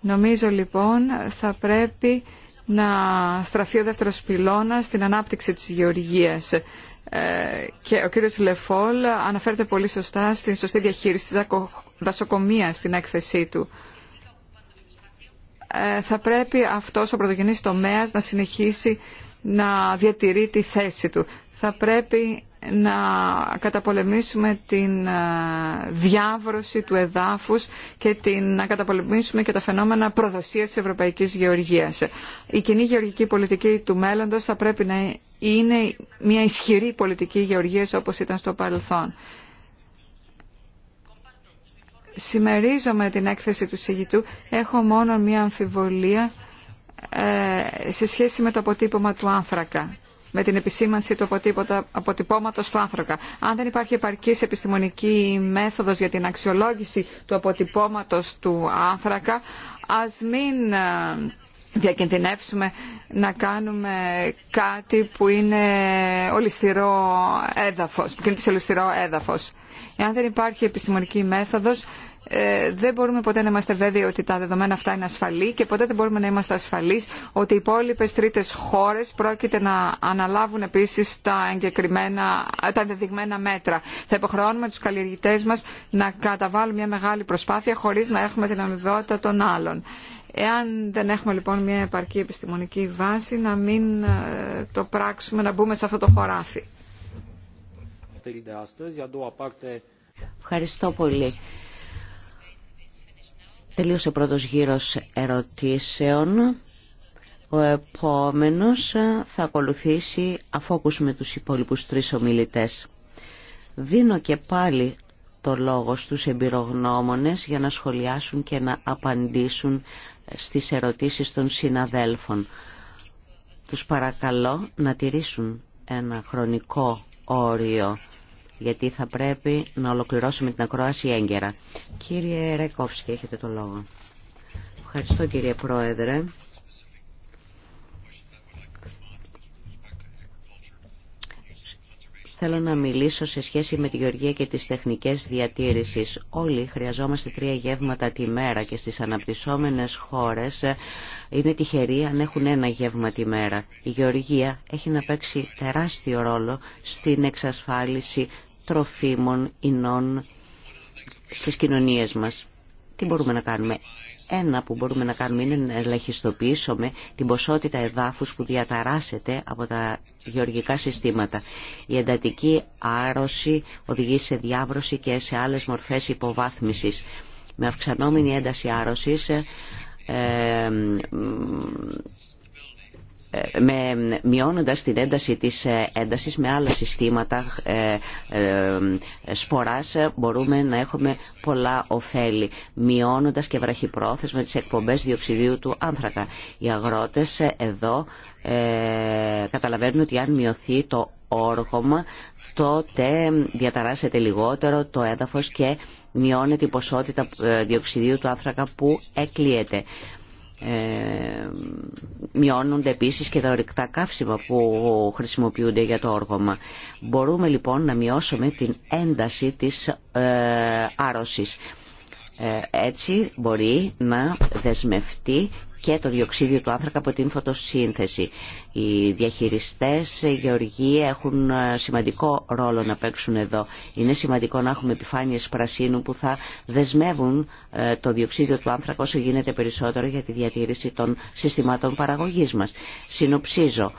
Νομίζω λοιπόν θα πρέπει να στραφεί ο δεύτερος πυλώνας στην ανάπτυξη της γεωργίας. Ε, και ο κύριος Λεφόλ αναφέρεται πολύ σωστά στην σωστή διαχείριση της δασοκομείας στην έκθεσή του. Ε, θα πρέπει αυτός ο πρωτογενής τομέας να συνεχίσει να διατηρεί τη θέση του. Θα πρέπει να καταπολεμήσουμε την ε, διάβρωση του εδάφους και την, να καταπολεμήσουμε και τα φαινόμενα προδοσίας της Ευρωπαϊκής Γεωργίας. Η κοινή γεωργική πολιτική του μέλλοντος θα πρέπει να είναι μια ισχυρή πολιτική γεωργίας όπως ήταν στο παρελθόν με την έκθεση του συγητού. Έχω μόνο μία αμφιβολία ε, σε σχέση με το αποτύπωμα του άνθρακα με την επισήμανση του αποτυπώματος του άνθρακα. Αν δεν υπάρχει επαρκής επιστημονική μέθοδος για την αξιολόγηση του αποτυπώματος του άνθρακα, ας μην ε, διακινδυνεύσουμε να κάνουμε κάτι που είναι ολιστηρό έδαφος, που ολιστηρό έδαφος. Εάν δεν υπάρχει επιστημονική μέθοδος, ε, δεν μπορούμε ποτέ να είμαστε βέβαιοι ότι τα δεδομένα αυτά είναι ασφαλή και ποτέ δεν μπορούμε να είμαστε ασφαλείς ότι οι υπόλοιπε τρίτε χώρε πρόκειται να αναλάβουν επίση τα, εγκεκριμένα, τα ενδεδειγμένα μέτρα. Θα υποχρεώνουμε του καλλιεργητέ μα να καταβάλουν μια μεγάλη προσπάθεια χωρί να έχουμε την αμοιβαιότητα των άλλων. Εάν δεν έχουμε λοιπόν μια επαρκή επιστημονική βάση, να μην ε, το πράξουμε, να μπούμε σε αυτό το χωράφι. Ευχαριστώ πολύ. Τελείωσε ο πρώτος γύρος ερωτήσεων. Ο επόμενος θα ακολουθήσει αφόκους με τους υπόλοιπους τρεις ομιλητές. Δίνω και πάλι το λόγο στους εμπειρογνώμονες για να σχολιάσουν και να απαντήσουν στις ερωτήσεις των συναδέλφων. Τους παρακαλώ να τηρήσουν ένα χρονικό όριο, γιατί θα πρέπει να ολοκληρώσουμε την ακρόαση έγκαιρα. Κύριε Ρεκόφσκι, έχετε το λόγο. Ευχαριστώ κύριε Πρόεδρε. θέλω να μιλήσω σε σχέση με τη γεωργία και τις τεχνικές διατήρησης. Όλοι χρειαζόμαστε τρία γεύματα τη μέρα και στις αναπτυσσόμενες χώρες ε, είναι τυχεροί αν έχουν ένα γεύμα τη μέρα. Η γεωργία έχει να παίξει τεράστιο ρόλο στην εξασφάλιση τροφίμων, ινών στις κοινωνίες μας. Τι μπορούμε να κάνουμε. Ένα που μπορούμε να κάνουμε είναι να ελαχιστοποιήσουμε την ποσότητα εδάφους που διαταράσσεται από τα γεωργικά συστήματα. Η εντατική άρρωση οδηγεί σε διάβρωση και σε άλλες μορφές υποβάθμισης. Με αυξανόμενη ένταση άρρωσης ε, ε, με, μειώνοντας την ένταση της ε, έντασης με άλλα συστήματα ε, ε, σποράς ε, μπορούμε να έχουμε πολλά ωφέλη μειώνοντας και βραχυπρόθεσμα τις εκπομπές διοξιδίου του άνθρακα. Οι αγρότες εδώ καταλαβαίνουν ότι αν μειωθεί το όργωμα τότε διαταράσσεται λιγότερο το έδαφος και μειώνεται η ποσότητα διοξιδίου του άνθρακα που εκλείεται. Ε, μειώνονται επίσης και τα ορυκτά καύσιμα που χρησιμοποιούνται για το όργωμα. Μπορούμε λοιπόν να μειώσουμε την ένταση της ε, ε έτσι μπορεί να δεσμευτεί και το διοξίδιο του άνθρακα από την φωτοσύνθεση. Οι διαχειριστές γεωργοί έχουν ε, σημαντικό ρόλο να παίξουν εδώ. Είναι σημαντικό να έχουμε επιφάνειες πρασίνου που θα δεσμεύουν ε, το διοξίδιο του άνθρακα όσο γίνεται περισσότερο για τη διατήρηση των συστημάτων παραγωγής μας. Συνοψίζω,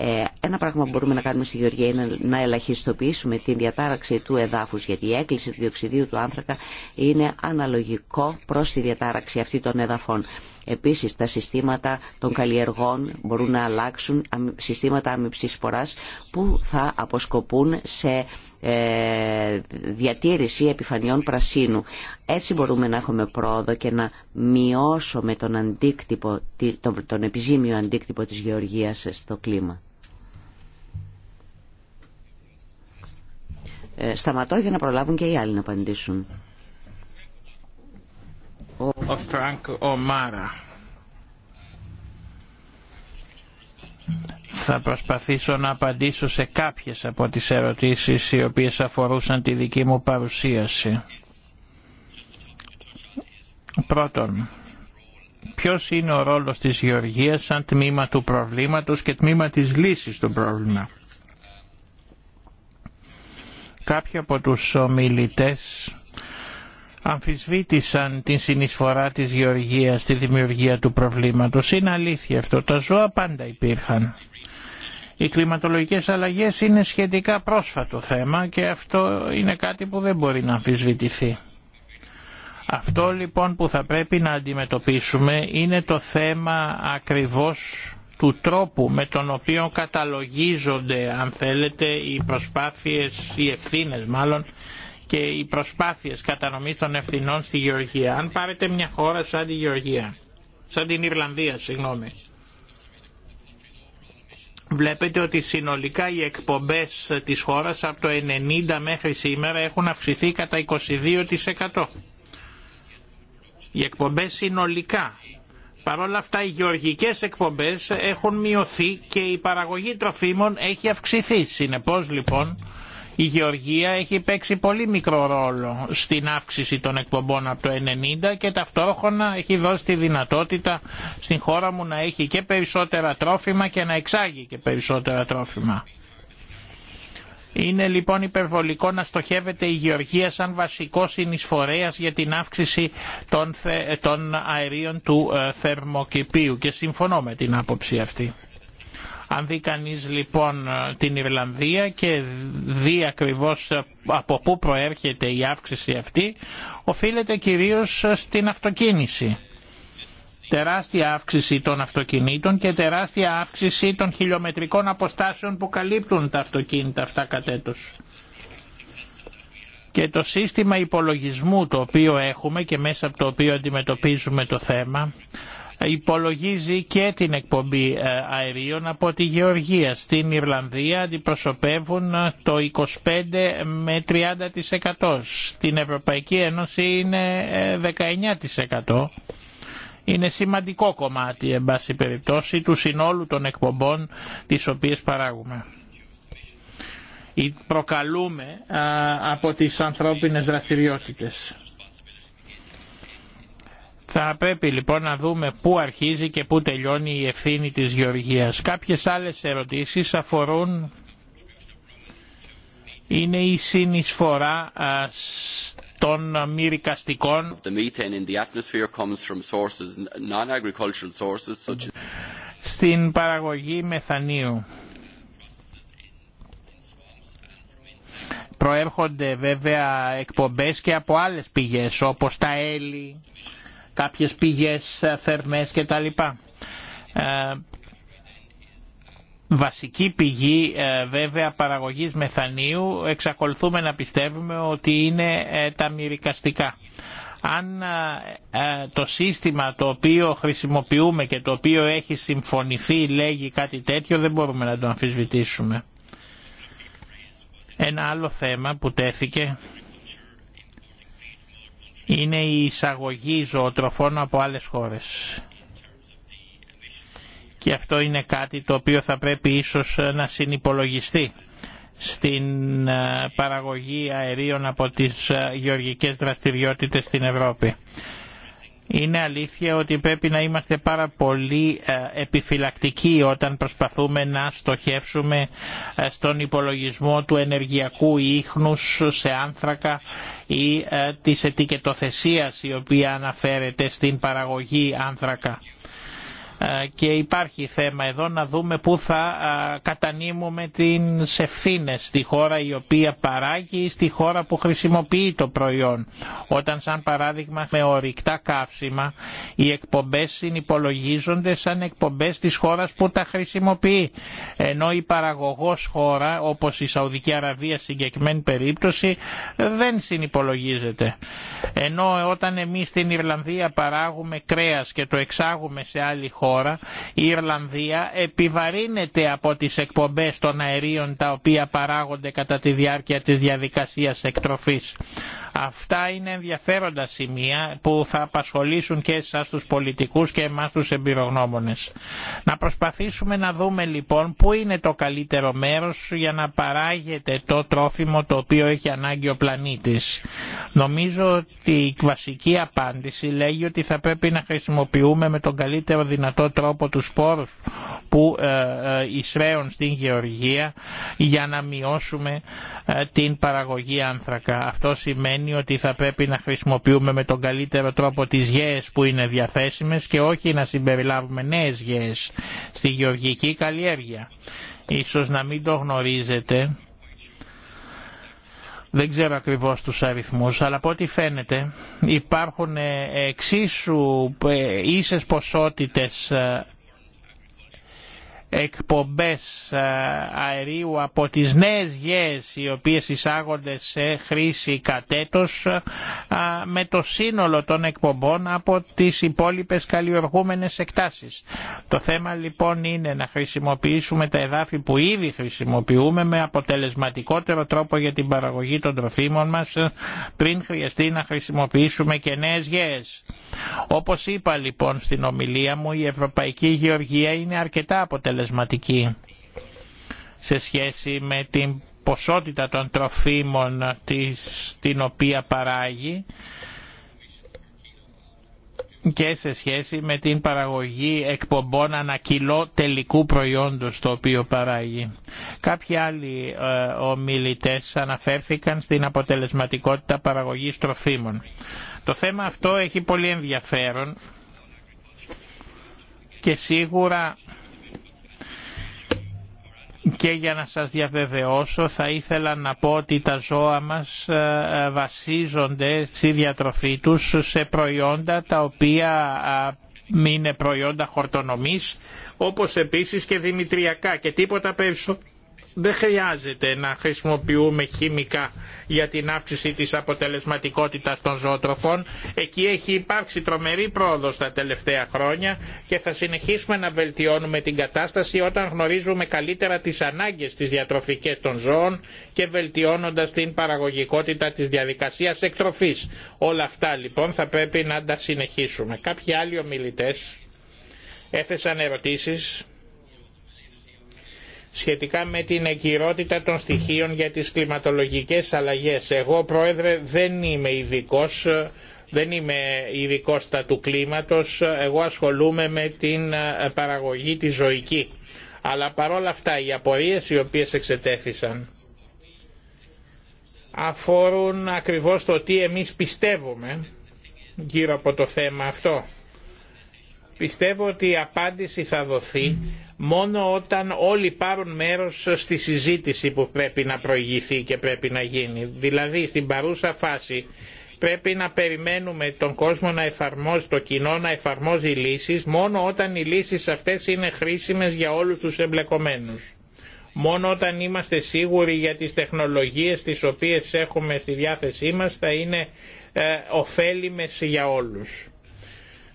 ε, ένα πράγμα που μπορούμε να κάνουμε στη Γεωργία είναι να ελαχιστοποιήσουμε την διατάραξη του εδάφους, γιατί η έκκληση του διοξιδίου του άνθρακα είναι αναλογικό προς τη διατάραξη αυτή των εδαφών. Επίσης, τα συστήματα των καλλιεργών μπορούν να αλλάξουν, συστήματα αμυψής σποράς που θα αποσκοπούν σε ε, διατήρηση επιφανειών πρασίνου. Έτσι μπορούμε να έχουμε πρόοδο και να μειώσουμε τον, αντίκτυπο, τον επιζήμιο αντίκτυπο της γεωργίας στο κλίμα. σταματώ για να προλάβουν και οι άλλοι να απαντήσουν. Ο Φρανκ Ομάρα. Θα προσπαθήσω να απαντήσω σε κάποιες από τις ερωτήσεις οι οποίες αφορούσαν τη δική μου παρουσίαση. Πρώτον, ποιος είναι ο ρόλος της γεωργίας σαν τμήμα του προβλήματος και τμήμα της λύσης του πρόβληματος. Κάποιοι από τους ομιλητές αμφισβήτησαν την συνεισφορά της γεωργίας στη δημιουργία του προβλήματος. Είναι αλήθεια αυτό. Τα ζώα πάντα υπήρχαν. Οι κλιματολογικές αλλαγές είναι σχετικά πρόσφατο θέμα και αυτό είναι κάτι που δεν μπορεί να αμφισβητηθεί. Αυτό λοιπόν που θα πρέπει να αντιμετωπίσουμε είναι το θέμα ακριβώς του τρόπου με τον οποίο καταλογίζονται αν θέλετε οι προσπάθειες, οι ευθύνες μάλλον και οι προσπάθειες κατανομής των ευθυνών στη Γεωργία. Αν πάρετε μια χώρα σαν τη Γεωργία, σαν την Ιρλανδία συγγνώμη, βλέπετε ότι συνολικά οι εκπομπές της χώρας από το 90 μέχρι σήμερα έχουν αυξηθεί κατά 22%. Οι εκπομπές συνολικά Παρ' όλα αυτά οι γεωργικές εκπομπές έχουν μειωθεί και η παραγωγή τροφίμων έχει αυξηθεί. Συνεπώς λοιπόν η γεωργία έχει παίξει πολύ μικρό ρόλο στην αύξηση των εκπομπών από το 1990 και ταυτόχρονα έχει δώσει τη δυνατότητα στην χώρα μου να έχει και περισσότερα τρόφιμα και να εξάγει και περισσότερα τρόφιμα. Είναι λοιπόν υπερβολικό να στοχεύεται η γεωργία σαν βασικό συνεισφορέας για την αύξηση των, των αερίων του ε, θερμοκηπίου και συμφωνώ με την άποψη αυτή. Αν δει κανεί λοιπόν ε, την Ιρλανδία και δει ακριβώ ε, από πού προέρχεται η αύξηση αυτή, οφείλεται κυρίως στην αυτοκίνηση τεράστια αύξηση των αυτοκινήτων και τεράστια αύξηση των χιλιομετρικών αποστάσεων που καλύπτουν τα αυτοκίνητα αυτά κατ' Και το σύστημα υπολογισμού το οποίο έχουμε και μέσα από το οποίο αντιμετωπίζουμε το θέμα υπολογίζει και την εκπομπή ε, αερίων από τη Γεωργία. Στην Ιρλανδία αντιπροσωπεύουν ε, το 25 με 30%. Στην Ευρωπαϊκή Ένωση είναι 19%. Ε, είναι σημαντικό κομμάτι, εν πάση περιπτώσει, του συνόλου των εκπομπών τις οποίες παράγουμε ή προκαλούμε από τις ανθρώπινες δραστηριότητες. Θα πρέπει λοιπόν να δούμε πού αρχίζει και πού τελειώνει η ευθύνη της γεωργίας. Κάποιες άλλες ερωτήσεις αφορούν είναι η συνεισφορά των μυρικαστικών στην παραγωγή μεθανίου. Προέρχονται βέβαια εκπομπές και από άλλες πηγές όπως τα έλλη, κάποιες πηγές θερμές κτλ. Ε, βασική πηγή ε, βέβαια παραγωγής μεθανίου εξακολουθούμε να πιστεύουμε ότι είναι ε, τα μυρικαστικά. Αν ε, το σύστημα το οποίο χρησιμοποιούμε και το οποίο έχει συμφωνηθεί λέγει κάτι τέτοιο δεν μπορούμε να το αμφισβητήσουμε. Ένα άλλο θέμα που τέθηκε είναι η εισαγωγή ζωοτροφών από άλλες χώρες και αυτό είναι κάτι το οποίο θα πρέπει ίσως ε, να συνυπολογιστεί στην ε, παραγωγή αερίων από τις ε, γεωργικές δραστηριότητες στην Ευρώπη. Είναι αλήθεια ότι πρέπει να είμαστε πάρα πολύ επιφυλακτικοί όταν προσπαθούμε να στοχεύσουμε στον υπολογισμό του ενεργειακού ίχνους σε άνθρακα ή της ετικετοθεσίας η οποία αναφέρεται στην παραγωγή άνθρακα. Ε, και υπάρχει θέμα εδώ να δούμε πού θα ε, κατανείμουμε τις ευθύνε στη χώρα η οποία παράγει ή στη χώρα που θα κατανειμουμε την ευθυνε στη χωρα η οποια παραγει η στη χωρα που χρησιμοποιει το προϊόν. Όταν σαν παράδειγμα με ορυκτά καύσιμα οι εκπομπές συνυπολογίζονται σαν εκπομπές της χώρας που τα χρησιμοποιεί. Ενώ η παραγωγός χώρα όπως η Σαουδική Αραβία συγκεκριμένη περίπτωση δεν συνυπολογίζεται. Ενώ όταν εμείς στην Ιρλανδία παράγουμε κρέας και το εξάγουμε σε άλλη χώρα χώρα, η Ιρλανδία, επιβαρύνεται από τις εκπομπές των αερίων τα οποία παράγονται κατά τη διάρκεια της διαδικασίας εκτροφής. Αυτά είναι ενδιαφέροντα σημεία που θα απασχολήσουν και εσά τους πολιτικούς και εμάς τους εμπειρογνώμονες. Να προσπαθήσουμε να δούμε λοιπόν πού είναι το καλύτερο μέρος για να παράγεται το τρόφιμο το οποίο έχει ανάγκη ο πλανήτης. Νομίζω ότι η βασική απάντηση λέγει ότι θα πρέπει να χρησιμοποιούμε με τον καλύτερο δυνατό τρόπο τους σπόρους που ε, ε, εισραίουν στην γεωργία για να μειώσουμε ε, την παραγωγή άνθρακα. Αυτό σημαίνει ότι θα πρέπει να χρησιμοποιούμε με τον καλύτερο τρόπο τις γέες που είναι διαθέσιμες και όχι να συμπεριλάβουμε νέες γέες στη γεωργική καλλιέργεια. Ίσως να μην το γνωρίζετε, δεν ξέρω ακριβώς τους αριθμούς, αλλά από ό,τι φαίνεται υπάρχουν ε, εξίσου ε, ίσες ποσότητες ε, εκπομπές ε, αερίου από τις νέες γέες οι οποίες εισάγονται σε χρήση κατέτος ε, με το σύνολο των εκπομπών από τις υπόλοιπες καλλιεργούμενες εκτάσεις. Το θέμα λοιπόν είναι να χρησιμοποιήσουμε τα εδάφη που ήδη χρησιμοποιούμε με αποτελεσματικότερο τρόπο για την παραγωγή των τροφίμων μας ε, πριν χρειαστεί να χρησιμοποιήσουμε και νέες γέες. Όπως είπα λοιπόν στην ομιλία μου η Ευρωπαϊκή Γεωργία είναι αρκετά αποτελεσματική σε σχέση με την ποσότητα των τροφίμων της, την οποία παράγει και σε σχέση με την παραγωγή εκπομπών κιλό τελικού προϊόντος το οποίο παράγει. Κάποιοι άλλοι ε, ομιλητές αναφέρθηκαν στην αποτελεσματικότητα παραγωγής τροφίμων. Το θέμα αυτό έχει πολύ ενδιαφέρον και σίγουρα και για να σας διαβεβαιώσω θα ήθελα να πω ότι τα ζώα μας ε, ε, βασίζονται στη διατροφή τους σε προϊόντα τα οποία είναι προϊόντα χορτονομής όπως επίσης και δημητριακά και τίποτα περισσότερο δεν χρειάζεται να χρησιμοποιούμε χημικά για την αύξηση της αποτελεσματικότητας των ζωοτροφών. Εκεί έχει υπάρξει τρομερή πρόοδος τα τελευταία χρόνια και θα συνεχίσουμε να βελτιώνουμε την κατάσταση όταν γνωρίζουμε καλύτερα τις ανάγκες της διατροφικές των ζώων και βελτιώνοντας την παραγωγικότητα της διαδικασίας εκτροφής. Όλα αυτά λοιπόν θα πρέπει να τα συνεχίσουμε. Κάποιοι άλλοι ομιλητές έθεσαν ερωτήσεις σχετικά με την εγκυρότητα των στοιχείων για τις κλιματολογικές αλλαγές. Εγώ, Πρόεδρε, δεν είμαι ειδικό. Δεν είμαι ειδικό στα του κλίματος, εγώ ασχολούμαι με την ε, παραγωγή τη ζωική. Αλλά παρόλα αυτά οι απορίες οι οποίες εξετέθησαν αφορούν ακριβώς το τι εμείς πιστεύουμε γύρω από το θέμα αυτό. Πιστεύω ότι η απάντηση θα δοθεί μόνο όταν όλοι πάρουν μέρος στη συζήτηση που πρέπει να προηγηθεί και πρέπει να γίνει. Δηλαδή στην παρούσα φάση πρέπει να περιμένουμε τον κόσμο να εφαρμόζει, το κοινό να εφαρμόζει λύσεις μόνο όταν οι λύσεις αυτές είναι χρήσιμες για όλους τους εμπλεκομένους. Μόνο όταν είμαστε σίγουροι για τις τεχνολογίες τις οποίες έχουμε στη διάθεσή μας θα είναι ε, ωφέλιμες για όλους.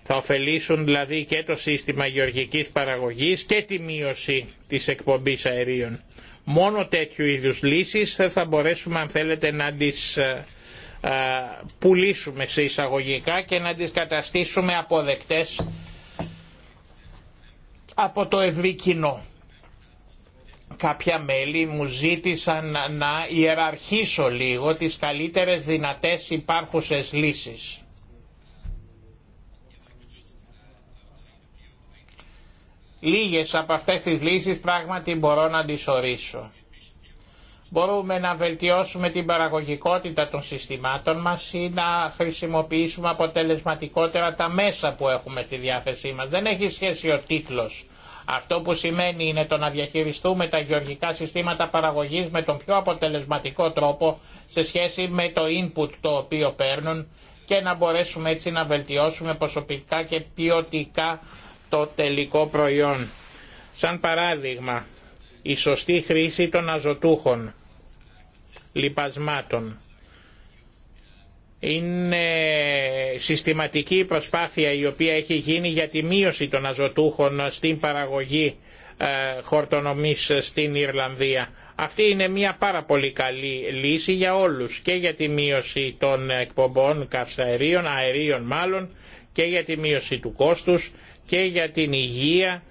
Θα ωφελήσουν δηλαδή και το σύστημα γεωργικής παραγωγής και τη μείωση της εκπομπής αερίων. Μόνο τέτοιου είδους λύσεις θα μπορέσουμε αν θέλετε να τις ε, ε, πουλήσουμε σε εισαγωγικά και να τις καταστήσουμε αποδεκτές από το ευρύ κοινό. Κάποια μέλη μου ζήτησαν να ιεραρχήσω λίγο τις καλύτερες δυνατές υπάρχουσες λύσεις. Λίγες από αυτές τις λύσεις πράγματι μπορώ να τις ορίσω. Μπορούμε να βελτιώσουμε την παραγωγικότητα των συστημάτων μας ή να χρησιμοποιήσουμε αποτελεσματικότερα τα μέσα που έχουμε στη διάθεσή μας. Δεν έχει σχέση ο τίτλος. Αυτό που σημαίνει είναι το να διαχειριστούμε τα γεωργικά συστήματα παραγωγής με τον πιο αποτελεσματικό τρόπο σε σχέση με το input το οποίο παίρνουν και να μπορέσουμε έτσι να βελτιώσουμε προσωπικά και ποιοτικά το τελικό προϊόν. Σαν παράδειγμα, η σωστή χρήση των αζωτούχων λιπασμάτων. Είναι συστηματική η προσπάθεια η οποία έχει γίνει για τη μείωση των αζωτούχων στην παραγωγή ε, χορτονομής στην Ιρλανδία. Αυτή είναι μια πάρα πολύ καλή λύση για όλους και για τη μείωση των εκπομπών καυσαερίων, αερίων μάλλον και για τη μείωση του κόστους και για την υγεία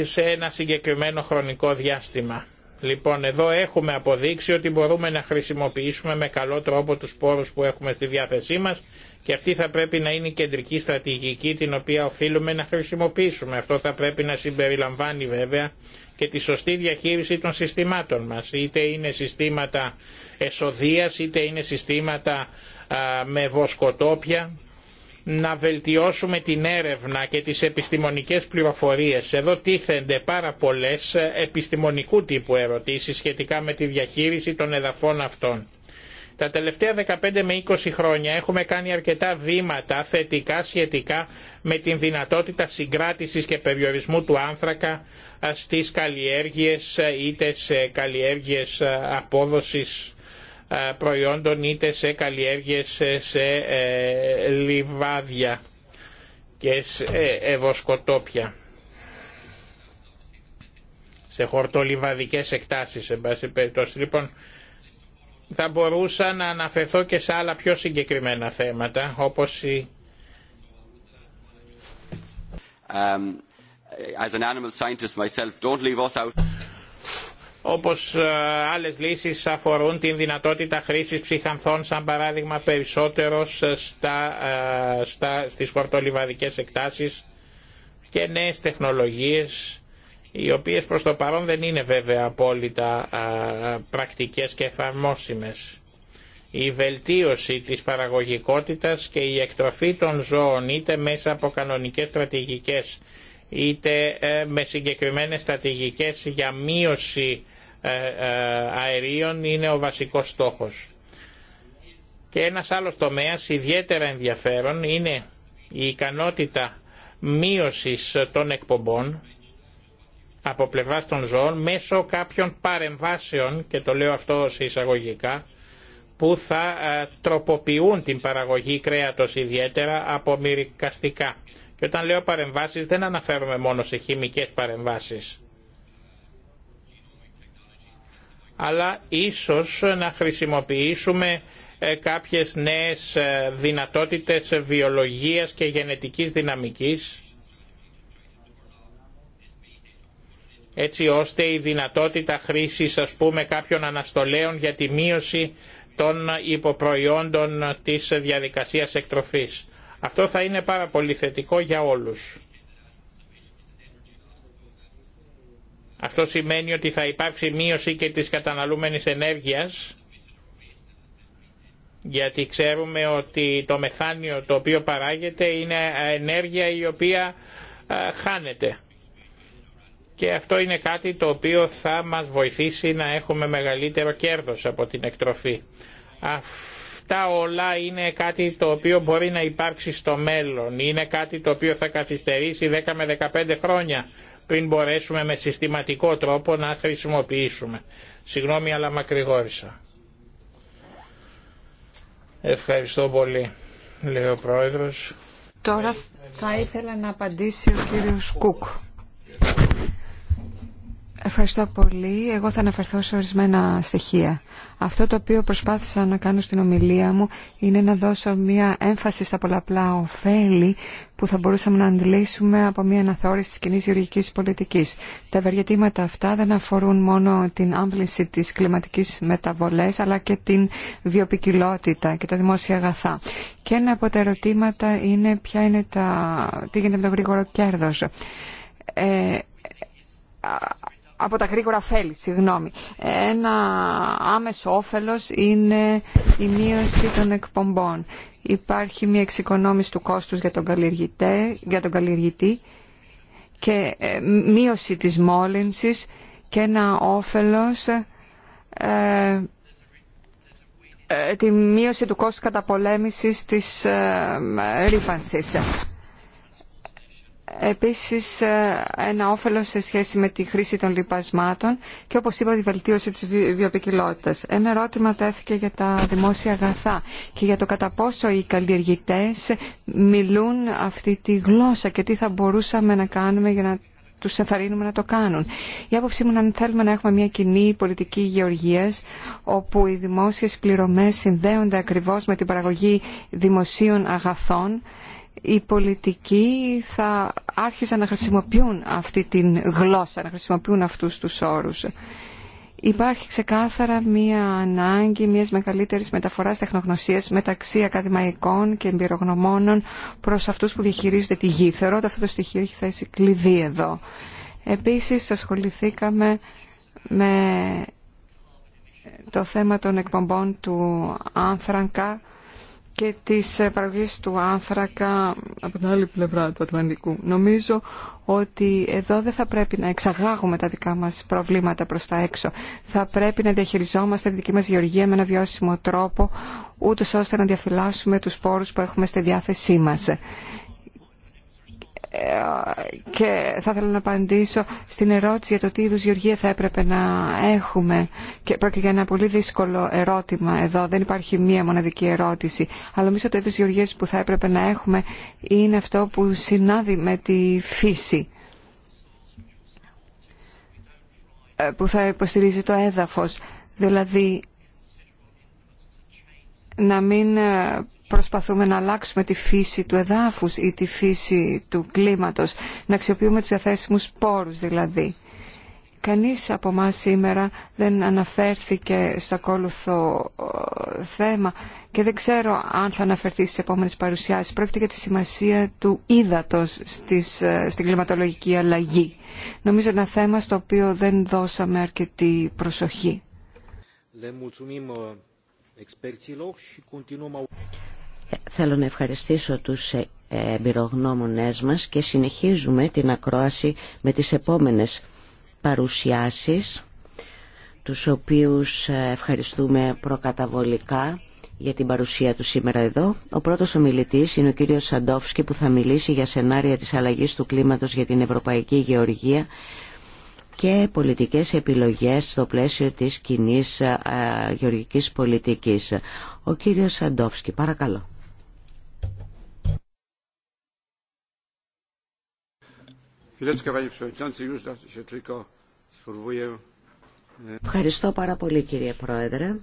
σε ένα συγκεκριμένο χρονικό διάστημα. Λοιπόν, εδώ έχουμε αποδείξει ότι μπορούμε να χρησιμοποιήσουμε με καλό τρόπο τους πόρους που έχουμε στη διάθεσή μας και αυτή θα πρέπει να είναι η κεντρική στρατηγική την οποία οφείλουμε να χρησιμοποιήσουμε. Αυτό θα πρέπει να συμπεριλαμβάνει βέβαια και τη σωστή διαχείριση των συστημάτων μας. Είτε είναι συστήματα εσοδείας, είτε είναι συστήματα με βοσκοτόπια να βελτιώσουμε την έρευνα και τις επιστημονικές πληροφορίες. Εδώ τίθενται πάρα πολλές επιστημονικού τύπου ερωτήσεις σχετικά με τη διαχείριση των εδαφών αυτών. Τα τελευταία 15 με 20 χρόνια έχουμε κάνει αρκετά βήματα θετικά σχετικά με την δυνατότητα συγκράτησης και περιορισμού του άνθρακα ε, στις καλλιέργειες ε, είτε σε καλλιέργειες ε, απόδοσης ε, προϊόντων είτε σε καλλιέργειες ε, σε ε, λιβάδια και σε ευοσκοτόπια σε χορτολιβαδικές εκτάσεις εν πάση περιπτώσει. Λοιπόν, θα μπορούσα να αναφερθώ και σε άλλα πιο συγκεκριμένα θέματα όπως η όπως ε, άλλες λύσεις αφορούν την δυνατότητα χρήσης ψυχανθών σαν παράδειγμα περισσότερος ε, ε, στα, στις χορτολιβαδικές εκτάσεις και νέες τεχνολογίες οι οποίες προς το παρόν δεν είναι βέβαια απόλυτα πρακτικές και εφαρμόσιμες. Η βελτίωση της παραγωγικότητας και η εκτροφή των ζώων είτε μέσα από κανονικές στρατηγικές είτε ε, με συγκεκριμένες στρατηγικές για μείωση ε, ε, αερίων είναι ο βασικός στόχος. Και ένας άλλος τομέας ιδιαίτερα ενδιαφέρον είναι η ικανότητα μείωσης των εκπομπών από πλευρά των ζώων μέσω κάποιων παρεμβάσεων, και το λέω αυτό σε εισαγωγικά, που θα τροποποιούν την παραγωγή κρέατος ιδιαίτερα από μυρικαστικά και όταν λέω παρεμβάσεις δεν αναφέρομαι μόνο σε χημικές παρεμβάσεις. Αλλά ίσως να χρησιμοποιήσουμε ε, κάποιες νέες ε, δυνατότητες βιολογίας και γενετικής δυναμικής έτσι ώστε η δυνατότητα χρήσης ας πούμε κάποιων αναστολέων για τη μείωση των υποπροϊόντων της διαδικασίας εκτροφής. Αυτό θα είναι πάρα πολύ θετικό για όλους. Αυτό σημαίνει ότι θα υπάρξει μείωση και της καταναλούμενης ενέργειας γιατί ξέρουμε ότι το μεθάνιο το οποίο παράγεται είναι ενέργεια η οποία χάνεται. Και αυτό είναι κάτι το οποίο θα μας βοηθήσει να έχουμε μεγαλύτερο κέρδος από την εκτροφή τα όλα είναι κάτι το οποίο μπορεί να υπάρξει στο μέλλον. Είναι κάτι το οποίο θα καθυστερήσει 10 με 15 χρόνια πριν μπορέσουμε με συστηματικό τρόπο να χρησιμοποιήσουμε. Συγγνώμη αλλά μακρηγόρησα. Ευχαριστώ πολύ, λέει ο Πρόεδρος. Τώρα θα ήθελα να απαντήσει ο κύριος Κουκ. Ευχαριστώ πολύ. Εγώ θα αναφερθώ σε ορισμένα στοιχεία. Αυτό το οποίο προσπάθησα να κάνω στην ομιλία μου είναι να δώσω μία έμφαση στα πολλαπλά ωφέλη που θα μπορούσαμε να αντιλήσουμε από μία αναθεώρηση της κοινή γεωργικής πολιτικής. Τα ευεργετήματα αυτά δεν αφορούν μόνο την άμβληση της κλιματικής μεταβολές αλλά και την βιοπικιλότητα και τα δημόσια αγαθά. Και ένα από τα ερωτήματα είναι ποια είναι τα... τι γίνεται με το γρήγορο κέρδος. Ε από τα γρήγορα φέλη, συγγνώμη. Ένα άμεσο όφελος είναι η μείωση των εκπομπών. Υπάρχει μια εξοικονόμηση του κόστους για τον καλλιεργητή, για τον καλλιεργητή και ε, μείωση της μόλυνσης και ένα όφελος ε, ε, τη μείωση του κόστου καταπολέμησης της ε, επίσης ε, ένα όφελο σε σχέση με τη χρήση των λοιπασμάτων και όπως είπα τη βελτίωση της βιοπικιλότητας. Ένα ερώτημα τέθηκε για τα δημόσια αγαθά και για το κατά πόσο οι καλλιεργητές μιλούν αυτή τη γλώσσα και τι θα μπορούσαμε να κάνουμε για να τους ενθαρρύνουμε να το κάνουν. Η άποψή μου είναι αν θέλουμε να έχουμε μια κοινή πολιτική γεωργίας όπου οι δημόσιες πληρωμές συνδέονται ακριβώς με την παραγωγή δημοσίων αγαθών οι πολιτικοί θα άρχισαν να χρησιμοποιούν αυτή την γλώσσα, να χρησιμοποιούν αυτούς τους όρους. Υπάρχει ξεκάθαρα μία ανάγκη μιας μεγαλύτερης μεταφοράς τεχνογνωσίας μεταξύ ακαδημαϊκών και εμπειρογνωμόνων προς αυτούς που διαχειρίζονται τη γη. Θεωρώ ότι αυτό το στοιχείο έχει θέσει κλειδί εδώ. Επίσης ασχοληθήκαμε με το θέμα των εκπομπών του άνθρακα και τις ε, παραγωγής του άνθρακα από την άλλη πλευρά του Ατλαντικού. Νομίζω ότι εδώ δεν θα πρέπει να εξαγάγουμε τα δικά μας προβλήματα προς τα έξω. Θα πρέπει να διαχειριζόμαστε τη δική μας γεωργία με ένα βιώσιμο τρόπο, ούτως ώστε να διαφυλάσσουμε τους πόρους που έχουμε στη διάθεσή μας και θα ήθελα να απαντήσω στην ερώτηση για το τι είδους γεωργία θα έπρεπε να έχουμε και πρόκειται για ένα πολύ δύσκολο ερώτημα εδώ δεν υπάρχει μία μοναδική ερώτηση αλλά νομίζω το είδους γεωργίας που θα έπρεπε να έχουμε είναι αυτό που συνάδει με τη φύση ε, που θα υποστηρίζει το έδαφος δηλαδή να μην ε, προσπαθούμε να αλλάξουμε τη φύση του εδάφους ή τη φύση του κλίματος, να αξιοποιούμε τους διαθέσιμους πόρους δηλαδή. Κανείς από εμά σήμερα δεν αναφέρθηκε στο ακόλουθο ε, θέμα και δεν ξέρω αν θα αναφερθεί στις επόμενες παρουσιάσεις. Πρόκειται για τη σημασία του ύδατος στις, ε, στην κλιματολογική αλλαγή. Νομίζω ένα θέμα στο οποίο δεν δώσαμε αρκετή προσοχή. Ε, Θέλω να ευχαριστήσω τους ε, εμπειρογνώμονές μας και συνεχίζουμε την ακρόαση με τις επόμενες παρουσιάσεις τους οποίους ε, ευχαριστούμε προκαταβολικά για την παρουσία του σήμερα εδώ. Ο πρώτος ομιλητής είναι ο κύριος Σαντόφσκι που θα μιλήσει για σενάρια της αλλαγής του κλίματος για την Ευρωπαϊκή Γεωργία και πολιτικές επιλογές στο πλαίσιο της κοινή ε, γεωργικής πολιτικής. Ο κύριος Σαντόφσκι, παρακαλώ. Ευχαριστώ πάρα πολύ κύριε Πρόεδρε.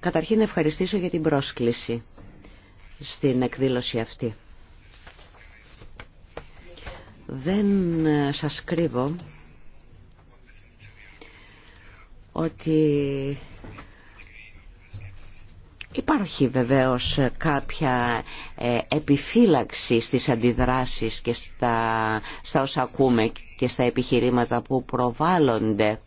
Καταρχήν ευχαριστήσω για την πρόσκληση στην εκδήλωση αυτή. Δεν ε, σας κρύβω ότι Υπάρχει βεβαίως κάποια ε, επιφύλαξη στις αντιδράσεις και στα, στα όσα ακούμε και στα επιχειρήματα που προβάλλονται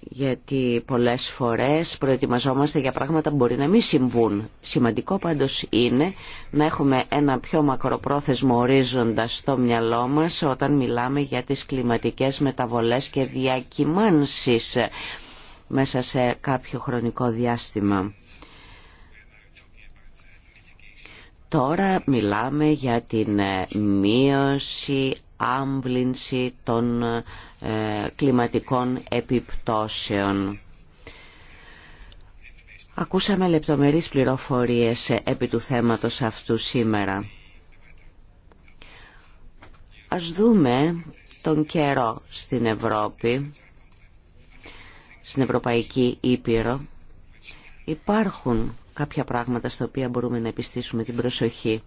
γιατί πολλές φορές προετοιμαζόμαστε για πράγματα που μπορεί να μην συμβούν. Σημαντικό πάντως είναι να έχουμε ένα πιο μακροπρόθεσμο ορίζοντα στο μυαλό μας όταν μιλάμε για τις κλιματικές μεταβολές και διακυμάνσεις μέσα σε κάποιο χρονικό διάστημα. Τώρα μιλάμε για την ε, μείωση, άμβλυνση των ε, κλιματικών επιπτώσεων. Ακούσαμε λεπτομερείς πληροφορίες ε, επί του θέματος αυτού σήμερα. Ας δούμε τον καιρό στην Ευρώπη στην Ευρωπαϊκή Ήπειρο υπάρχουν κάποια πράγματα στα οποία μπορούμε να επιστήσουμε την προσοχή.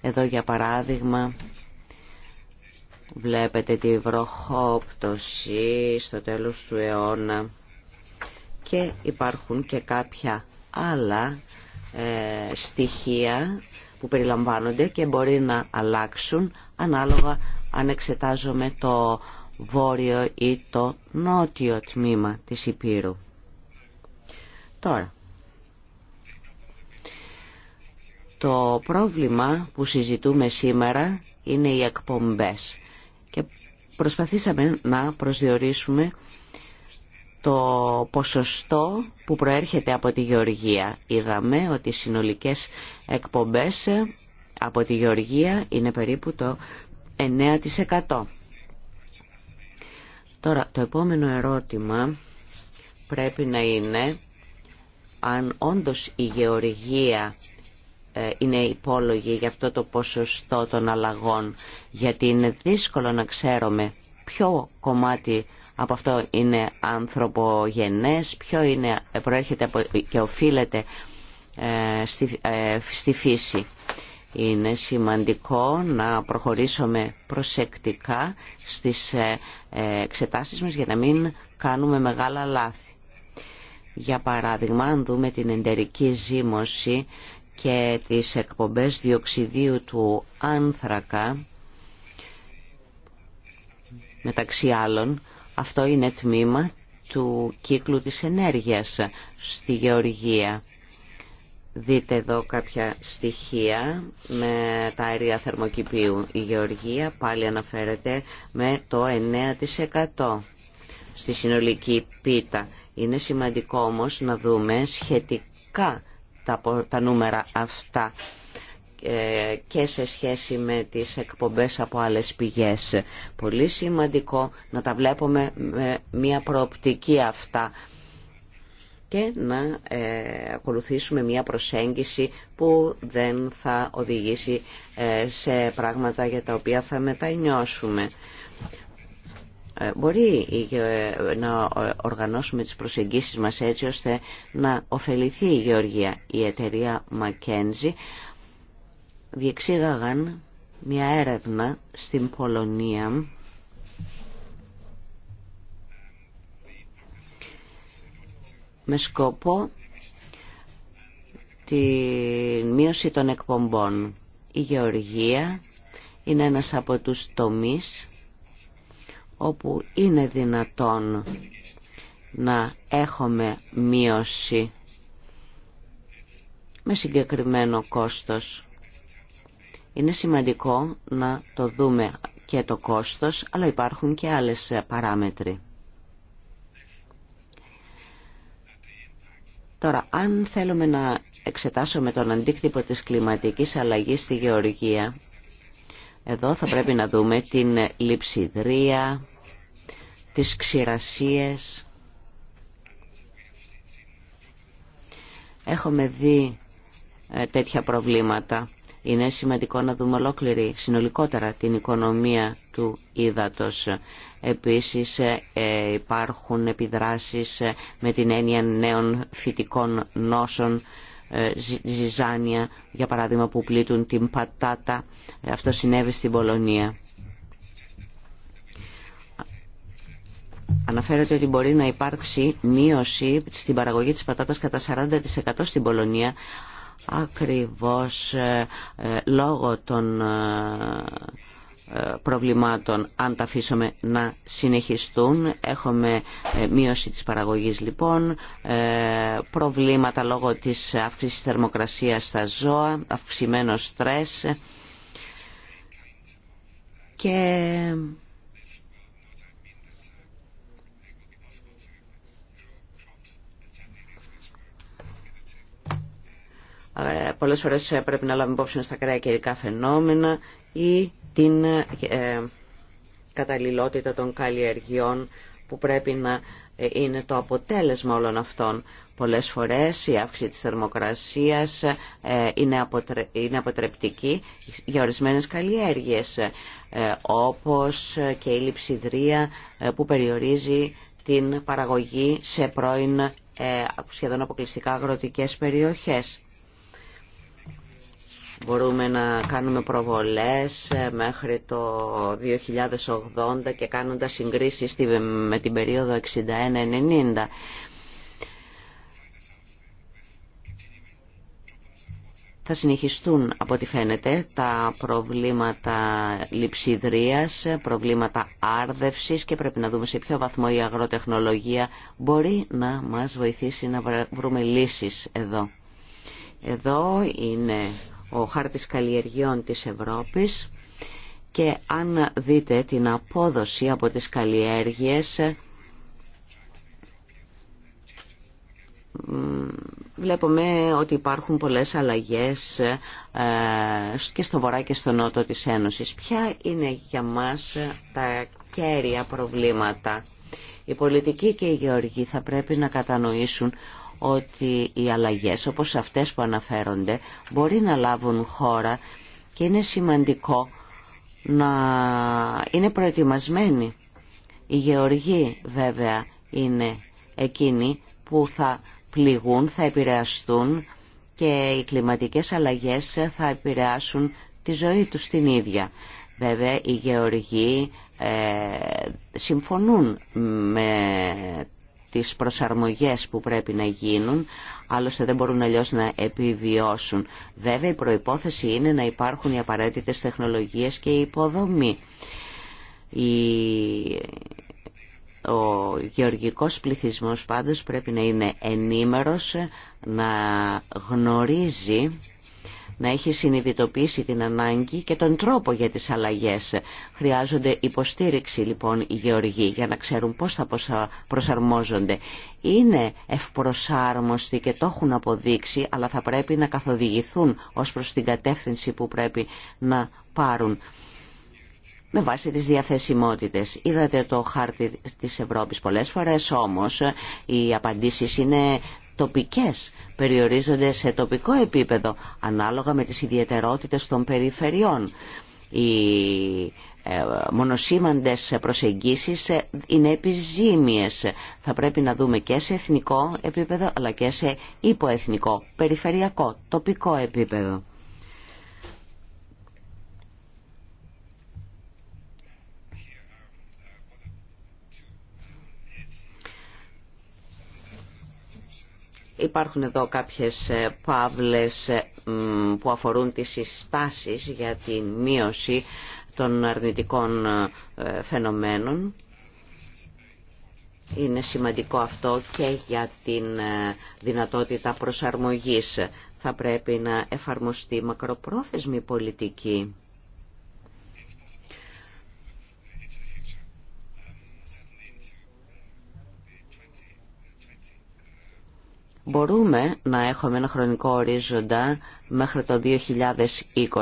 Εδώ για παράδειγμα βλέπετε τη βροχόπτωση στο τέλος του αιώνα και υπάρχουν και κάποια άλλα ε, στοιχεία που περιλαμβάνονται και μπορεί να αλλάξουν ανάλογα αν εξετάζομαι το βόρειο ή το νότιο τμήμα της Υπήρου. Τώρα, το πρόβλημα που συζητούμε σήμερα είναι οι εκπομπές και προσπαθήσαμε να προσδιορίσουμε το ποσοστό που προέρχεται από τη γεωργία. Είδαμε ότι οι συνολικές εκπομπές από τη γεωργία είναι περίπου το 9%. Τώρα, το επόμενο ερώτημα πρέπει να είναι αν όντως η γεωργία ε, είναι υπόλογη για αυτό το ποσοστό των αλλαγών, γιατί είναι δύσκολο να ξέρουμε ποιο κομμάτι από αυτό είναι ανθρωπογενές, ποιο είναι, προέρχεται από, και οφείλεται ε, στη, ε, στη φύση. Είναι σημαντικό να προχωρήσουμε προσεκτικά στις ε, ε, εξετάσεις μας για να μην κάνουμε μεγάλα λάθη. Για παράδειγμα, αν δούμε την εντερική ζύμωση και τις εκπομπές διοξιδίου του άνθρακα, μεταξύ άλλων, αυτό είναι τμήμα του κύκλου της ενέργειας στη γεωργία. Δείτε εδώ κάποια στοιχεία με τα αέρια θερμοκηπίου. Η γεωργία πάλι αναφέρεται με το 9% στη συνολική πίτα. Είναι σημαντικό όμως να δούμε σχετικά τα νούμερα αυτά ε, και σε σχέση με τις εκπομπές από άλλες πηγές. Πολύ σημαντικό να τα βλέπουμε με μια προοπτική αυτά και να ε, ακολουθήσουμε μια προσέγγιση που δεν θα οδηγήσει ε, σε πράγματα για τα οποία θα μετανιώσουμε. Ε, μπορεί να οργανώσουμε τις προσεγγίσεις μας έτσι ώστε να ωφεληθεί η Γεωργία. Η εταιρεία McKenzie διεξήγαγαν μια έρευνα στην Πολωνία με σκόπο τη μείωση των εκπομπών. Η γεωργία είναι ένας από τους τομείς όπου είναι δυνατόν να έχουμε μείωση με συγκεκριμένο κόστος. Είναι σημαντικό να το δούμε και το κόστος, αλλά υπάρχουν και άλλες παράμετροι. Τώρα, αν θέλουμε να εξετάσουμε τον αντίκτυπο της κλιματικής αλλαγής στη γεωργία, εδώ θα πρέπει να δούμε την λειψιδρία, τις ξηρασίες. Έχουμε δει ε, τέτοια προβλήματα. Είναι σημαντικό να δούμε ολόκληρη, συνολικότερα, την οικονομία του ύδατος. Επίσης ε, υπάρχουν επιδράσεις ε, με την έννοια νέων φυτικών νόσων, ε, ζυζάνια, για παράδειγμα που πλήττουν την πατάτα. Αυτό συνέβη στην Πολωνία. Αναφέρεται ότι μπορεί να υπάρξει μείωση στην παραγωγή της πατάτας κατά 40% στην Πολωνία ακριβώς λόγω των ε, προβλημάτων αν τα αφήσουμε να συνεχιστούν. Έχουμε ε, μείωση της παραγωγής λοιπόν, ε, προβλήματα λόγω της αύξησης θερμοκρασίας στα ζώα, αυξημένο στρες και πολλές φορές πρέπει να λάβουμε υπόψη στα κρέα καιρικά φαινόμενα ή την ε, καταλληλότητα των καλλιεργειών που πρέπει να ε, είναι το αποτέλεσμα όλων αυτών. Πολλές φορές η αύξηση της θερμοκρασίας ε, είναι αποτρεπτική για ορισμένες καλλιέργειες, όπως και η λειψιδρία που περιορίζει την παραγωγή σε πρώην σχεδόν αποκλειστικά αγροτικές περιοχές. Μπορούμε να κάνουμε προβολές ε, μέχρι το 2080 και κάνοντας συγκρίσεις με την περίοδο 61-90. θα συνεχιστούν από ό,τι φαίνεται τα προβλήματα λειψιδρίας, προβλήματα άρδευσης και πρέπει να δούμε σε ποιο βαθμό η αγροτεχνολογία μπορεί να μας βοηθήσει να βρούμε λύσεις εδώ. Εδώ είναι ο χάρτης καλλιεργειών της Ευρώπης και αν δείτε την απόδοση από τις καλλιέργειες βλέπουμε ότι υπάρχουν πολλές αλλαγές ε, και στο βορρά και στο νότο της Ένωσης. Ποια είναι για μας τα κέρια προβλήματα. Οι πολιτικοί και οι γεωργοί θα πρέπει να κατανοήσουν ότι οι αλλαγές όπως αυτές που αναφέρονται μπορεί να λάβουν χώρα και είναι σημαντικό να είναι προετοιμασμένοι. Οι γεωργοί βέβαια είναι εκείνοι που θα πληγούν, θα επηρεαστούν και οι κλιματικές αλλαγές θα επηρεάσουν τη ζωή τους την ίδια. Βέβαια οι γεωργοί ε, συμφωνούν με τις προσαρμογές που πρέπει να γίνουν, άλλωστε δεν μπορούν αλλιώ να επιβιώσουν. Βέβαια η προϋπόθεση είναι να υπάρχουν οι απαραίτητες τεχνολογίες και η υποδομή. Η... Ο γεωργικός πληθυσμός πάντως πρέπει να είναι ενήμερος, να γνωρίζει να έχει συνειδητοποιήσει την ανάγκη και τον τρόπο για τις αλλαγές. Χρειάζονται υποστήριξη λοιπόν οι γεωργοί για να ξέρουν πώς θα προσαρμόζονται. Είναι ευπροσάρμοστοι και το έχουν αποδείξει, αλλά θα πρέπει να καθοδηγηθούν ως προς την κατεύθυνση που πρέπει να πάρουν με βάση τις διαθεσιμότητες. Είδατε το χάρτη της Ευρώπης πολλές φορές, όμως οι απαντήσεις είναι τοπικές, περιορίζονται σε τοπικό επίπεδο, ανάλογα με τις ιδιαιτερότητες των περιφερειών. Οι ε, μονοσήμαντες προσεγγίσεις ε, είναι επιζήμιες. Θα πρέπει να δούμε και σε εθνικό επίπεδο, αλλά και σε υποεθνικό, περιφερειακό, τοπικό επίπεδο. Υπάρχουν εδώ κάποιες ε, παύλες ε, που αφορούν τις συστάσεις για τη μείωση των αρνητικών ε, φαινομένων. Είναι σημαντικό αυτό και για την δυνατότητα προσαρμογής. Θα πρέπει να εφαρμοστεί μακροπρόθεσμη πολιτική μπορούμε να έχουμε ένα χρονικό ορίζοντα μέχρι το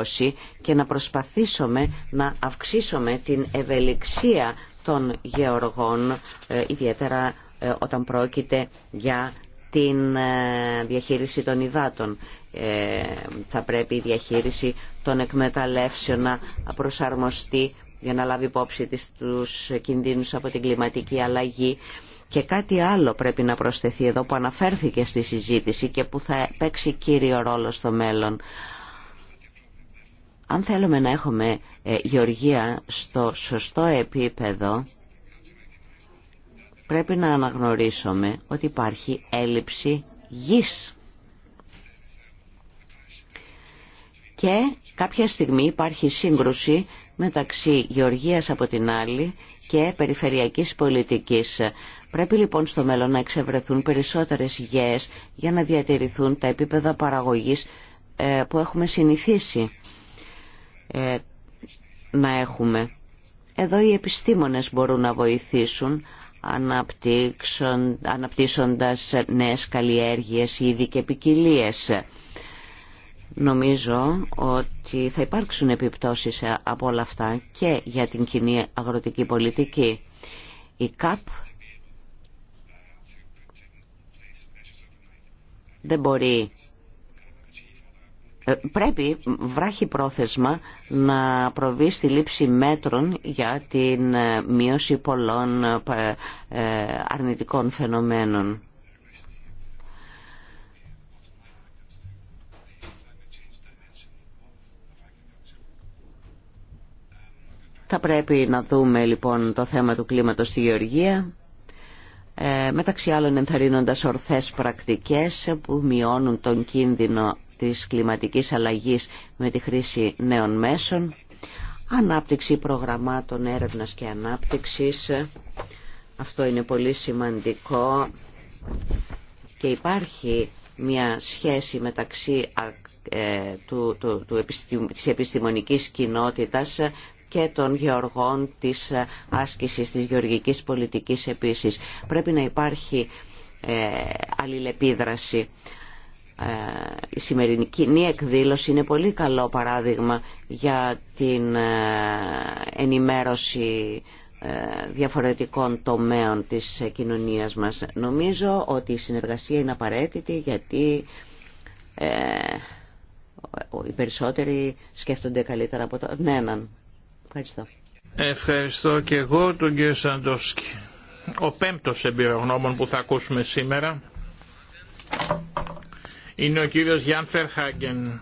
2020 και να προσπαθήσουμε να αυξήσουμε την ευελιξία των γεωργών, ε, ιδιαίτερα ε, όταν πρόκειται για την ε, διαχείριση των υδάτων. Θα πρέπει η διαχείριση των εκμεταλλεύσεων να προσαρμοστεί για να λάβει υπόψη τους κινδύνους από την κλιματική αλλαγή και κάτι άλλο πρέπει να προσθεθεί εδώ που αναφέρθηκε στη συζήτηση και που θα παίξει κύριο ρόλο στο μέλλον. Αν θέλουμε να έχουμε ε, γεωργία στο σωστό επίπεδο, πρέπει να αναγνωρίσουμε ότι υπάρχει έλλειψη γης. Και κάποια στιγμή υπάρχει σύγκρουση μεταξύ γεωργίας από την άλλη και περιφερειακής πολιτικής Πρέπει λοιπόν στο μέλλον να εξευρεθούν περισσότερες υγιές για να διατηρηθούν τα επίπεδα παραγωγής ε, που έχουμε συνηθίσει ε, να έχουμε. Εδώ οι επιστήμονες μπορούν να βοηθήσουν αναπτύσσοντας νέες καλλιέργειες, είδη και ποικιλίε. Νομίζω ότι θα υπάρξουν επιπτώσεις ε, από όλα αυτά και για την κοινή αγροτική πολιτική. Η ΚΑΠ δεν μπορεί ε, πρέπει βράχει πρόθεσμα να προβεί στη λήψη μέτρων για την ε, μείωση πολλών ε, αρνητικών φαινομένων. Θα πρέπει να δούμε λοιπόν το θέμα του κλίματος στη Γεωργία. Ε, μεταξύ άλλων ενθαρρύνοντας ορθές πρακτικές που μειώνουν τον κίνδυνο της κλιματικής αλλαγής με τη χρήση νέων μέσων, ανάπτυξη προγραμμάτων έρευνας και ανάπτυξης, αυτό είναι πολύ σημαντικό και υπάρχει μια σχέση μεταξύ ε, του, του, του, της επιστημονικής κοινότητας και των γεωργών της ε, άσκησης της γεωργικής πολιτικής επίσης. Πρέπει να υπάρχει ε, αλληλεπίδραση. Ε, η σημερινή εκδήλωση είναι πολύ καλό παράδειγμα για την ενημέρωση διαφορετικών τομέων της κοινωνίας μας. Νομίζω ότι η συνεργασία είναι απαραίτητη γιατί οι περισσότεροι σκέφτονται καλύτερα από τον ναι, έναν. Ευχαριστώ. και εγώ τον κύριο Σαντόφσκι. Ο πέμπτος εμπειρογνώμων που θα ακούσουμε σήμερα είναι ο κύριος Γιάν Φερχάγκεν.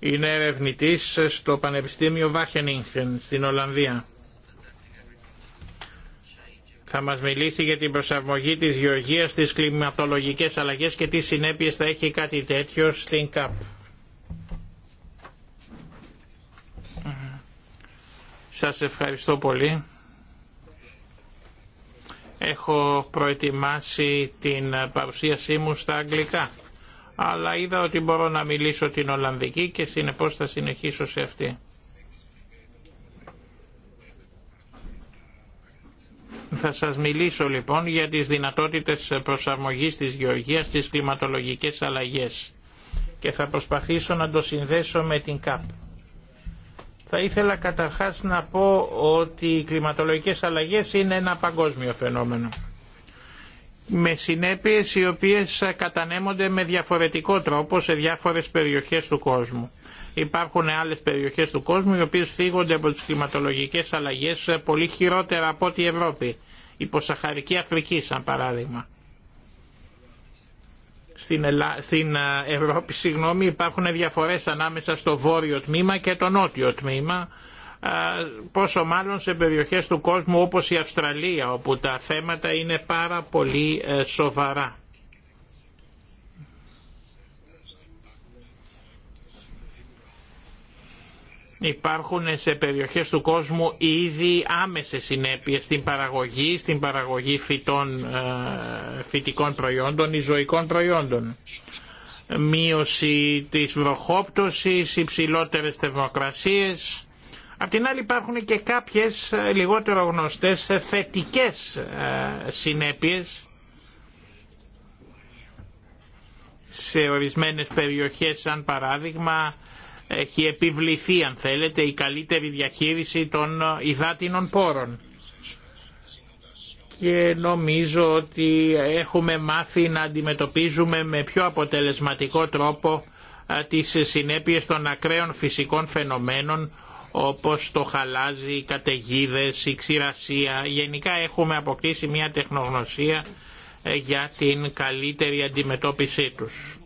Είναι ερευνητής στο Πανεπιστήμιο Βάχενιγχεν στην Ολλανδία. Θα μας μιλήσει για την προσαρμογή της γεωργίας στις κλιματολογικές αλλαγές και τι συνέπειες θα έχει κάτι τέτοιο στην ΚΑΠ. Σας ευχαριστώ πολύ. Έχω προετοιμάσει την παρουσίασή μου στα αγγλικά, αλλά είδα ότι μπορώ να μιλήσω την Ολλανδική και συνεπώς θα συνεχίσω σε αυτή. Θα σας μιλήσω λοιπόν για τις δυνατότητες προσαρμογής της γεωργίας στις κλιματολογικές αλλαγές και θα προσπαθήσω να το συνδέσω με την ΚΑΠ. Θα ήθελα καταρχάς να πω ότι οι κλιματολογικές αλλαγές είναι ένα παγκόσμιο φαινόμενο με συνέπειες οι οποίες κατανέμονται με διαφορετικό τρόπο σε διάφορες περιοχές του κόσμου. Υπάρχουν άλλες περιοχές του κόσμου οι οποίες φύγονται από τις κλιματολογικές αλλαγές πολύ χειρότερα από ό,τι η Ευρώπη. Η Ποσαχαρική Αφρική σαν παράδειγμα στην, στην ε, Ευρώπη συγγνώμη, υπάρχουν διαφορές ανάμεσα στο βόρειο τμήμα και το νότιο τμήμα ε, πόσο μάλλον σε περιοχές του κόσμου όπως η Αυστραλία όπου τα θέματα είναι πάρα πολύ ε, σοβαρά. Υπάρχουν σε περιοχές του κόσμου ήδη άμεσες συνέπειες στην παραγωγή, στην παραγωγή φυτών, ε, φυτικών προϊόντων ή ζωικών προϊόντων. Μείωση της βροχόπτωσης, υψηλότερες θερμοκρασίες. Απ' την άλλη υπάρχουν και κάποιες ε, λιγότερο γνωστές ε, θετικές συνέπειες σε ορισμένες περιοχές σαν παράδειγμα έχει επιβληθεί αν θέλετε η καλύτερη διαχείριση των ε, υδάτινων πόρων. Και νομίζω ότι έχουμε μάθει να αντιμετωπίζουμε με πιο αποτελεσματικό τρόπο ε, τις συνέπειες των ακραίων φυσικών φαινομένων όπως το χαλάζι, οι καταιγίδε, η ξηρασία. Γενικά έχουμε αποκτήσει μια τεχνογνωσία ε, για την καλύτερη αντιμετώπιση τους.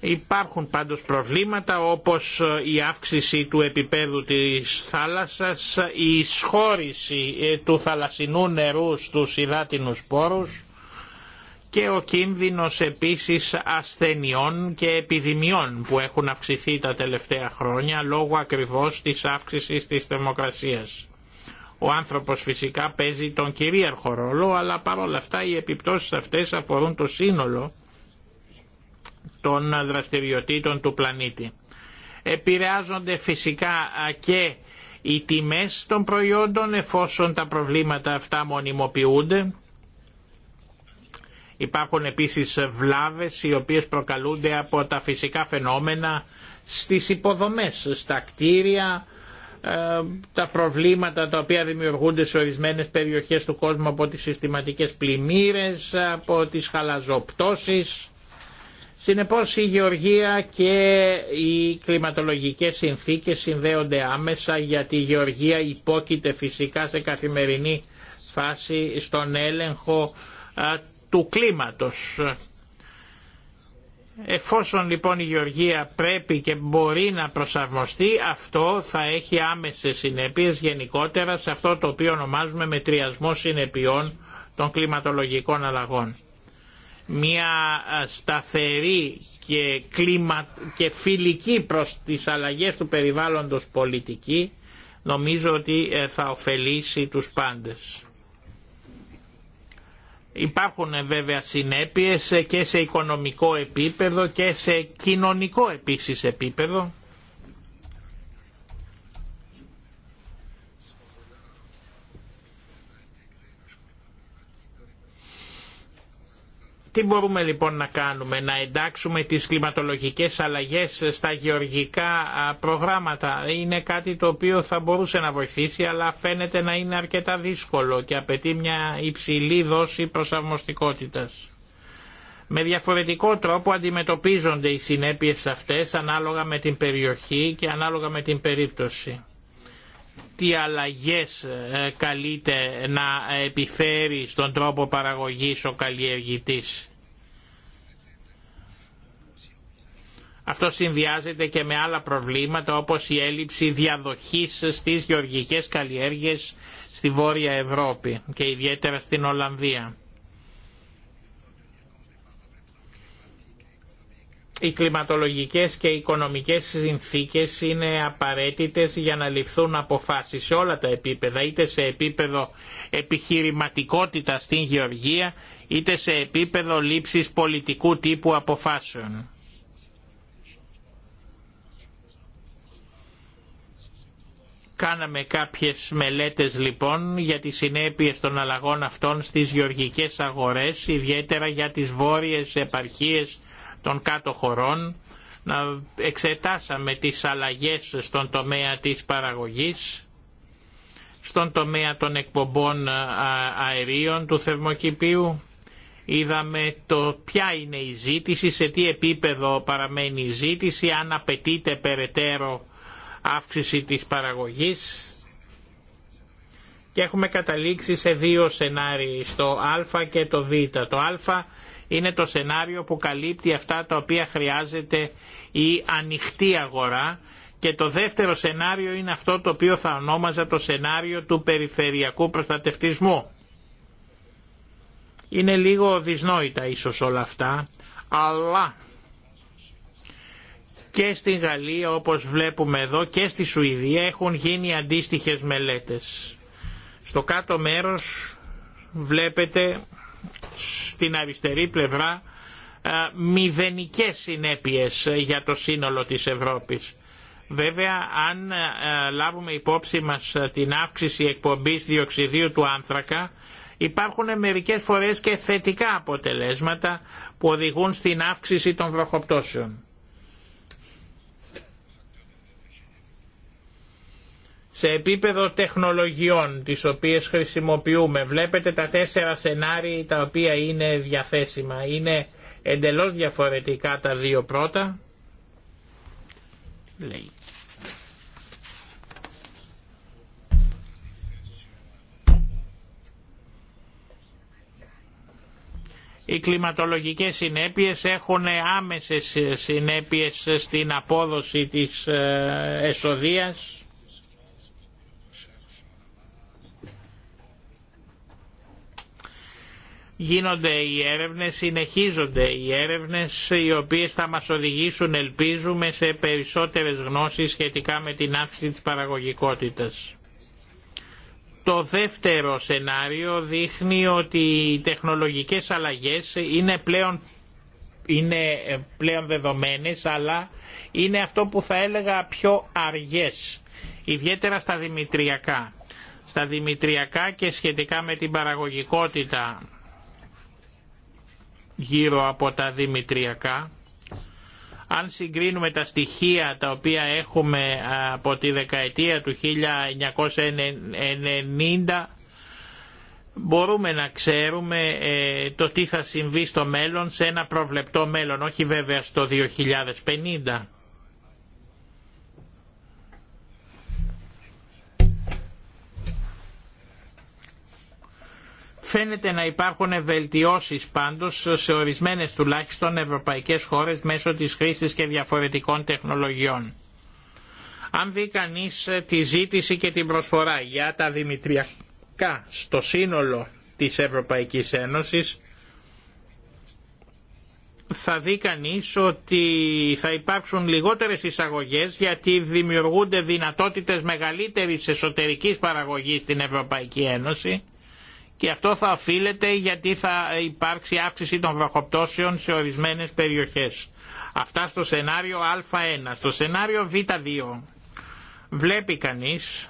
Υπάρχουν πάντως προβλήματα όπως ε, η αύξηση του επίπεδου της θάλασσας, η σχόρηση ε, του θαλασσινού νερού στους υδάτινους πόρους και ο κίνδυνος επίσης ασθενειών και επιδημιών που έχουν αυξηθεί τα τελευταία χρόνια λόγω ακριβώς της αύξησης της θερμοκρασίας. Ο άνθρωπος φυσικά παίζει τον κυρίαρχο ρόλο αλλά παρόλα αυτά οι επιπτώσεις αυτές αφορούν το σύνολο των δραστηριοτήτων του πλανήτη. Επηρεάζονται φυσικά και οι τιμές των προϊόντων εφόσον τα προβλήματα αυτά μονιμοποιούνται. Υπάρχουν επίσης βλάβες οι οποίες προκαλούνται από τα φυσικά φαινόμενα στις υποδομές, στα κτίρια, ε, τα προβλήματα τα οποία δημιουργούνται σε ορισμένες περιοχές του κόσμου από τις συστηματικές πλημμύρες, από τις χαλαζοπτώσεις Συνεπώς η γεωργία και οι κλιματολογικές συνθήκες συνδέονται άμεσα γιατί η γεωργία υπόκειται φυσικά σε καθημερινή φάση στον έλεγχο του κλίματος. Εφόσον λοιπόν η γεωργία πρέπει και μπορεί να προσαρμοστεί, αυτό θα έχει άμεσες συνέπειες γενικότερα σε αυτό το οποίο ονομάζουμε μετριασμό συνεπειών των κλιματολογικών αλλαγών μια ε, σταθερή και, κλιμα... και φιλική προς τις αλλαγές του περιβάλλοντος πολιτική νομίζω ότι ε, θα ωφελήσει τους πάντες. Υπάρχουν ε, βέβαια συνέπειες και σε οικονομικό επίπεδο και σε κοινωνικό επίσης επίπεδο Τι μπορούμε λοιπόν να κάνουμε, να εντάξουμε τις κλιματολογικές αλλαγές στα γεωργικά προγράμματα. Είναι κάτι το οποίο θα μπορούσε να βοηθήσει, αλλά φαίνεται να είναι αρκετά δύσκολο και απαιτεί μια υψηλή δόση προσαρμοστικότητας. Με διαφορετικό τρόπο αντιμετωπίζονται οι συνέπειες αυτές ανάλογα με την περιοχή και ανάλογα με την περίπτωση τι αλλαγές ε, καλείται να επιφέρει στον τρόπο παραγωγής ο καλλιεργητής. Αυτό συνδυάζεται και με άλλα προβλήματα όπως η έλλειψη διαδοχής στις γεωργικές καλλιέργειες στη Βόρεια Ευρώπη και ιδιαίτερα στην Ολλανδία. οι κλιματολογικές και οι οικονομικές συνθήκες είναι απαραίτητες για να ληφθούν αποφάσεις σε όλα τα επίπεδα, είτε σε επίπεδο επιχειρηματικότητα στην Γεωργία, είτε σε επίπεδο λήψης πολιτικού τύπου αποφάσεων. Κάναμε κάποιες μελέτες λοιπόν για τις συνέπειες των αλλαγών αυτών στις γεωργικές αγορές, ιδιαίτερα για τις βόρειες επαρχίες των κάτω χωρών, να εξετάσαμε τις αλλαγές στον τομέα της παραγωγής, στον τομέα των εκπομπών αερίων του θερμοκηπίου. Είδαμε το ποια είναι η ζήτηση, σε τι επίπεδο παραμένει η ζήτηση, αν απαιτείται περαιτέρω αύξηση της παραγωγής και έχουμε καταλήξει σε δύο σενάρια, στο α και το β. Το α είναι το σενάριο που καλύπτει αυτά τα οποία χρειάζεται η ανοιχτή αγορά και το δεύτερο σενάριο είναι αυτό το οποίο θα ονόμαζα το σενάριο του περιφερειακού προστατευτισμού. Είναι λίγο δυσνόητα ίσως όλα αυτά, αλλά και στην Γαλλία όπως βλέπουμε εδώ και στη Σουηδία έχουν γίνει αντίστοιχες μελέτες. Στο κάτω μέρος βλέπετε στην αριστερή πλευρά μηδενικές συνέπειες για το σύνολο της Ευρώπης. Βέβαια, αν λάβουμε υπόψη μας την αύξηση εκπομπής διοξιδίου του άνθρακα, υπάρχουν μερικές φορές και θετικά αποτελέσματα που οδηγούν στην αύξηση των βροχοπτώσεων. σε επίπεδο τεχνολογιών τις οποίες χρησιμοποιούμε. Βλέπετε τα τέσσερα σενάρια τα οποία είναι διαθέσιμα. Είναι εντελώς διαφορετικά τα δύο πρώτα. Λέει. Οι κλιματολογικές συνέπειες έχουν άμεσες συνέπειες στην απόδοση της ε, εσοδείας Γίνονται οι έρευνες, συνεχίζονται οι έρευνες οι οποίες θα μας οδηγήσουν ελπίζουμε σε περισσότερες γνώσεις σχετικά με την αύξηση της παραγωγικότητας. Το δεύτερο σενάριο δείχνει ότι οι τεχνολογικές αλλαγές είναι πλέον, είναι πλέον δεδομένες αλλά είναι αυτό που θα έλεγα πιο αργές, ιδιαίτερα στα δημητριακά. Στα δημητριακά και σχετικά με την παραγωγικότητα γύρω από τα δημητριακά. Αν συγκρίνουμε τα στοιχεία τα οποία έχουμε από τη δεκαετία του 1990 μπορούμε να ξέρουμε ε, το τι θα συμβεί στο μέλλον σε ένα προβλεπτό μέλλον, όχι βέβαια στο 2050. Φαίνεται να υπάρχουν βελτιώσεις πάντως σε ορισμένες τουλάχιστον ευρωπαϊκές χώρες μέσω της χρήσης και διαφορετικών τεχνολογιών. Αν δει κανεί ε, τη ζήτηση και την προσφορά για τα δημητριακά στο σύνολο της Ευρωπαϊκής Ένωσης, θα δει κανεί ότι θα υπάρξουν λιγότερες εισαγωγές γιατί δημιουργούνται δυνατότητες μεγαλύτερης εσωτερικής παραγωγής στην Ευρωπαϊκή Ένωση και αυτό θα οφείλεται γιατί θα υπάρξει αύξηση των βροχοπτώσεων σε ορισμένες περιοχές. Αυτά στο σενάριο Α1. Στο σενάριο Β2 βλέπει κανείς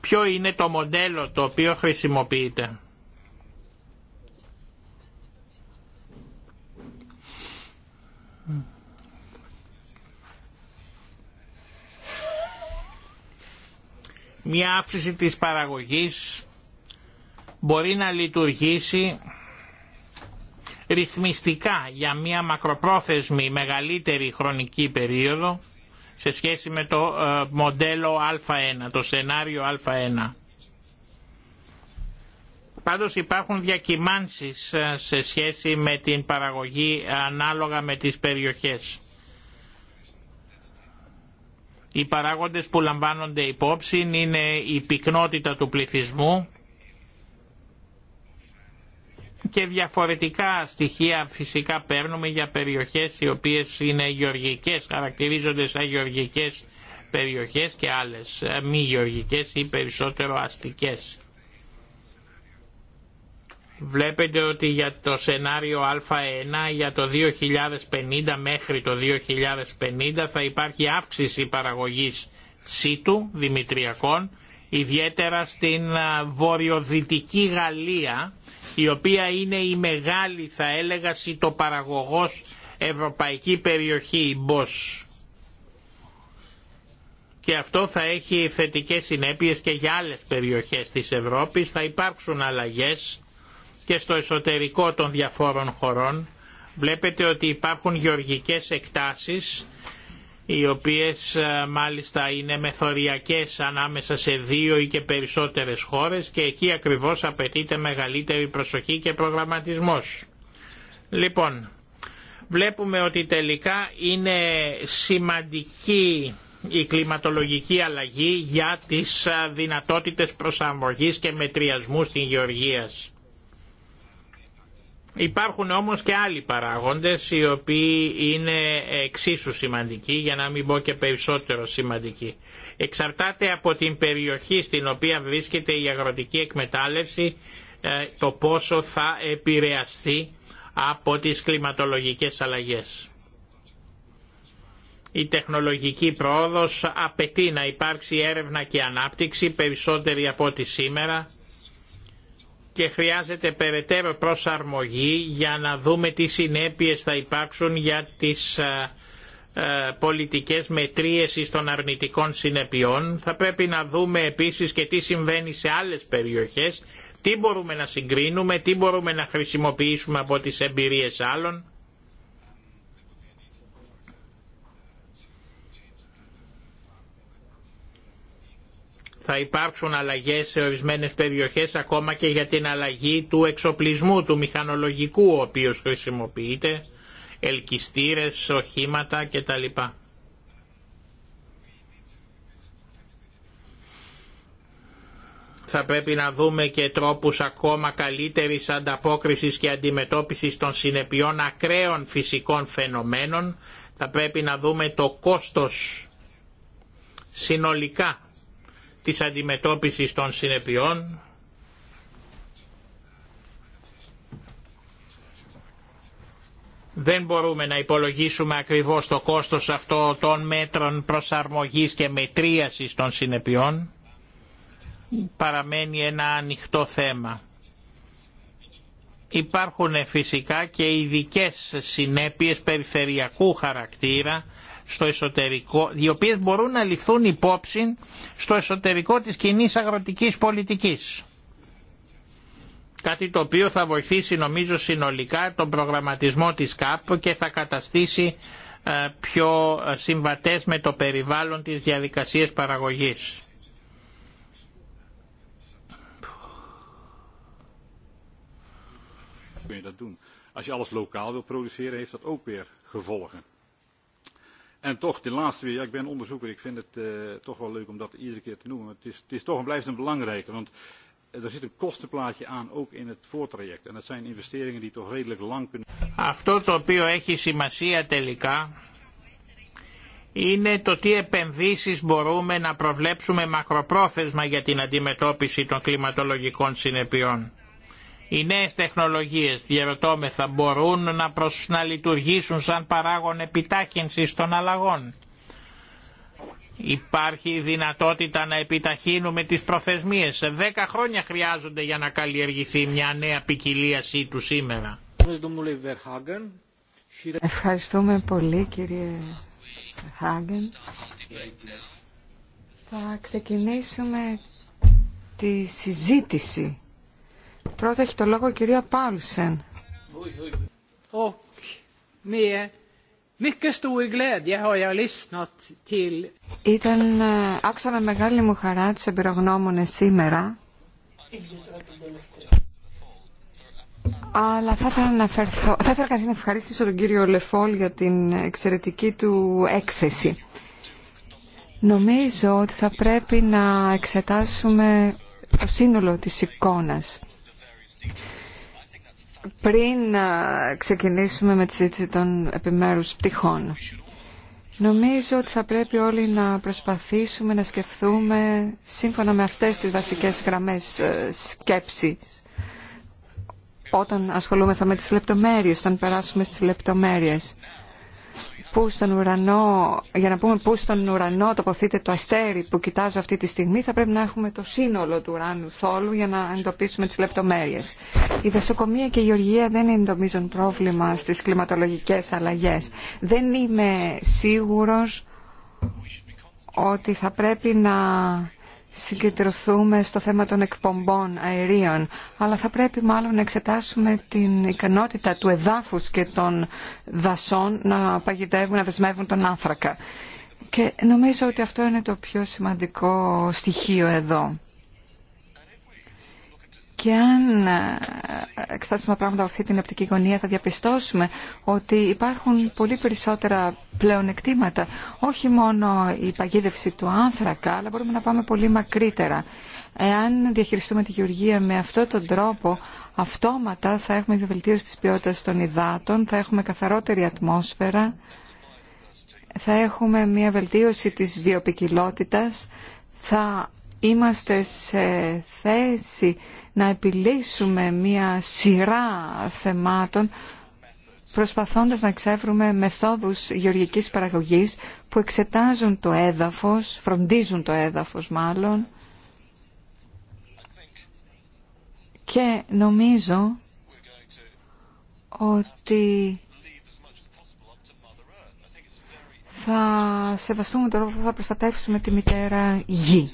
ποιο είναι το μοντέλο το οποίο χρησιμοποιείται. Μια αύξηση της παραγωγής μπορεί να λειτουργήσει ρυθμιστικά για μια μακροπρόθεσμη μεγαλύτερη χρονική περίοδο σε σχέση με το ε, μοντέλο Α1, το σενάριο Α1. Πάντως υπάρχουν διακυμάνσεις ε, σε σχέση με την παραγωγή ανάλογα με τις περιοχές. Οι παράγοντες που λαμβάνονται υπόψη είναι η πυκνότητα του πληθυσμού και διαφορετικά στοιχεία φυσικά παίρνουμε για περιοχές οι οποίες είναι γεωργικές, χαρακτηρίζονται σαν γεωργικές περιοχές και άλλες μη γεωργικές ή περισσότερο αστικές. Βλέπετε ότι για το σενάριο Α1 για το 2050 μέχρι το 2050 θα υπάρχει αύξηση παραγωγής τσίτου δημητριακών ιδιαίτερα στην βορειοδυτική Γαλλία η οποία είναι η μεγάλη θα έλεγα σιτοπαραγωγός ευρωπαϊκή περιοχή η Μπος. Και αυτό θα έχει θετικές συνέπειες και για άλλες περιοχές της Ευρώπης. Θα υπάρξουν αλλαγές και στο εσωτερικό των διαφόρων χωρών βλέπετε ότι υπάρχουν γεωργικές εκτάσεις οι οποίες ε, μάλιστα είναι μεθοριακές ανάμεσα σε δύο ή και περισσότερες χώρες και εκεί ακριβώς απαιτείται μεγαλύτερη προσοχή και προγραμματισμός. Λοιπόν, βλέπουμε ότι τελικά είναι σημαντική η κλιματολογική αλλαγή για τις ε, δυνατότητες προσαρμογής και μετριασμού στην γεωργίας Υπάρχουν όμως και άλλοι παράγοντες οι οποίοι είναι εξίσου σημαντικοί για να μην πω και περισσότερο σημαντικοί. Εξαρτάται από την περιοχή στην οποία βρίσκεται η αγροτική εκμετάλλευση ε, το πόσο θα επηρεαστεί από τις κλιματολογικές αλλαγές. Η τεχνολογική πρόοδος απαιτεί να υπάρξει έρευνα και ανάπτυξη περισσότερη από ό,τι σήμερα και χρειάζεται περαιτέρω προσαρμογή για να δούμε τι συνέπειες θα υπάρξουν για τις ε, ε, πολιτικές μετρίεσης των αρνητικών συνεπειών. Θα πρέπει να δούμε επίσης και τι συμβαίνει σε άλλες περιοχές, τι μπορούμε να συγκρίνουμε, τι μπορούμε να χρησιμοποιήσουμε από τις εμπειρίες άλλων θα υπάρξουν αλλαγές σε ορισμένες περιοχές ακόμα και για την αλλαγή του εξοπλισμού, του μηχανολογικού ο οποίος χρησιμοποιείται, ελκυστήρες, οχήματα κτλ. θα πρέπει να δούμε και τρόπους ακόμα καλύτερης ανταπόκρισης και αντιμετώπισης των συνεπειών ακραίων φυσικών φαινομένων. Θα πρέπει να δούμε το κόστος συνολικά της αντιμετώπισης των συνεπειών δεν μπορούμε να υπολογίσουμε ακριβώς το κόστος αυτό των μέτρων προσαρμογής και μετρίασης των συνεπειών παραμένει ένα ανοιχτό θέμα. Υπάρχουν φυσικά και ειδικέ συνέπειες περιφερειακού χαρακτήρα στο εσωτερικό, οι οποίε μπορούν να ληφθούν υπόψη στο εσωτερικό της κοινή αγροτικής πολιτικής. Κάτι το οποίο θα βοηθήσει νομίζω συνολικά τον προγραμματισμό της ΚΑΠ και θα καταστήσει ε, πιο ε, συμβατές με το περιβάλλον της διαδικασίας παραγωγής. Als je alles lokaal En toch, de laatste weer. Ja, ik ben onderzoeker. Ik vind het toch wel leuk om dat iedere keer te noemen. Het is toch en blijft een belangrijke. Want er zit een kostenplaatje aan, ook in het voortraject. En dat zijn investeringen die toch redelijk lang kunnen... Αυτό το οποίο έχει σημασία τελικά είναι το τι επενδύσεις μπορούμε να προβλέψουμε μακροπρόθεσμα για την αντιμετώπιση των κλιματολογικών συνεπειών. Οι νέες τεχνολογίες διαρωτώμεθα μπορούν να, προσ... να λειτουργήσουν σαν παράγον επιτάχυνσης των αλλαγών. Υπάρχει δυνατότητα να επιταχύνουμε τις προθεσμίες. Σε δέκα χρόνια χρειάζονται για να καλλιεργηθεί μια νέα ποικιλία του σήμερα. Ευχαριστούμε πολύ κύριε Χάγκεν. Θα ξεκινήσουμε τη συζήτηση. Πρώτα έχει το λόγο η κυρία Πάλσεν. Ήταν, ε, άκουσα με μεγάλη μου χαρά τους εμπειρογνώμονε σήμερα. Αλλά θα ήθελα να αναφερθώ. Θα ήθελα να ευχαριστήσω τον κύριο Λεφόλ για την εξαιρετική του έκθεση. Νομίζω ότι θα πρέπει να εξετάσουμε το σύνολο της εικόνας. Πριν ξεκινήσουμε με τη συζήτηση των επιμέρους πτυχών, νομίζω ότι θα πρέπει όλοι να προσπαθήσουμε να σκεφτούμε σύμφωνα με αυτές τις βασικές γραμμές ε, σκέψης όταν ασχολούμεθα με τις λεπτομέρειες, όταν περάσουμε στις λεπτομέρειες που στον ουρανό, για να πούμε πού στον ουρανό τοποθείται το αστέρι που κοιτάζω αυτή τη στιγμή, θα πρέπει να έχουμε το σύνολο του ουράνου θόλου για να εντοπίσουμε τις λεπτομέρειες. Η δασοκομεία και η γεωργία δεν είναι πρόβλημα στις κλιματολογικές αλλαγές. Δεν είμαι σίγουρος ότι θα πρέπει να συγκεντρωθούμε στο θέμα των εκπομπών αερίων, αλλά θα πρέπει μάλλον να εξετάσουμε την ικανότητα του εδάφους και των δασών να παγιδεύουν, να δεσμεύουν τον άνθρακα. Και νομίζω ότι αυτό είναι το πιο σημαντικό στοιχείο εδώ και αν ε, εξετάσουμε πράγματα από αυτή την οπτική γωνία θα διαπιστώσουμε ότι υπάρχουν πολύ περισσότερα πλεονεκτήματα. Όχι μόνο η παγίδευση του άνθρακα, αλλά μπορούμε να πάμε πολύ μακρύτερα. Εάν διαχειριστούμε τη γεωργία με αυτόν τον τρόπο, αυτόματα θα έχουμε βελτίωση της ποιότητας των υδάτων, θα έχουμε καθαρότερη ατμόσφαιρα, θα έχουμε μια βελτίωση της βιοπικιλότητας, θα είμαστε σε θέση να επιλύσουμε μία σειρά θεμάτων προσπαθώντας να εξεύρουμε μεθόδους γεωργικής παραγωγής που εξετάζουν το έδαφος, φροντίζουν το έδαφος μάλλον και νομίζω ότι θα σεβαστούμε τον τρόπο που θα προστατεύσουμε τη μητέρα γη.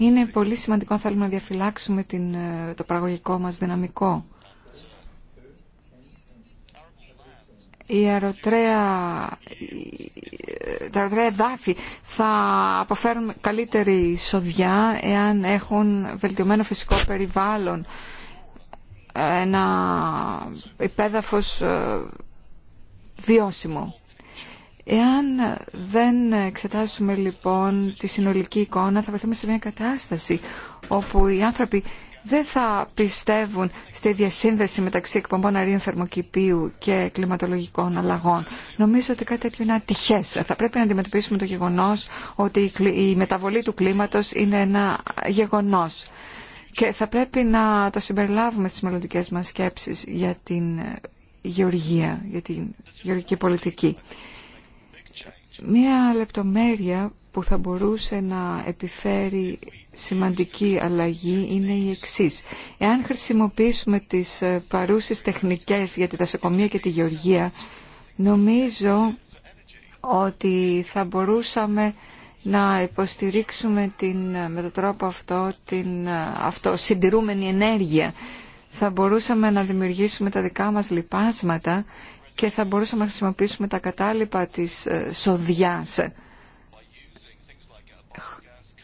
Είναι πολύ σημαντικό αν θέλουμε να διαφυλάξουμε την, ε, το παραγωγικό μας δυναμικό. η αεροτρέα, ε, τα αεροτρέα εδάφη θα αποφέρουν καλύτερη σοδιά εάν έχουν βελτιωμένο φυσικό περιβάλλον, ένα υπέδαφος ε, βιώσιμο. Εάν δεν εξετάσουμε λοιπόν τη συνολική εικόνα θα βρεθούμε σε μια κατάσταση όπου οι άνθρωποι δεν θα πιστεύουν στη διασύνδεση μεταξύ εκπομπών αρίων θερμοκηπίου και κλιματολογικών αλλαγών. Νομίζω ότι κάτι τέτοιο είναι ατυχέ. Θα πρέπει να αντιμετωπίσουμε το γεγονός ότι η μεταβολή του κλίματος είναι ένα γεγονός Και θα πρέπει να το συμπεριλάβουμε στις μελλοντικέ μας σκέψεις για την γεωργία, για την γεωργική πολιτική. Μία λεπτομέρεια που θα μπορούσε να επιφέρει σημαντική αλλαγή είναι η εξής. Εάν χρησιμοποιήσουμε τις ε, παρούσες τεχνικές για τη δασοκομεία και τη γεωργία, νομίζω ότι θα μπορούσαμε να υποστηρίξουμε την, ε, με τον τρόπο αυτό την ε, αυτό, συντηρούμενη ενέργεια. Θα μπορούσαμε να δημιουργήσουμε τα δικά μας λοιπάσματα και θα μπορούσαμε να χρησιμοποιήσουμε τα κατάλοιπα της ε, σοδιάς ε,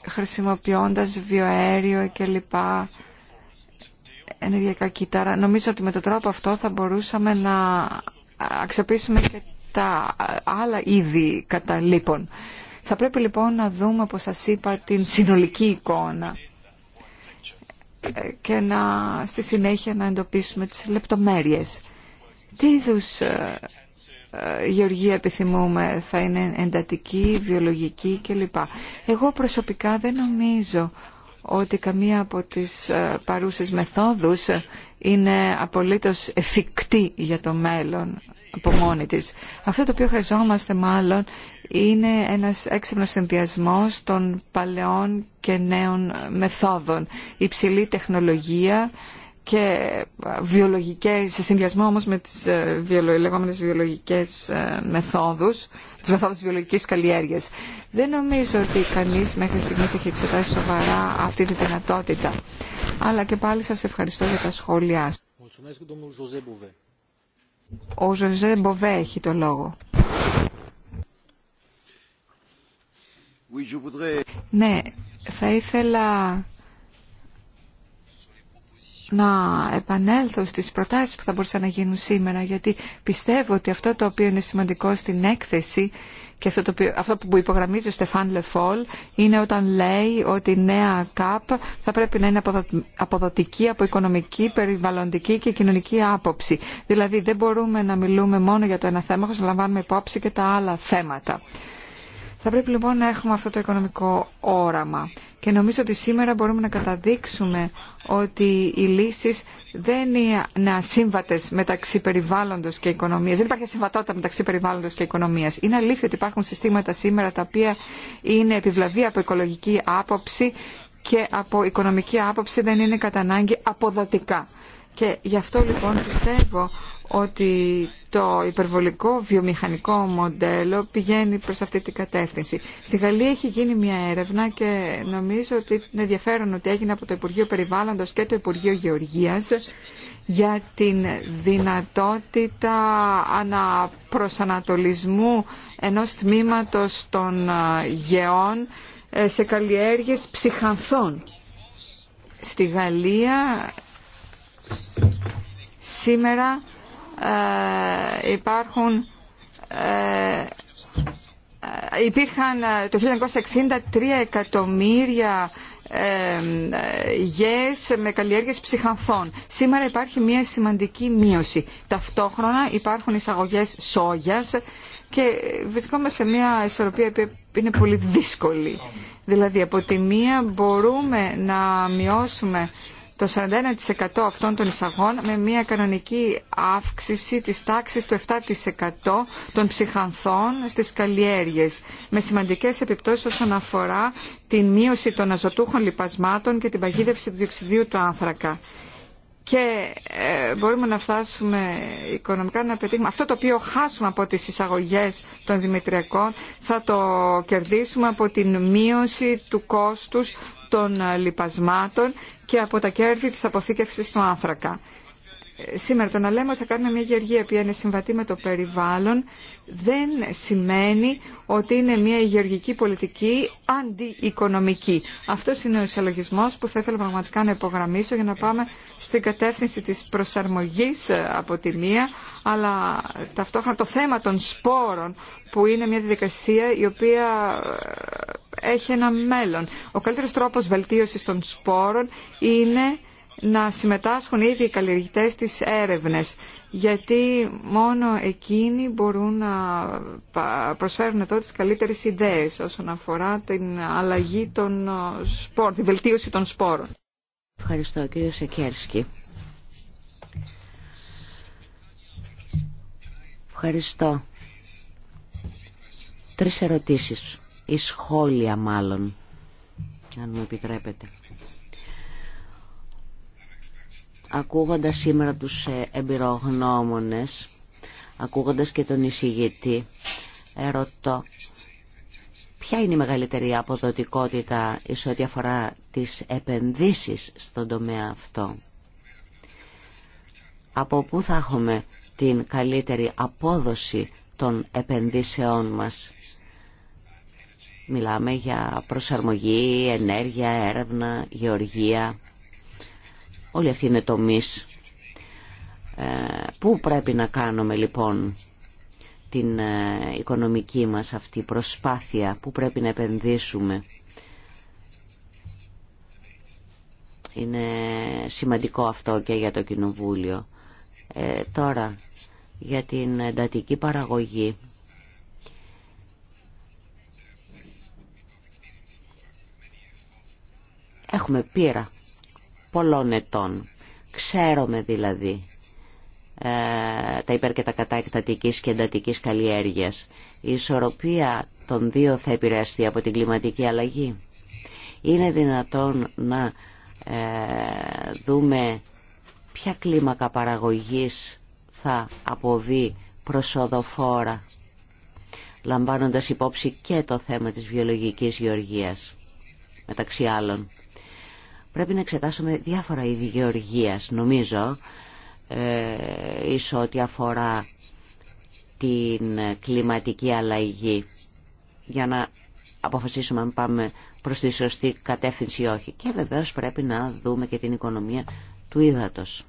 χρησιμοποιώντας βιοαέριο και λοιπά ενεργειακά κύτταρα. Νομίζω ότι με τον τρόπο αυτό θα μπορούσαμε να αξιοποιήσουμε και τα ε, άλλα είδη καταλήπων. Θα πρέπει λοιπόν να δούμε, όπως σας είπα, την συνολική εικόνα και να, στη συνέχεια να εντοπίσουμε τις λεπτομέρειες. Τι είδου ε, ε, γεωργία επιθυμούμε, θα είναι εντατική, βιολογική κλπ. Εγώ προσωπικά δεν νομίζω ότι καμία από τις ε, παρούσες μεθόδους είναι απολύτως εφικτή για το μέλλον από μόνη της. Αυτό το οποίο χρειαζόμαστε μάλλον είναι ένας έξυπνος συνδυασμό των παλαιών και νέων μεθόδων. Υψηλή τεχνολογία, και ε, βιολογικές, σε συνδυασμό όμως με τις ε, βιολο, λεγόμενες βιολογικές ε, μεθόδους, τις μεθόδους βιολογικής καλλιέργειας. Δεν νομίζω ότι κανείς μέχρι στιγμής έχει εξετάσει σοβαρά αυτή τη δυνατότητα. Αλλά και πάλι σας ευχαριστώ για τα σχόλιά σας. Ο Ζωζέ Μποβέ έχει το λόγο. Ναι, θα ήθελα να επανέλθω στις προτάσεις που θα μπορούσαν να γίνουν σήμερα γιατί πιστεύω ότι αυτό το οποίο είναι σημαντικό στην έκθεση και αυτό, το αυτό που υπογραμμίζει ο Στεφάν Λεφόλ είναι όταν λέει ότι η νέα ΚΑΠ θα πρέπει να είναι αποδοτική από οικονομική, περιβαλλοντική και κοινωνική άποψη. Δηλαδή δεν μπορούμε να μιλούμε μόνο για το ένα θέμα, χωρίς να λαμβάνουμε υπόψη και τα άλλα θέματα. Θα πρέπει λοιπόν να έχουμε αυτό το οικονομικό όραμα και νομίζω ότι σήμερα μπορούμε να καταδείξουμε ότι οι λύσεις δεν είναι ασύμβατες μεταξύ περιβάλλοντος και οικονομίας. Δεν υπάρχει ασυμβατότητα μεταξύ περιβάλλοντος και οικονομίας. Είναι αλήθεια ότι υπάρχουν συστήματα σήμερα τα οποία είναι επιβλαβή από οικολογική άποψη και από οικονομική άποψη δεν είναι κατά ανάγκη αποδοτικά. Και γι' αυτό λοιπόν πιστεύω ότι το υπερβολικό βιομηχανικό μοντέλο πηγαίνει προς αυτή την κατεύθυνση. Στη Γαλλία έχει γίνει μια έρευνα και νομίζω ότι είναι ενδιαφέρον ότι έγινε από το Υπουργείο Περιβάλλοντος και το Υπουργείο Γεωργίας για την δυνατότητα αναπροσανατολισμού ενός τμήματος των γεών ε, σε καλλιέργειες ψυχανθών. Στη Γαλλία σήμερα ε, υπάρχουν ε, ε, υπήρχαν το 1963 εκατομμύρια γες με καλλιέργειες ψυχανθών. Σήμερα υπάρχει μια σημαντική μείωση. Ταυτόχρονα υπάρχουν εισαγωγές σόγιας και βρισκόμαστε σε μια ισορροπία που είναι πολύ δύσκολη. Δηλαδή από τη μία μπορούμε να μειώσουμε το 41% αυτών των εισαγών με μια κανονική αύξηση της τάξης του 7% των ψυχανθών στις καλλιέργειες με σημαντικές επιπτώσεις όσον αφορά την μείωση των αζωτούχων λιπασμάτων και την παγίδευση του διοξιδίου του άνθρακα. Και ε, μπορούμε να φτάσουμε οικονομικά να πετύχουμε. Αυτό το οποίο χάσουμε από τις εισαγωγές των δημητριακών θα το κερδίσουμε από την μείωση του κόστους των λιπασμάτων και από τα κέρδη της αποθήκευσης του άνθρακα σήμερα το να λέμε ότι θα κάνουμε μια γεωργία που είναι συμβατή με το περιβάλλον δεν σημαίνει ότι είναι μια γεωργική πολιτική αντιοικονομική. Αυτό είναι ο ισολογισμό που θα ήθελα πραγματικά να υπογραμμίσω για να πάμε στην κατεύθυνση της προσαρμογής ε, από τη μία, αλλά ταυτόχρονα το θέμα των σπόρων που είναι μια διαδικασία η οποία ε, έχει ένα μέλλον. Ο καλύτερος τρόπος βελτίωσης των σπόρων μελλον ο καλυτερο τροπο βελτιωση των σπορων ειναι να συμμετάσχουν ήδη οι καλλιεργητές στις έρευνες, γιατί μόνο εκείνοι μπορούν να προσφέρουν εδώ τις καλύτερες ιδέες όσον αφορά την αλλαγή των ε, σπόρων, τη βελτίωση των σπόρων. Ευχαριστώ κύριε Σεκέρσκι. Ευχαριστώ. Τρεις ερωτήσεις, ή σχόλια μάλλον, αν μου επιτρέπετε ακούγοντας σήμερα τους ε, εμπειρογνώμονες, ακούγοντας και τον εισηγητή, ερωτώ ποια είναι η μεγαλύτερη αποδοτικότητα σε ό,τι αφορά τις επενδύσεις στον τομέα αυτό. Από πού θα έχουμε την καλύτερη απόδοση των επενδύσεών μας. Μιλάμε για προσαρμογή, ενέργεια, έρευνα, γεωργία Όλοι αυτοί είναι τομείς. Ε, πού πρέπει να κάνουμε λοιπόν την ε, οικονομική μας αυτή προσπάθεια, πού πρέπει να επενδύσουμε. Είναι σημαντικό αυτό και για το Κοινοβούλιο. Ε, τώρα, για την εντατική παραγωγή. Έχουμε πείρα πολλών ετών. Ξέρουμε δηλαδή ε, τα υπέρ και τα κατά εκτατικής και εντατικής καλλιέργειας. Η ισορροπία των δύο θα επηρεαστεί από την κλιματική αλλαγή. Είναι δυνατόν να ε, δούμε ποια κλίμακα παραγωγής θα αποβεί προσοδοφόρα λαμβάνοντας υπόψη και το θέμα της βιολογικής γεωργίας μεταξύ άλλων. Πρέπει να εξετάσουμε διάφορα είδη γεωργίας, νομίζω, ε, ό,τι αφορά την κλιματική αλλαγή, για να αποφασίσουμε αν πάμε προς τη σωστή κατεύθυνση ή όχι. Και βεβαίως πρέπει να δούμε και την οικονομία του ύδατος.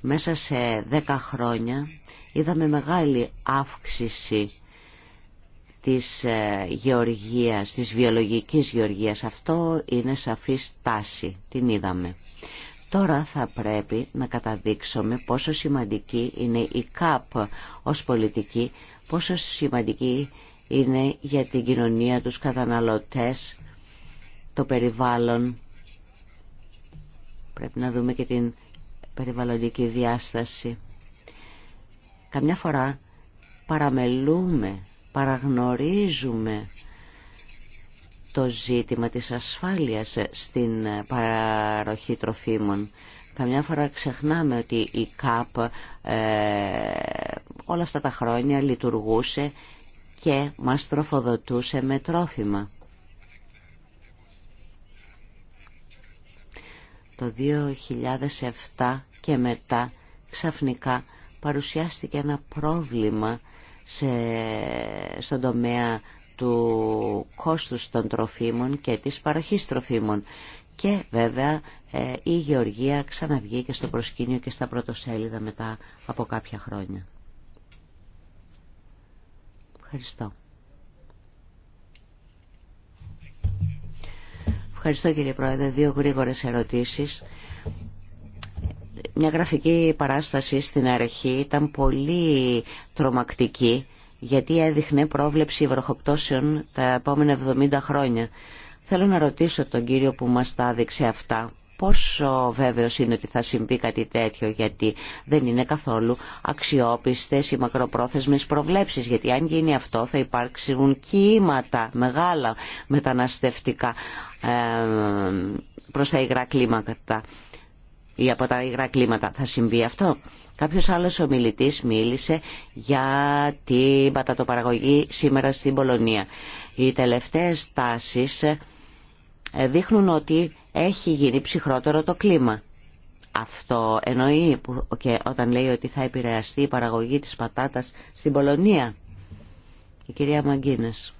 Μέσα σε 10 χρόνια είδαμε μεγάλη αύξηση της ε, γεωργίας, της βιολογικής γεωργίας. Αυτό είναι σαφής τάση, την είδαμε. Τώρα θα πρέπει να καταδείξουμε πόσο σημαντική είναι η ΚΑΠ ως πολιτική, πόσο σημαντική είναι για την κοινωνία, τους καταναλωτές, το περιβάλλον. Πρέπει να δούμε και την περιβαλλοντική διάσταση. Καμιά φορά παραμελούμε παραγνωρίζουμε το ζήτημα της ασφάλειας στην παροχή τροφίμων. Καμιά φορά ξεχνάμε ότι η ΚΑΠ ε, όλα αυτά τα χρόνια λειτουργούσε και μας τροφοδοτούσε με τρόφιμα. Το 2007 και μετά ξαφνικά παρουσιάστηκε ένα πρόβλημα σε, στον τομέα του κόστους των τροφίμων και της παροχής τροφίμων. Και βέβαια ε, η Γεωργία ξαναβγήκε στο προσκήνιο και στα πρωτοσέλιδα μετά από κάποια χρόνια. Ευχαριστώ. Ευχαριστώ κύριε Πρόεδρε. Δύο γρήγορες ερωτήσεις μια γραφική παράσταση στην αρχή ήταν πολύ τρομακτική γιατί έδειχνε πρόβλεψη βροχοπτώσεων τα επόμενα 70 χρόνια. Θέλω να ρωτήσω τον κύριο που μας τα έδειξε αυτά πόσο βέβαιος είναι ότι θα συμβεί κάτι τέτοιο γιατί δεν είναι καθόλου αξιόπιστες οι μακροπρόθεσμες προβλέψεις γιατί αν γίνει αυτό θα υπάρξουν κύματα μεγάλα μεταναστευτικά ε, προς τα υγρά κλίμακα ή από τα υγρά κλίματα. Θα συμβεί αυτό. Κάποιος άλλος ομιλητής μίλησε για την πατατοπαραγωγή σήμερα στην Πολωνία. Οι τελευταίες τάσεις ε, δείχνουν ότι έχει γίνει ψυχρότερο το κλίμα. Αυτό εννοεί που, και όταν λέει ότι θα επηρεαστεί η παραγωγή της πατάτας στην Πολωνία. Η κυρία Μαγκίνες.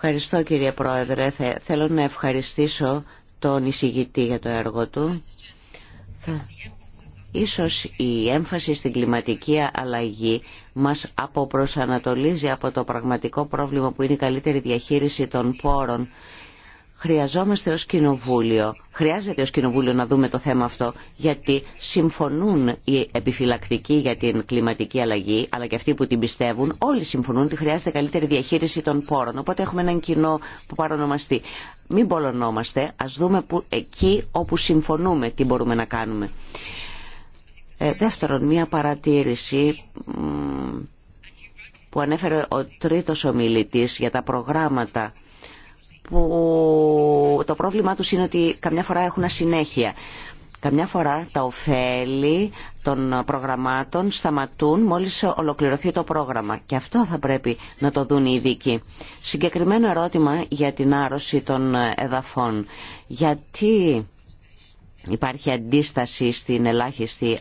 Ευχαριστώ κύριε Πρόεδρε. Θέλω να ευχαριστήσω τον εισηγητή για το έργο του. Ίσως η έμφαση στην κλιματική αλλαγή μας αποπροσανατολίζει από το πραγματικό πρόβλημα που είναι η καλύτερη διαχείριση των πόρων Χρειαζόμαστε ως κοινοβούλιο, χρειάζεται ως κοινοβούλιο να δούμε το θέμα αυτό, γιατί συμφωνούν οι επιφυλακτικοί για την κλιματική αλλαγή, αλλά και αυτοί που την πιστεύουν, όλοι συμφωνούν ότι χρειάζεται καλύτερη διαχείριση των πόρων. Οπότε έχουμε έναν κοινό που παρονομαστεί. Μην πολωνόμαστε, ας δούμε που, εκεί όπου συμφωνούμε τι μπορούμε να κάνουμε. Ε, δεύτερον, μία παρατήρηση που ανέφερε ο τρίτος ομιλητής για τα προγράμματα που το πρόβλημά τους είναι ότι καμιά φορά έχουν ασυνέχεια. Καμιά φορά τα ωφέλη των προγραμμάτων σταματούν μόλις ολοκληρωθεί το πρόγραμμα και αυτό θα πρέπει να το δουν οι ειδικοί. Συγκεκριμένο ερώτημα για την άρρωση των εδαφών. Γιατί υπάρχει αντίσταση στην ελάχιστη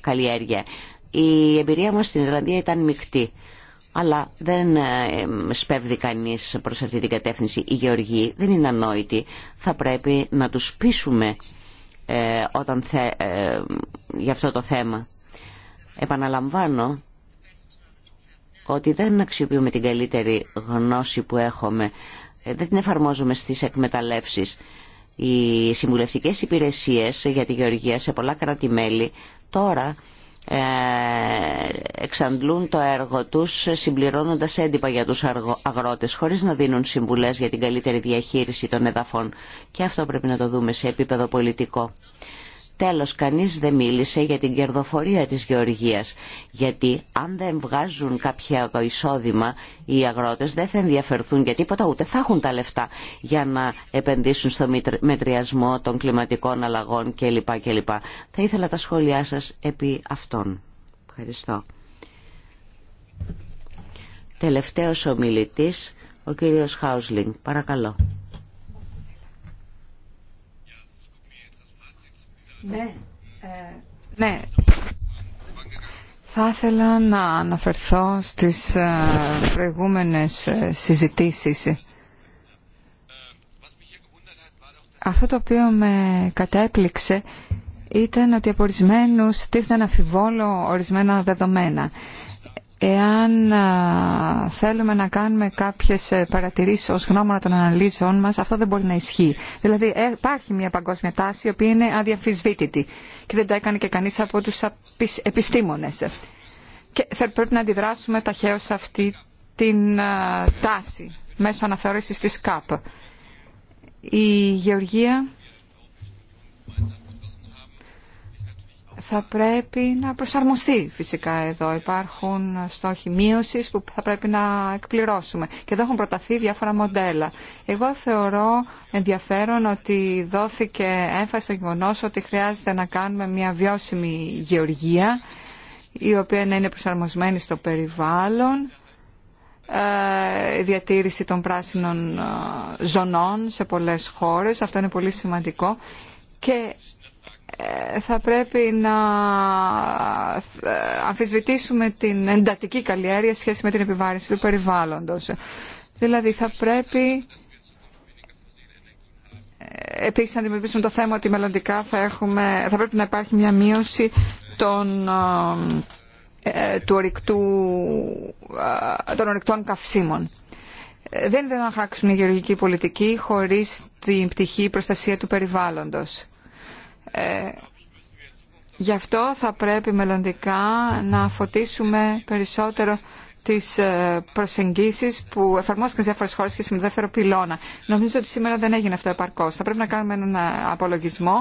καλλιέργεια. Η εμπειρία μας στην Ιρλανδία ήταν μεικτή αλλά δεν ε, σπέβδει κανείς προς αυτή την κατεύθυνση. Οι γεωργοί δεν είναι ανόητοι. Θα πρέπει να τους πείσουμε ε, όταν ε, για αυτό το θέμα. Επαναλαμβάνω ότι δεν αξιοποιούμε την καλύτερη γνώση που έχουμε. Δεν την εφαρμόζουμε στις εκμεταλλεύσεις. Οι συμβουλευτικές υπηρεσίες για τη γεωργία σε πολλά κράτη-μέλη τώρα ε, εξαντλούν το έργο τους συμπληρώνοντας έντυπα για τους αγρότες χωρίς να δίνουν συμβουλές για την καλύτερη διαχείριση των εδαφών. Και αυτό πρέπει να το δούμε σε επίπεδο πολιτικό τέλος κανείς δεν μίλησε για την κερδοφορία της γεωργίας, γιατί αν δεν βγάζουν κάποια εισόδημα οι αγρότες δεν θα ενδιαφερθούν για τίποτα ούτε θα έχουν τα λεφτά για να επενδύσουν στο μετριασμό των κλιματικών αλλαγών κλπ. κλπ. Θα ήθελα τα σχόλιά σας επί αυτών. Ευχαριστώ. Τελευταίος ομιλητής, ο κύριος Χάουσλινγκ. Παρακαλώ. Ναι. Ε, ναι. Θα ήθελα να αναφερθώ στις ε, προηγούμενες ε, συζητήσεις. Αυτό το οποίο με κατέπληξε ήταν ότι από ορισμένους τίθεν αφιβόλω ορισμένα δεδομένα. Εάν θέλουμε να κάνουμε κάποιες ε, παρατηρήσεις ως γνώμονα των αναλύσεων μας, αυτό δεν μπορεί να ισχύει. Δηλαδή ε, υπάρχει μια παγκόσμια τάση η οποία είναι αδιαμφισβήτητη και δεν το έκανε και κανείς από τους επιστήμονες. Και θα πρέπει να αντιδράσουμε ταχαίως σε αυτή την τάση μέσω αναθεώρησης της ΚΑΠ. Η Γεωργία θα πρέπει να προσαρμοστεί φυσικά εδώ. Υπάρχουν στόχοι μείωση που θα πρέπει να εκπληρώσουμε. Και εδώ έχουν προταθεί διάφορα μοντέλα. Εγώ θεωρώ ενδιαφέρον ότι δόθηκε έμφαση στο γεγονό ότι χρειάζεται να κάνουμε μια βιώσιμη γεωργία, η οποία να είναι προσαρμοσμένη στο περιβάλλον, ε, διατήρηση των πράσινων ε, ζωνών σε πολλές χώρες. Αυτό είναι πολύ σημαντικό. Και ε, θα πρέπει να ε, αμφισβητήσουμε την εντατική καλλιέργεια σχέση με την επιβάρυνση του περιβάλλοντος. Δηλαδή θα πρέπει ε, επίσης να αντιμετωπίσουμε το θέμα ότι μελλοντικά θα, έχουμε, θα πρέπει να υπάρχει μια μείωση των, του των καυσίμων. Δεν είναι να γεωργική πολιτική χωρίς την πτυχή προστασία του περιβάλλοντος. Ε, γι' αυτό θα πρέπει μελλοντικά να φωτίσουμε περισσότερο τις ε, προσεγγίσει που εφαρμόστηκαν σε διάφορε χώρε και στον δεύτερο πυλώνα. Νομίζω ότι σήμερα δεν έγινε αυτό επαρκώς. Θα πρέπει να κάνουμε έναν ε, απολογισμό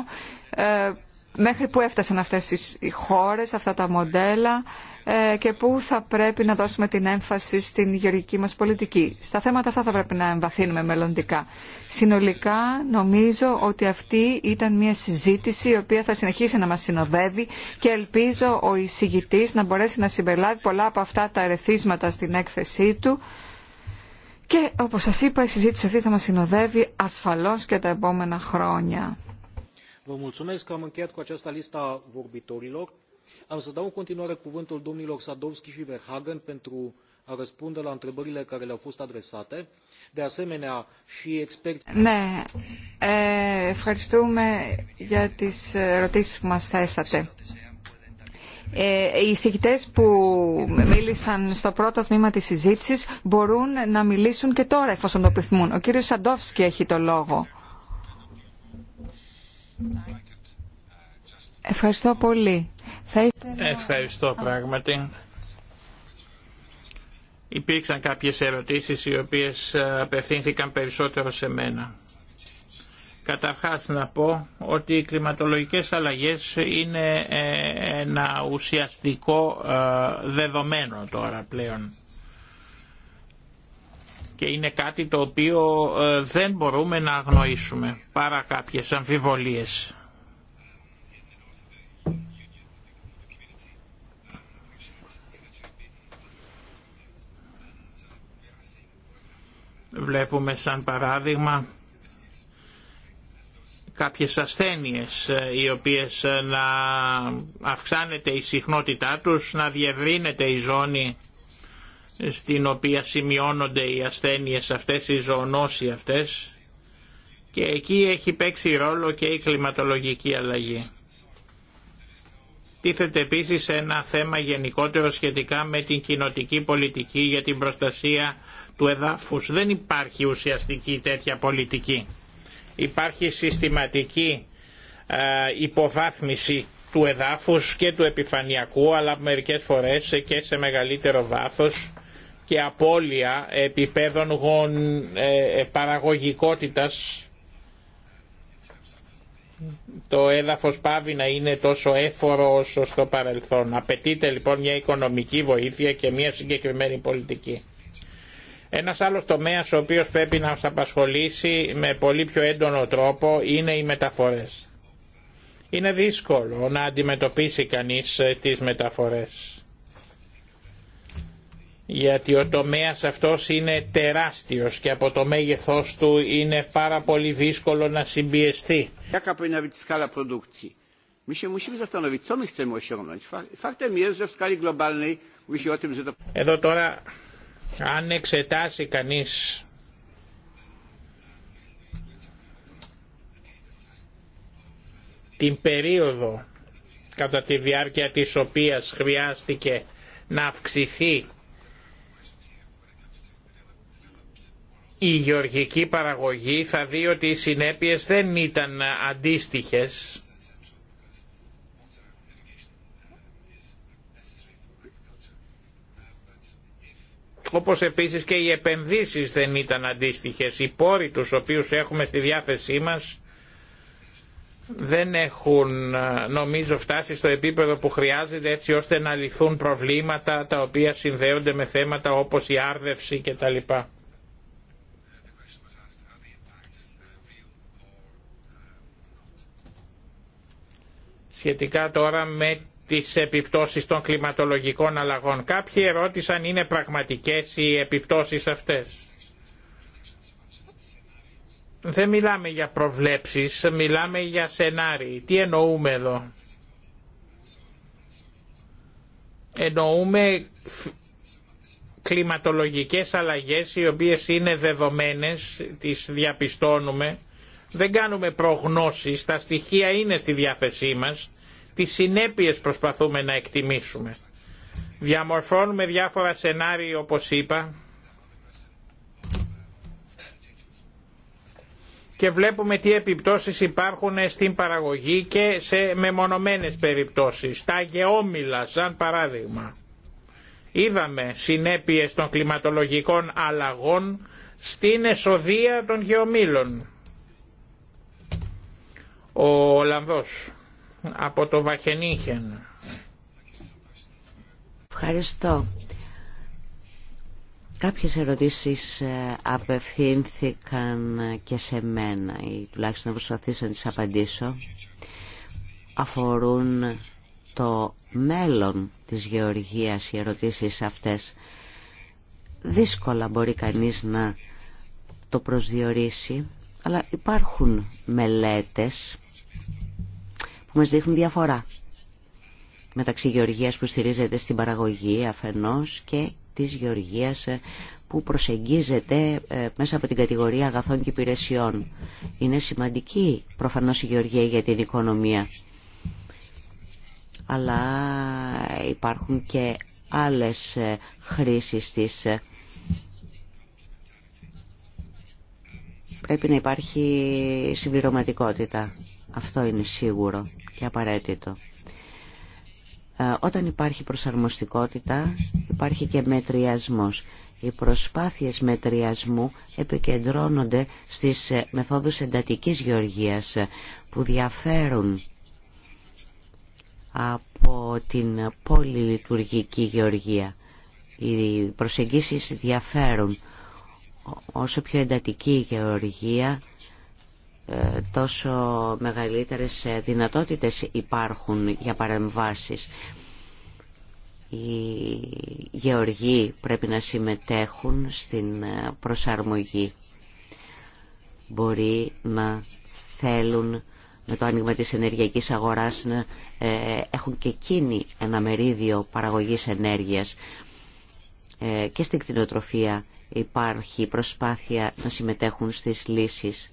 ε, μέχρι που έφτασαν αυτές οι χώρες, αυτά τα μοντέλα ε, και που θα πρέπει να δώσουμε την έμφαση στην γεωργική μας πολιτική. Στα θέματα αυτά θα πρέπει να εμβαθύνουμε μελλοντικά. Συνολικά νομίζω ότι αυτή ήταν μια συζήτηση η οποία θα συνεχίσει να μας συνοδεύει και ελπίζω ο εισηγητής να μπορέσει να συμπεριλάβει πολλά από αυτά τα ερεθίσματα στην έκθεσή του και όπως σας είπα η συζήτηση αυτή θα μας συνοδεύει ασφαλώς και τα επόμενα χρόνια ευχαριστούμε για τις ερωτήσεις που μας θέσατε. οι συγκητές που μίλησαν στο πρώτο τμήμα της συζήτησης μπορούν να μιλήσουν και τώρα εφόσον το επιθυμούν. Ο κύριος Σαντόφσκι έχει το λόγο. Ευχαριστώ πολύ. Θα Ευχαριστώ πράγματι. Υπήρξαν κάποιες ερωτήσεις οι οποίες ε, απευθύνθηκαν περισσότερο σε μένα. Καταρχάς να πω ότι οι κλιματολογικές αλλαγές είναι ε, ένα ουσιαστικό ε, δεδομένο τώρα πλέον και είναι κάτι το οποίο ε, δεν μπορούμε να αγνοήσουμε παρά κάποιες αμφιβολίες. Βλέπουμε σαν παράδειγμα κάποιες ασθένειες ε, οι οποίες ε, να αυξάνεται η συχνότητά τους, να διευρύνεται η ζώνη στην οποία σημειώνονται οι ασθένειες αυτές, οι ζωονόσοι αυτές και εκεί έχει παίξει ρόλο και η κλιματολογική αλλαγή. Τίθεται επίσης ένα θέμα γενικότερο σχετικά με την κοινοτική πολιτική για την προστασία του εδάφους. Δεν υπάρχει ουσιαστική τέτοια πολιτική. Υπάρχει συστηματική υποβάθμιση του εδάφους και του επιφανειακού αλλά μερικές φορές και σε μεγαλύτερο βάθος και απώλεια επιπέδων γον, ε, παραγωγικότητας το έδαφος πάβει να είναι τόσο έφορο όσο στο παρελθόν. Απαιτείται λοιπόν μια οικονομική βοήθεια και μια συγκεκριμένη πολιτική. Ένας άλλος τομέας ο οποίος πρέπει να μας απασχολήσει με πολύ πιο έντονο τρόπο είναι οι μεταφορές. Είναι δύσκολο να αντιμετωπίσει κανείς ε, τις μεταφορές γιατί ο τομέας αυτός είναι τεράστιος και από το μέγεθός του είναι πάρα πολύ δύσκολο να συμπιεστεί. Εδώ τώρα αν εξετάσει κανείς την περίοδο κατά τη διάρκεια της οποίας χρειάστηκε να αυξηθεί η γεωργική παραγωγή θα δει ότι οι συνέπειες δεν ήταν αντίστοιχες όπως επίσης και οι επενδύσεις δεν ήταν αντίστοιχες. Οι πόροι τους οποίους έχουμε στη διάθεσή μας δεν έχουν νομίζω φτάσει στο επίπεδο που χρειάζεται έτσι ώστε να λυθούν προβλήματα τα οποία συνδέονται με θέματα όπως η άρδευση κτλ. σχετικά τώρα με τις επιπτώσεις των κλιματολογικών αλλαγών. Κάποιοι ερώτησαν είναι πραγματικές οι επιπτώσεις αυτές. Δεν μιλάμε για προβλέψεις, μιλάμε για σενάριοι. Τι εννοούμε εδώ. Εννοούμε κλιματολογικές αλλαγές οι οποίες είναι δεδομένες, τις διαπιστώνουμε. Δεν κάνουμε προγνώσεις, τα στοιχεία είναι στη διάθεσή μας τις συνέπειες προσπαθούμε να εκτιμήσουμε. Διαμορφώνουμε διάφορα σενάρια όπως είπα και βλέπουμε τι επιπτώσεις υπάρχουν στην παραγωγή και σε μεμονωμένες περιπτώσεις. Τα γεώμηλα σαν παράδειγμα. Είδαμε συνέπειες των κλιματολογικών αλλαγών στην εσοδεία των γεωμήλων. Ο Ολλανδός από το Βαχενίχεν. Ευχαριστώ. Κάποιες ερωτήσεις ε, απευθύνθηκαν ε, και σε μένα ή τουλάχιστον να προσπαθήσω να τις απαντήσω. Αφορούν το μέλλον της γεωργίας οι ερωτήσεις αυτές. Δύσκολα μπορεί κανείς να το προσδιορίσει, αλλά υπάρχουν μελέτες που μας δείχνουν διαφορά μεταξύ γεωργίας που στηρίζεται στην παραγωγή αφενός και της γεωργίας ε, που προσεγγίζεται ε, μέσα από την κατηγορία αγαθών και υπηρεσιών. Είναι σημαντική προφανώς η γεωργία για την οικονομία. Αλλά υπάρχουν και άλλες ε, χρήσεις της. Πρέπει να υπάρχει συμπληρωματικότητα. Αυτό είναι σίγουρο και απαραίτητο. Ε, όταν υπάρχει προσαρμοστικότητα υπάρχει και μετριασμός. Οι προσπάθειες μετριασμού επικεντρώνονται στις ε, μεθόδους εντατικής γεωργίας ε, που διαφέρουν από την πολυλειτουργική γεωργία. Οι προσεγγίσεις διαφέρουν. Όσο πιο εντατική η γεωργία, ε, τόσο μεγαλύτερες ε, δυνατότητες υπάρχουν για παρεμβάσεις. Οι γεωργοί πρέπει να συμμετέχουν στην ε, προσαρμογή. Μπορεί να θέλουν με το άνοιγμα της ενεργειακής αγοράς να έχουν και εκείνοι ένα μερίδιο παραγωγής ενέργειας. και στην κτηνοτροφία υπάρχει προσπάθεια να συμμετέχουν στις λύσεις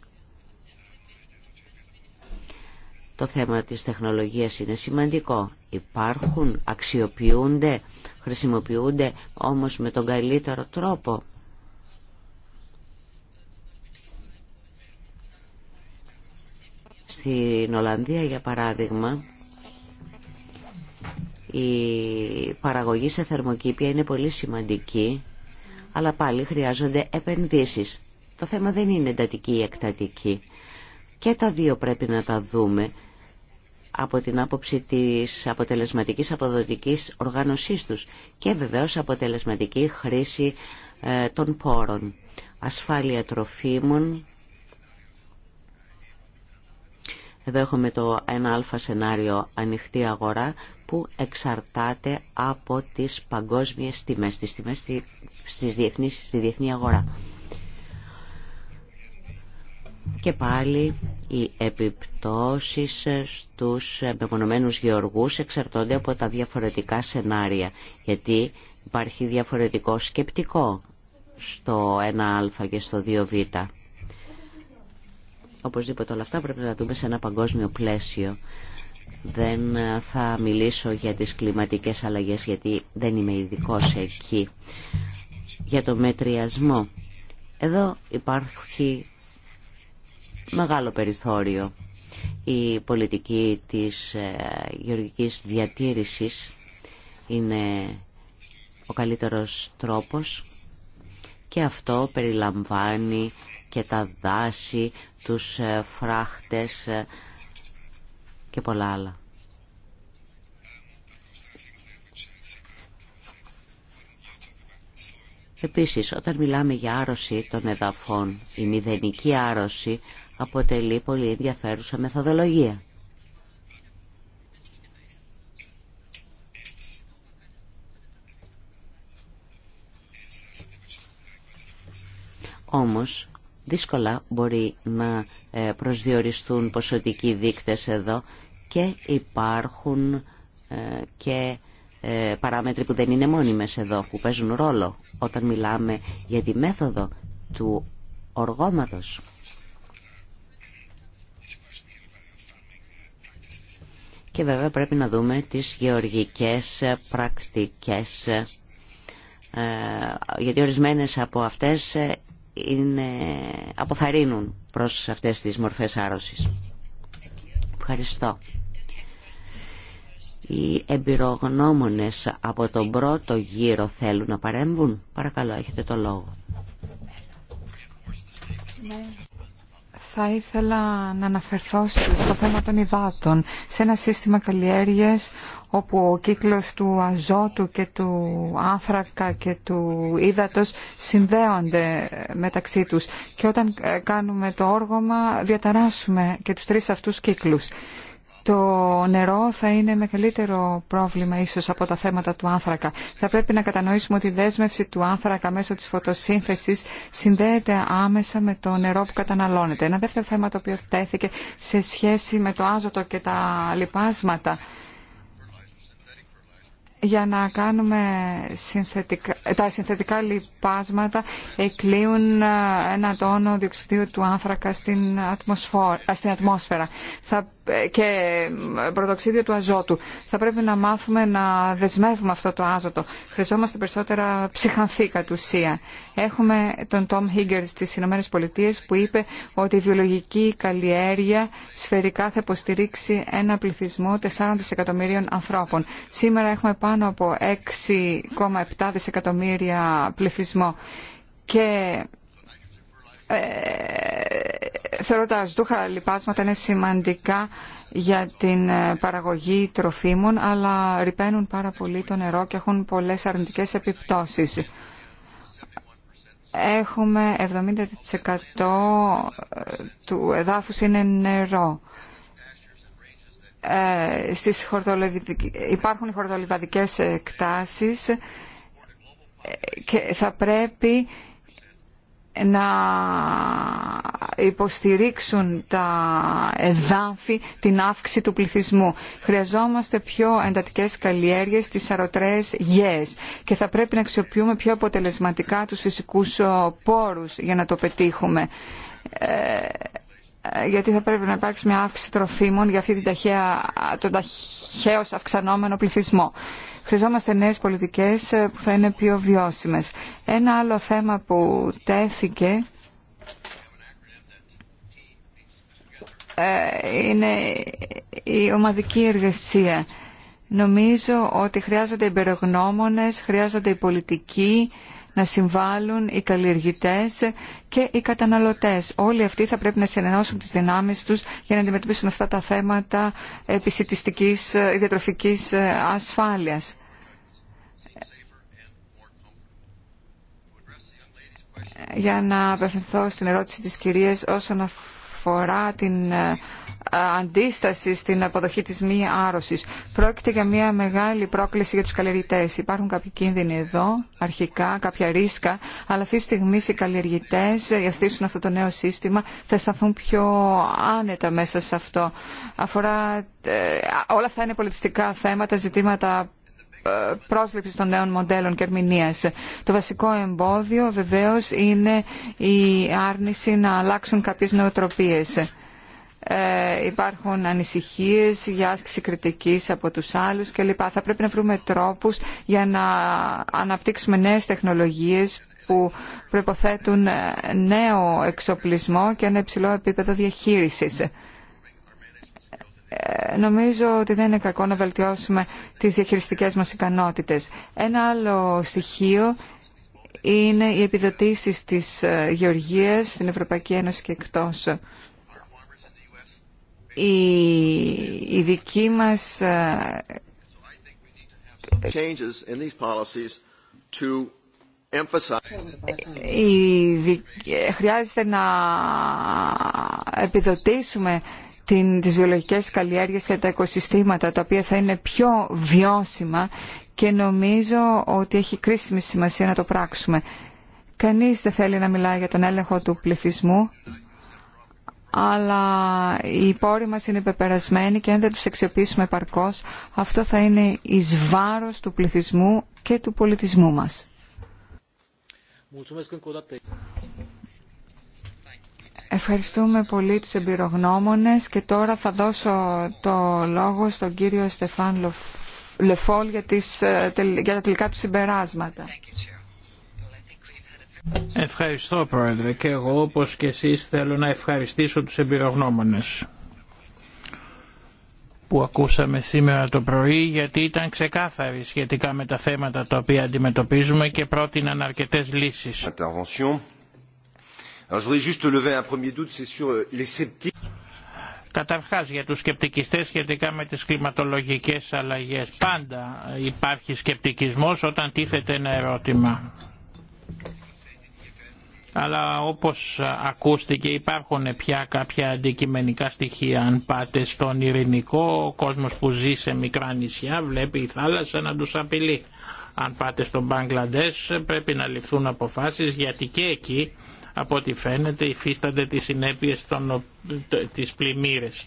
Το θέμα της τεχνολογίας είναι σημαντικό. Υπάρχουν, αξιοποιούνται, χρησιμοποιούνται όμως με τον καλύτερο τρόπο. Στην Ολλανδία, για παράδειγμα, η παραγωγή σε θερμοκήπια είναι πολύ σημαντική, αλλά πάλι χρειάζονται επενδύσεις. Το θέμα δεν είναι εντατική ή εκτατική. Και τα δύο πρέπει να τα δούμε από την άποψη της αποτελεσματικής αποδοτικής οργάνωσής τους και βεβαίως αποτελεσματική χρήση ε, των πόρων, ασφάλεια τροφίμων. Εδώ έχουμε το 1α σενάριο ανοιχτή αγορά που εξαρτάται από τις παγκόσμιες τιμές, τις τιμές στις διεθνείς, στη διεθνή αγορά και πάλι οι επιπτώσεις στους μεμονωμένους γεωργούς εξαρτώνται από τα διαφορετικά σενάρια γιατί υπάρχει διαφορετικό σκεπτικό στο 1α και στο 2β. Οπωσδήποτε όλα αυτά πρέπει να δούμε σε ένα παγκόσμιο πλαίσιο. Δεν θα μιλήσω για τις κλιματικές αλλαγές γιατί δεν είμαι ειδικό εκεί. Για το μετριασμό. Εδώ υπάρχει μεγάλο περιθώριο. Η πολιτική της ε, γεωργικής διατήρησης είναι ο καλύτερος τρόπος και αυτό περιλαμβάνει και τα δάση, τους ε, φράχτες ε, και πολλά άλλα. Επίσης, όταν μιλάμε για άρρωση των εδαφών, η μηδενική άρρωση αποτελεί πολύ ενδιαφέρουσα μεθοδολογία. Όμως, δύσκολα μπορεί να ε, προσδιοριστούν ποσοτικοί δείκτες εδώ και υπάρχουν ε, και ε, παράμετροι που δεν είναι μόνιμες εδώ, που παίζουν ρόλο όταν μιλάμε για τη μέθοδο του οργώματος. και βέβαια πρέπει να δούμε τις γεωργικές πρακτικές ε, γιατί ορισμένες από αυτές ε, είναι, αποθαρρύνουν προς αυτές τις μορφές άρρωσης. Ευχαριστώ. Οι εμπειρογνώμονες από τον πρώτο γύρο θέλουν να παρέμβουν. Παρακαλώ, έχετε το λόγο. Θα ήθελα να αναφερθώ στο θέμα των υδάτων, σε ένα σύστημα καλλιέργειας όπου ο κύκλος του αζότου και του άνθρακα και του ύδατος συνδέονται μεταξύ τους. Και όταν ε, κάνουμε το όργωμα διαταράσσουμε και τους τρεις αυτούς κύκλους το νερό θα είναι μεγαλύτερο πρόβλημα ίσως από τα θέματα του άνθρακα. Θα πρέπει να κατανοήσουμε ότι η δέσμευση του άνθρακα μέσω της φωτοσύνθεσης συνδέεται άμεσα με το νερό που καταναλώνεται. Ένα δεύτερο θέμα το οποίο τέθηκε σε σχέση με το άζωτο και τα λιπάσματα. για να κάνουμε συνθετικά, τα συνθετικά λιπάσματα εκλείουν ένα τόνο διοξιδίου του άνθρακα στην, ατμόσφαιρα. Θα και πρωτοξίδιο του αζότου. Θα πρέπει να μάθουμε να δεσμεύουμε αυτό το άζωτο. Χρειαζόμαστε περισσότερα ψυχανθή κατ' ουσία. Έχουμε τον Τόμ Χίγκερ στι Ηνωμένε Πολιτείε που είπε ότι η βιολογική καλλιέργεια σφαιρικά θα υποστηρίξει ένα πληθυσμό 4 δισεκατομμυρίων ανθρώπων. Σήμερα έχουμε πάνω από 6,7 δισεκατομμύρια πληθυσμό. Και ε, θεωρώ τα ζούχα λιπάσματα είναι σημαντικά για την ε, παραγωγή τροφίμων, αλλά ρηπαίνουν πάρα πολύ το νερό και έχουν πολλές αρνητικές επιπτώσεις. Έχουμε 70% ε, του εδάφους είναι νερό. Ε, στις υπάρχουν χορτολιβαδικές εκτάσεις και θα πρέπει να υποστηρίξουν τα εδάφη την αύξηση του πληθυσμού. Χρειαζόμαστε πιο εντατικές καλλιέργειες στις αρωτρές γιες και θα πρέπει να αξιοποιούμε πιο αποτελεσματικά τους φυσικούς ε, πόρους για να το πετύχουμε. Ε, ε, γιατί θα πρέπει να υπάρξει μια αύξηση τροφίμων για αυτή την τον ταχαίως αυξανόμενο πληθυσμό. Χρειαζόμαστε νέες πολιτικές ε, που θα είναι πιο βιώσιμες. Ένα άλλο θέμα που τέθηκε ε, είναι η ομαδική εργασία. Νομίζω ότι χρειάζονται οι χρειάζονται οι πολιτικοί να συμβάλλουν οι καλλιεργητές και οι καταναλωτές. Όλοι αυτοί θα πρέπει να συνενώσουν τις δυνάμεις τους για να αντιμετωπίσουν αυτά τα θέματα επισητιστικής ε, διατροφικής ασφάλειας. για να απευθυνθώ στην ερώτηση της κυρίας όσον αφορά την ε, αντίσταση στην αποδοχή της μη άρρωσης. Πρόκειται για μια μεγάλη πρόκληση για τους καλλιεργητές. Υπάρχουν κάποιοι κίνδυνοι εδώ, αρχικά, κάποια ρίσκα, αλλά αυτή τη στιγμή οι καλλιεργητές ευθύσουν αυτό το νέο σύστημα, θα σταθούν πιο άνετα μέσα σε αυτό. Αφορά, ε, όλα αυτά είναι πολιτιστικά θέματα, ζητήματα ε, πρόσληψη των νέων μοντέλων και ερμηνεία. Το βασικό εμπόδιο βεβαίω είναι η άρνηση να αλλάξουν κάποιε νοοτροπίε. Ε, υπάρχουν ανησυχίες για άσκηση κριτικής από τους άλλους κλπ. Θα πρέπει να βρούμε τρόπους για να αναπτύξουμε νέες τεχνολογίες που προϋποθέτουν νέο εξοπλισμό και ένα υψηλό επίπεδο διαχείρισης. Ε, νομίζω ότι δεν είναι κακό να βελτιώσουμε τις διαχειριστικές μας ικανότητες. Ένα άλλο στοιχείο είναι οι επιδοτήσεις της ε, Γεωργίας στην Ευρωπαϊκή Ένωση και εκτός. Η, η δική μας ε, χρειάζεται να επιδοτήσουμε την, τις βιολογικές καλλιέργειες και τα οικοσυστήματα τα οποία θα είναι πιο βιώσιμα και νομίζω ότι έχει κρίσιμη σημασία να το πράξουμε. Κανείς δεν θέλει να μιλάει για τον έλεγχο του πληθυσμού αλλά οι πόροι μας είναι πεπερασμένοι και αν δεν τους αξιοποιήσουμε παρκώς αυτό θα είναι εις βάρος του πληθυσμού και του πολιτισμού μας. Ευχαριστούμε πολύ τους εμπειρογνώμονες και τώρα θα δώσω το λόγο στον κύριο Στεφάν Λεφόλ για, τις, ε, για τα τελικά του συμπεράσματα. Ευχαριστώ Πρόεδρε και εγώ όπως και εσείς θέλω να ευχαριστήσω τους εμπειρογνώμονες που ακούσαμε σήμερα το πρωί γιατί ήταν ξεκάθαροι σχετικά με τα θέματα τα οποία αντιμετωπίζουμε και πρότειναν αρκετές λύσεις. Alors je voudrais juste lever un euh, για τους σκεπτικιστές σχετικά με τις κλιματολογικές αλλαγές. Πάντα ε, υπάρχει σκεπτικισμός όταν τίθεται ένα ερώτημα. Αλλά όπως ε, ακούστηκε υπάρχουν πια κάποια αντικειμενικά στοιχεία. Αν πάτε στον ειρηνικό, ο κόσμος που ζει σε μικρά νησιά βλέπει η θάλασσα να τους απειλεί. Αν πάτε στον Μπαγκλαντές ε, πρέπει να ληφθούν αποφάσεις γιατί και εκεί από ό,τι φαίνεται υφίστανται τις συνέπειες των, της πλημμύρες.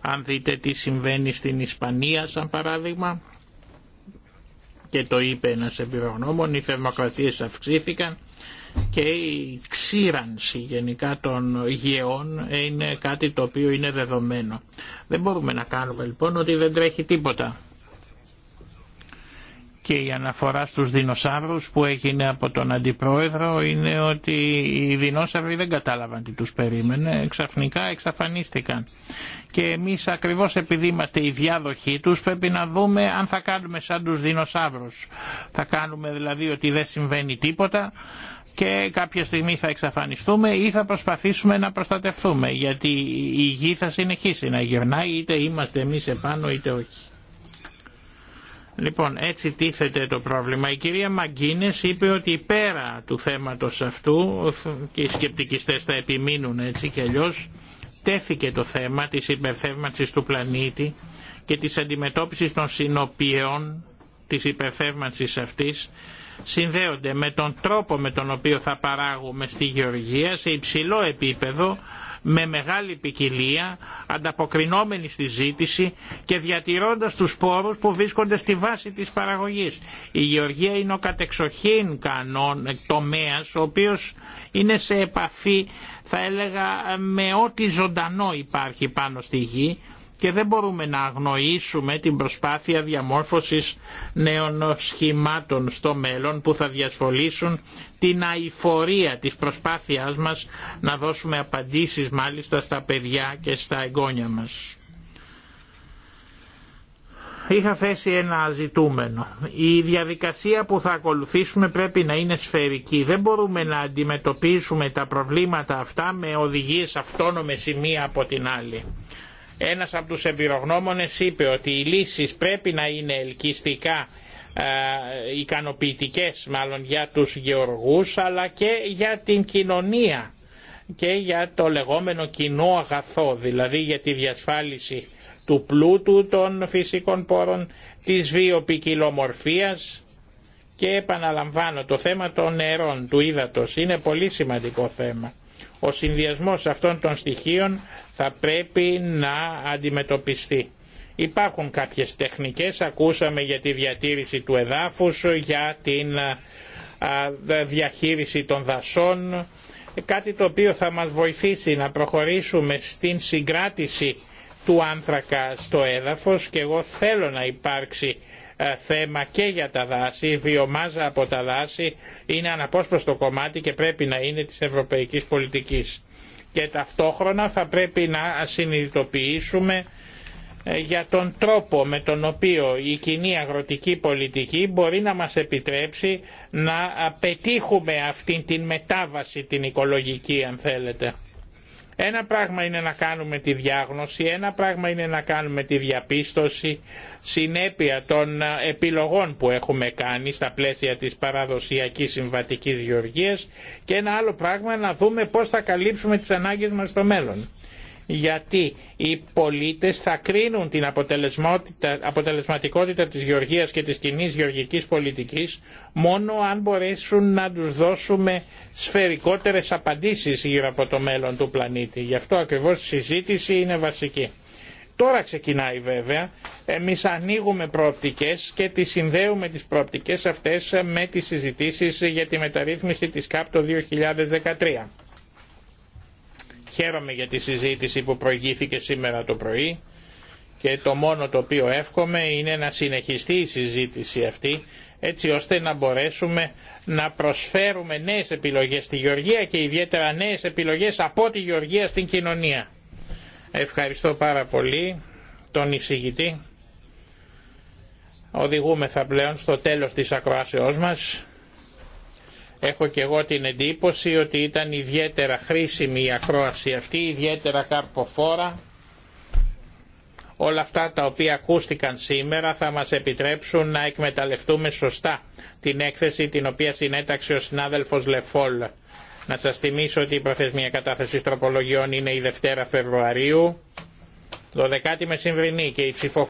Αν δείτε τι συμβαίνει στην Ισπανία σαν παράδειγμα και το είπε ένας εμπειρογνώμων, οι θερμοκρασίε αυξήθηκαν και η ξύρανση γενικά των γεών είναι κάτι το οποίο είναι δεδομένο. Δεν μπορούμε να κάνουμε λοιπόν ότι δεν τρέχει τίποτα και η αναφορά στους δεινοσαύρους που έγινε από τον αντιπρόεδρο είναι ότι οι δεινόσαυροι δεν κατάλαβαν τι τους περίμενε, ξαφνικά εξαφανίστηκαν. Και εμείς ακριβώς επειδή είμαστε οι διάδοχοί τους πρέπει να δούμε αν θα κάνουμε σαν τους δεινοσαύρους. Θα κάνουμε δηλαδή ότι δεν συμβαίνει τίποτα και κάποια στιγμή θα εξαφανιστούμε ή θα προσπαθήσουμε να προστατευτούμε γιατί η γη θα συνεχίσει να γυρνάει είτε είμαστε εμείς επάνω είτε όχι. Λοιπόν, έτσι τίθεται το πρόβλημα. Η κυρία Μαγκίνε είπε ότι πέρα του θέματο αυτού, και οι σκεπτικιστές θα επιμείνουν έτσι και αλλιώ, τέθηκε το θέμα της υπερθεύμανσης του πλανήτη και της αντιμετώπισης των συνοπιών της υπερθεύμανσης αυτής, συνδέονται με τον τρόπο με τον οποίο θα παράγουμε στη γεωργία σε υψηλό επίπεδο με μεγάλη ποικιλία, ανταποκρινόμενη στη ζήτηση και διατηρώντας τους σπόρους που βρίσκονται στη βάση της παραγωγής. Η γεωργία είναι ο κατεξοχήν κανόν, τομέας, ο οποίος είναι σε επαφή, θα έλεγα, με ό,τι ζωντανό υπάρχει πάνω στη γη, και δεν μπορούμε να αγνοήσουμε την προσπάθεια διαμόρφωσης νέων σχημάτων στο μέλλον που θα διασφολήσουν την αηφορία της προσπάθειάς μας να δώσουμε απαντήσεις μάλιστα στα παιδιά και στα εγγόνια μας. Είχα θέσει ένα ζητούμενο. Η διαδικασία που θα ακολουθήσουμε πρέπει να είναι σφαιρική. Δεν μπορούμε να αντιμετωπίσουμε τα προβλήματα αυτά με οδηγίες αυτόνομες η μία από την άλλη. Ένας από τους εμπειρογνώμονες είπε ότι οι λύσεις πρέπει να είναι ελκυστικά ε, ικανοποιητικές μάλλον για τους γεωργούς αλλά και για την κοινωνία και για το λεγόμενο κοινό αγαθό, δηλαδή για τη διασφάλιση του πλούτου των φυσικών πόρων, της βιοποικιλομορφίας και επαναλαμβάνω το θέμα των νερών, του ύδατος, είναι πολύ σημαντικό θέμα. Ο συνδυασμός αυτών των στοιχείων θα πρέπει να αντιμετωπιστεί. Υπάρχουν κάποιες τεχνικές, ακούσαμε για τη διατήρηση του εδάφους, για την διαχείριση των δασών, κάτι το οποίο θα μας βοηθήσει να προχωρήσουμε στην συγκράτηση του άνθρακα στο έδαφος και εγώ θέλω να υπάρξει θέμα και για τα δάση, η βιομάζα από τα δάση είναι αναπόσπαστο κομμάτι και πρέπει να είναι της ευρωπαϊκής πολιτικής και ταυτόχρονα θα πρέπει να συνειδητοποιήσουμε ε, για τον τρόπο με τον οποίο η κοινή αγροτική πολιτική μπορεί να μας επιτρέψει να πετύχουμε αυτήν την μετάβαση την οικολογική αν θέλετε. Ένα πράγμα είναι να κάνουμε τη διάγνωση, ένα πράγμα είναι να κάνουμε τη διαπίστωση συνέπεια των ε, επιλογών που έχουμε κάνει στα πλαίσια της παραδοσιακής συμβατικής γεωργίας και ένα άλλο πράγμα να δούμε πώς θα καλύψουμε τις ανάγκες μας στο μέλλον γιατί οι πολίτες θα κρίνουν την αποτελεσματικότητα της γεωργίας και της κοινή γεωργικής πολιτικής μόνο αν μπορέσουν να τους δώσουμε σφαιρικότερες απαντήσεις γύρω από το μέλλον του πλανήτη. Γι' αυτό ακριβώς η συζήτηση είναι βασική. Τώρα ξεκινάει βέβαια, εμείς ανοίγουμε προοπτικές και τις συνδέουμε τις προοπτικές αυτές με τις συζητήσεις για τη μεταρρύθμιση της ΚΑΠ το 2013. Χαίρομαι για τη συζήτηση που προηγήθηκε σήμερα το πρωί και το μόνο το οποίο εύχομαι είναι να συνεχιστεί η συζήτηση αυτή έτσι ώστε να μπορέσουμε να προσφέρουμε νέες επιλογές στη Γεωργία και ιδιαίτερα νέες επιλογές από τη Γεωργία στην κοινωνία. Ευχαριστώ πάρα πολύ τον εισηγητή. Οδηγούμεθα πλέον στο τέλος της ακροάσεώς μας. Έχω και εγώ την εντύπωση ότι ήταν ιδιαίτερα χρήσιμη η ακρόαση αυτή, ιδιαίτερα καρποφόρα. Όλα αυτά τα οποία ακούστηκαν σήμερα θα μας επιτρέψουν να εκμεταλλευτούμε σωστά την έκθεση την οποία συνέταξε ο συνάδελφος Λεφόλ. Να σας θυμίσω ότι η προθεσμία κατάθεση τροπολογιών είναι η Δευτέρα Φεβρουαρίου, 12η μεσημβρινή και η ψηφοφορία.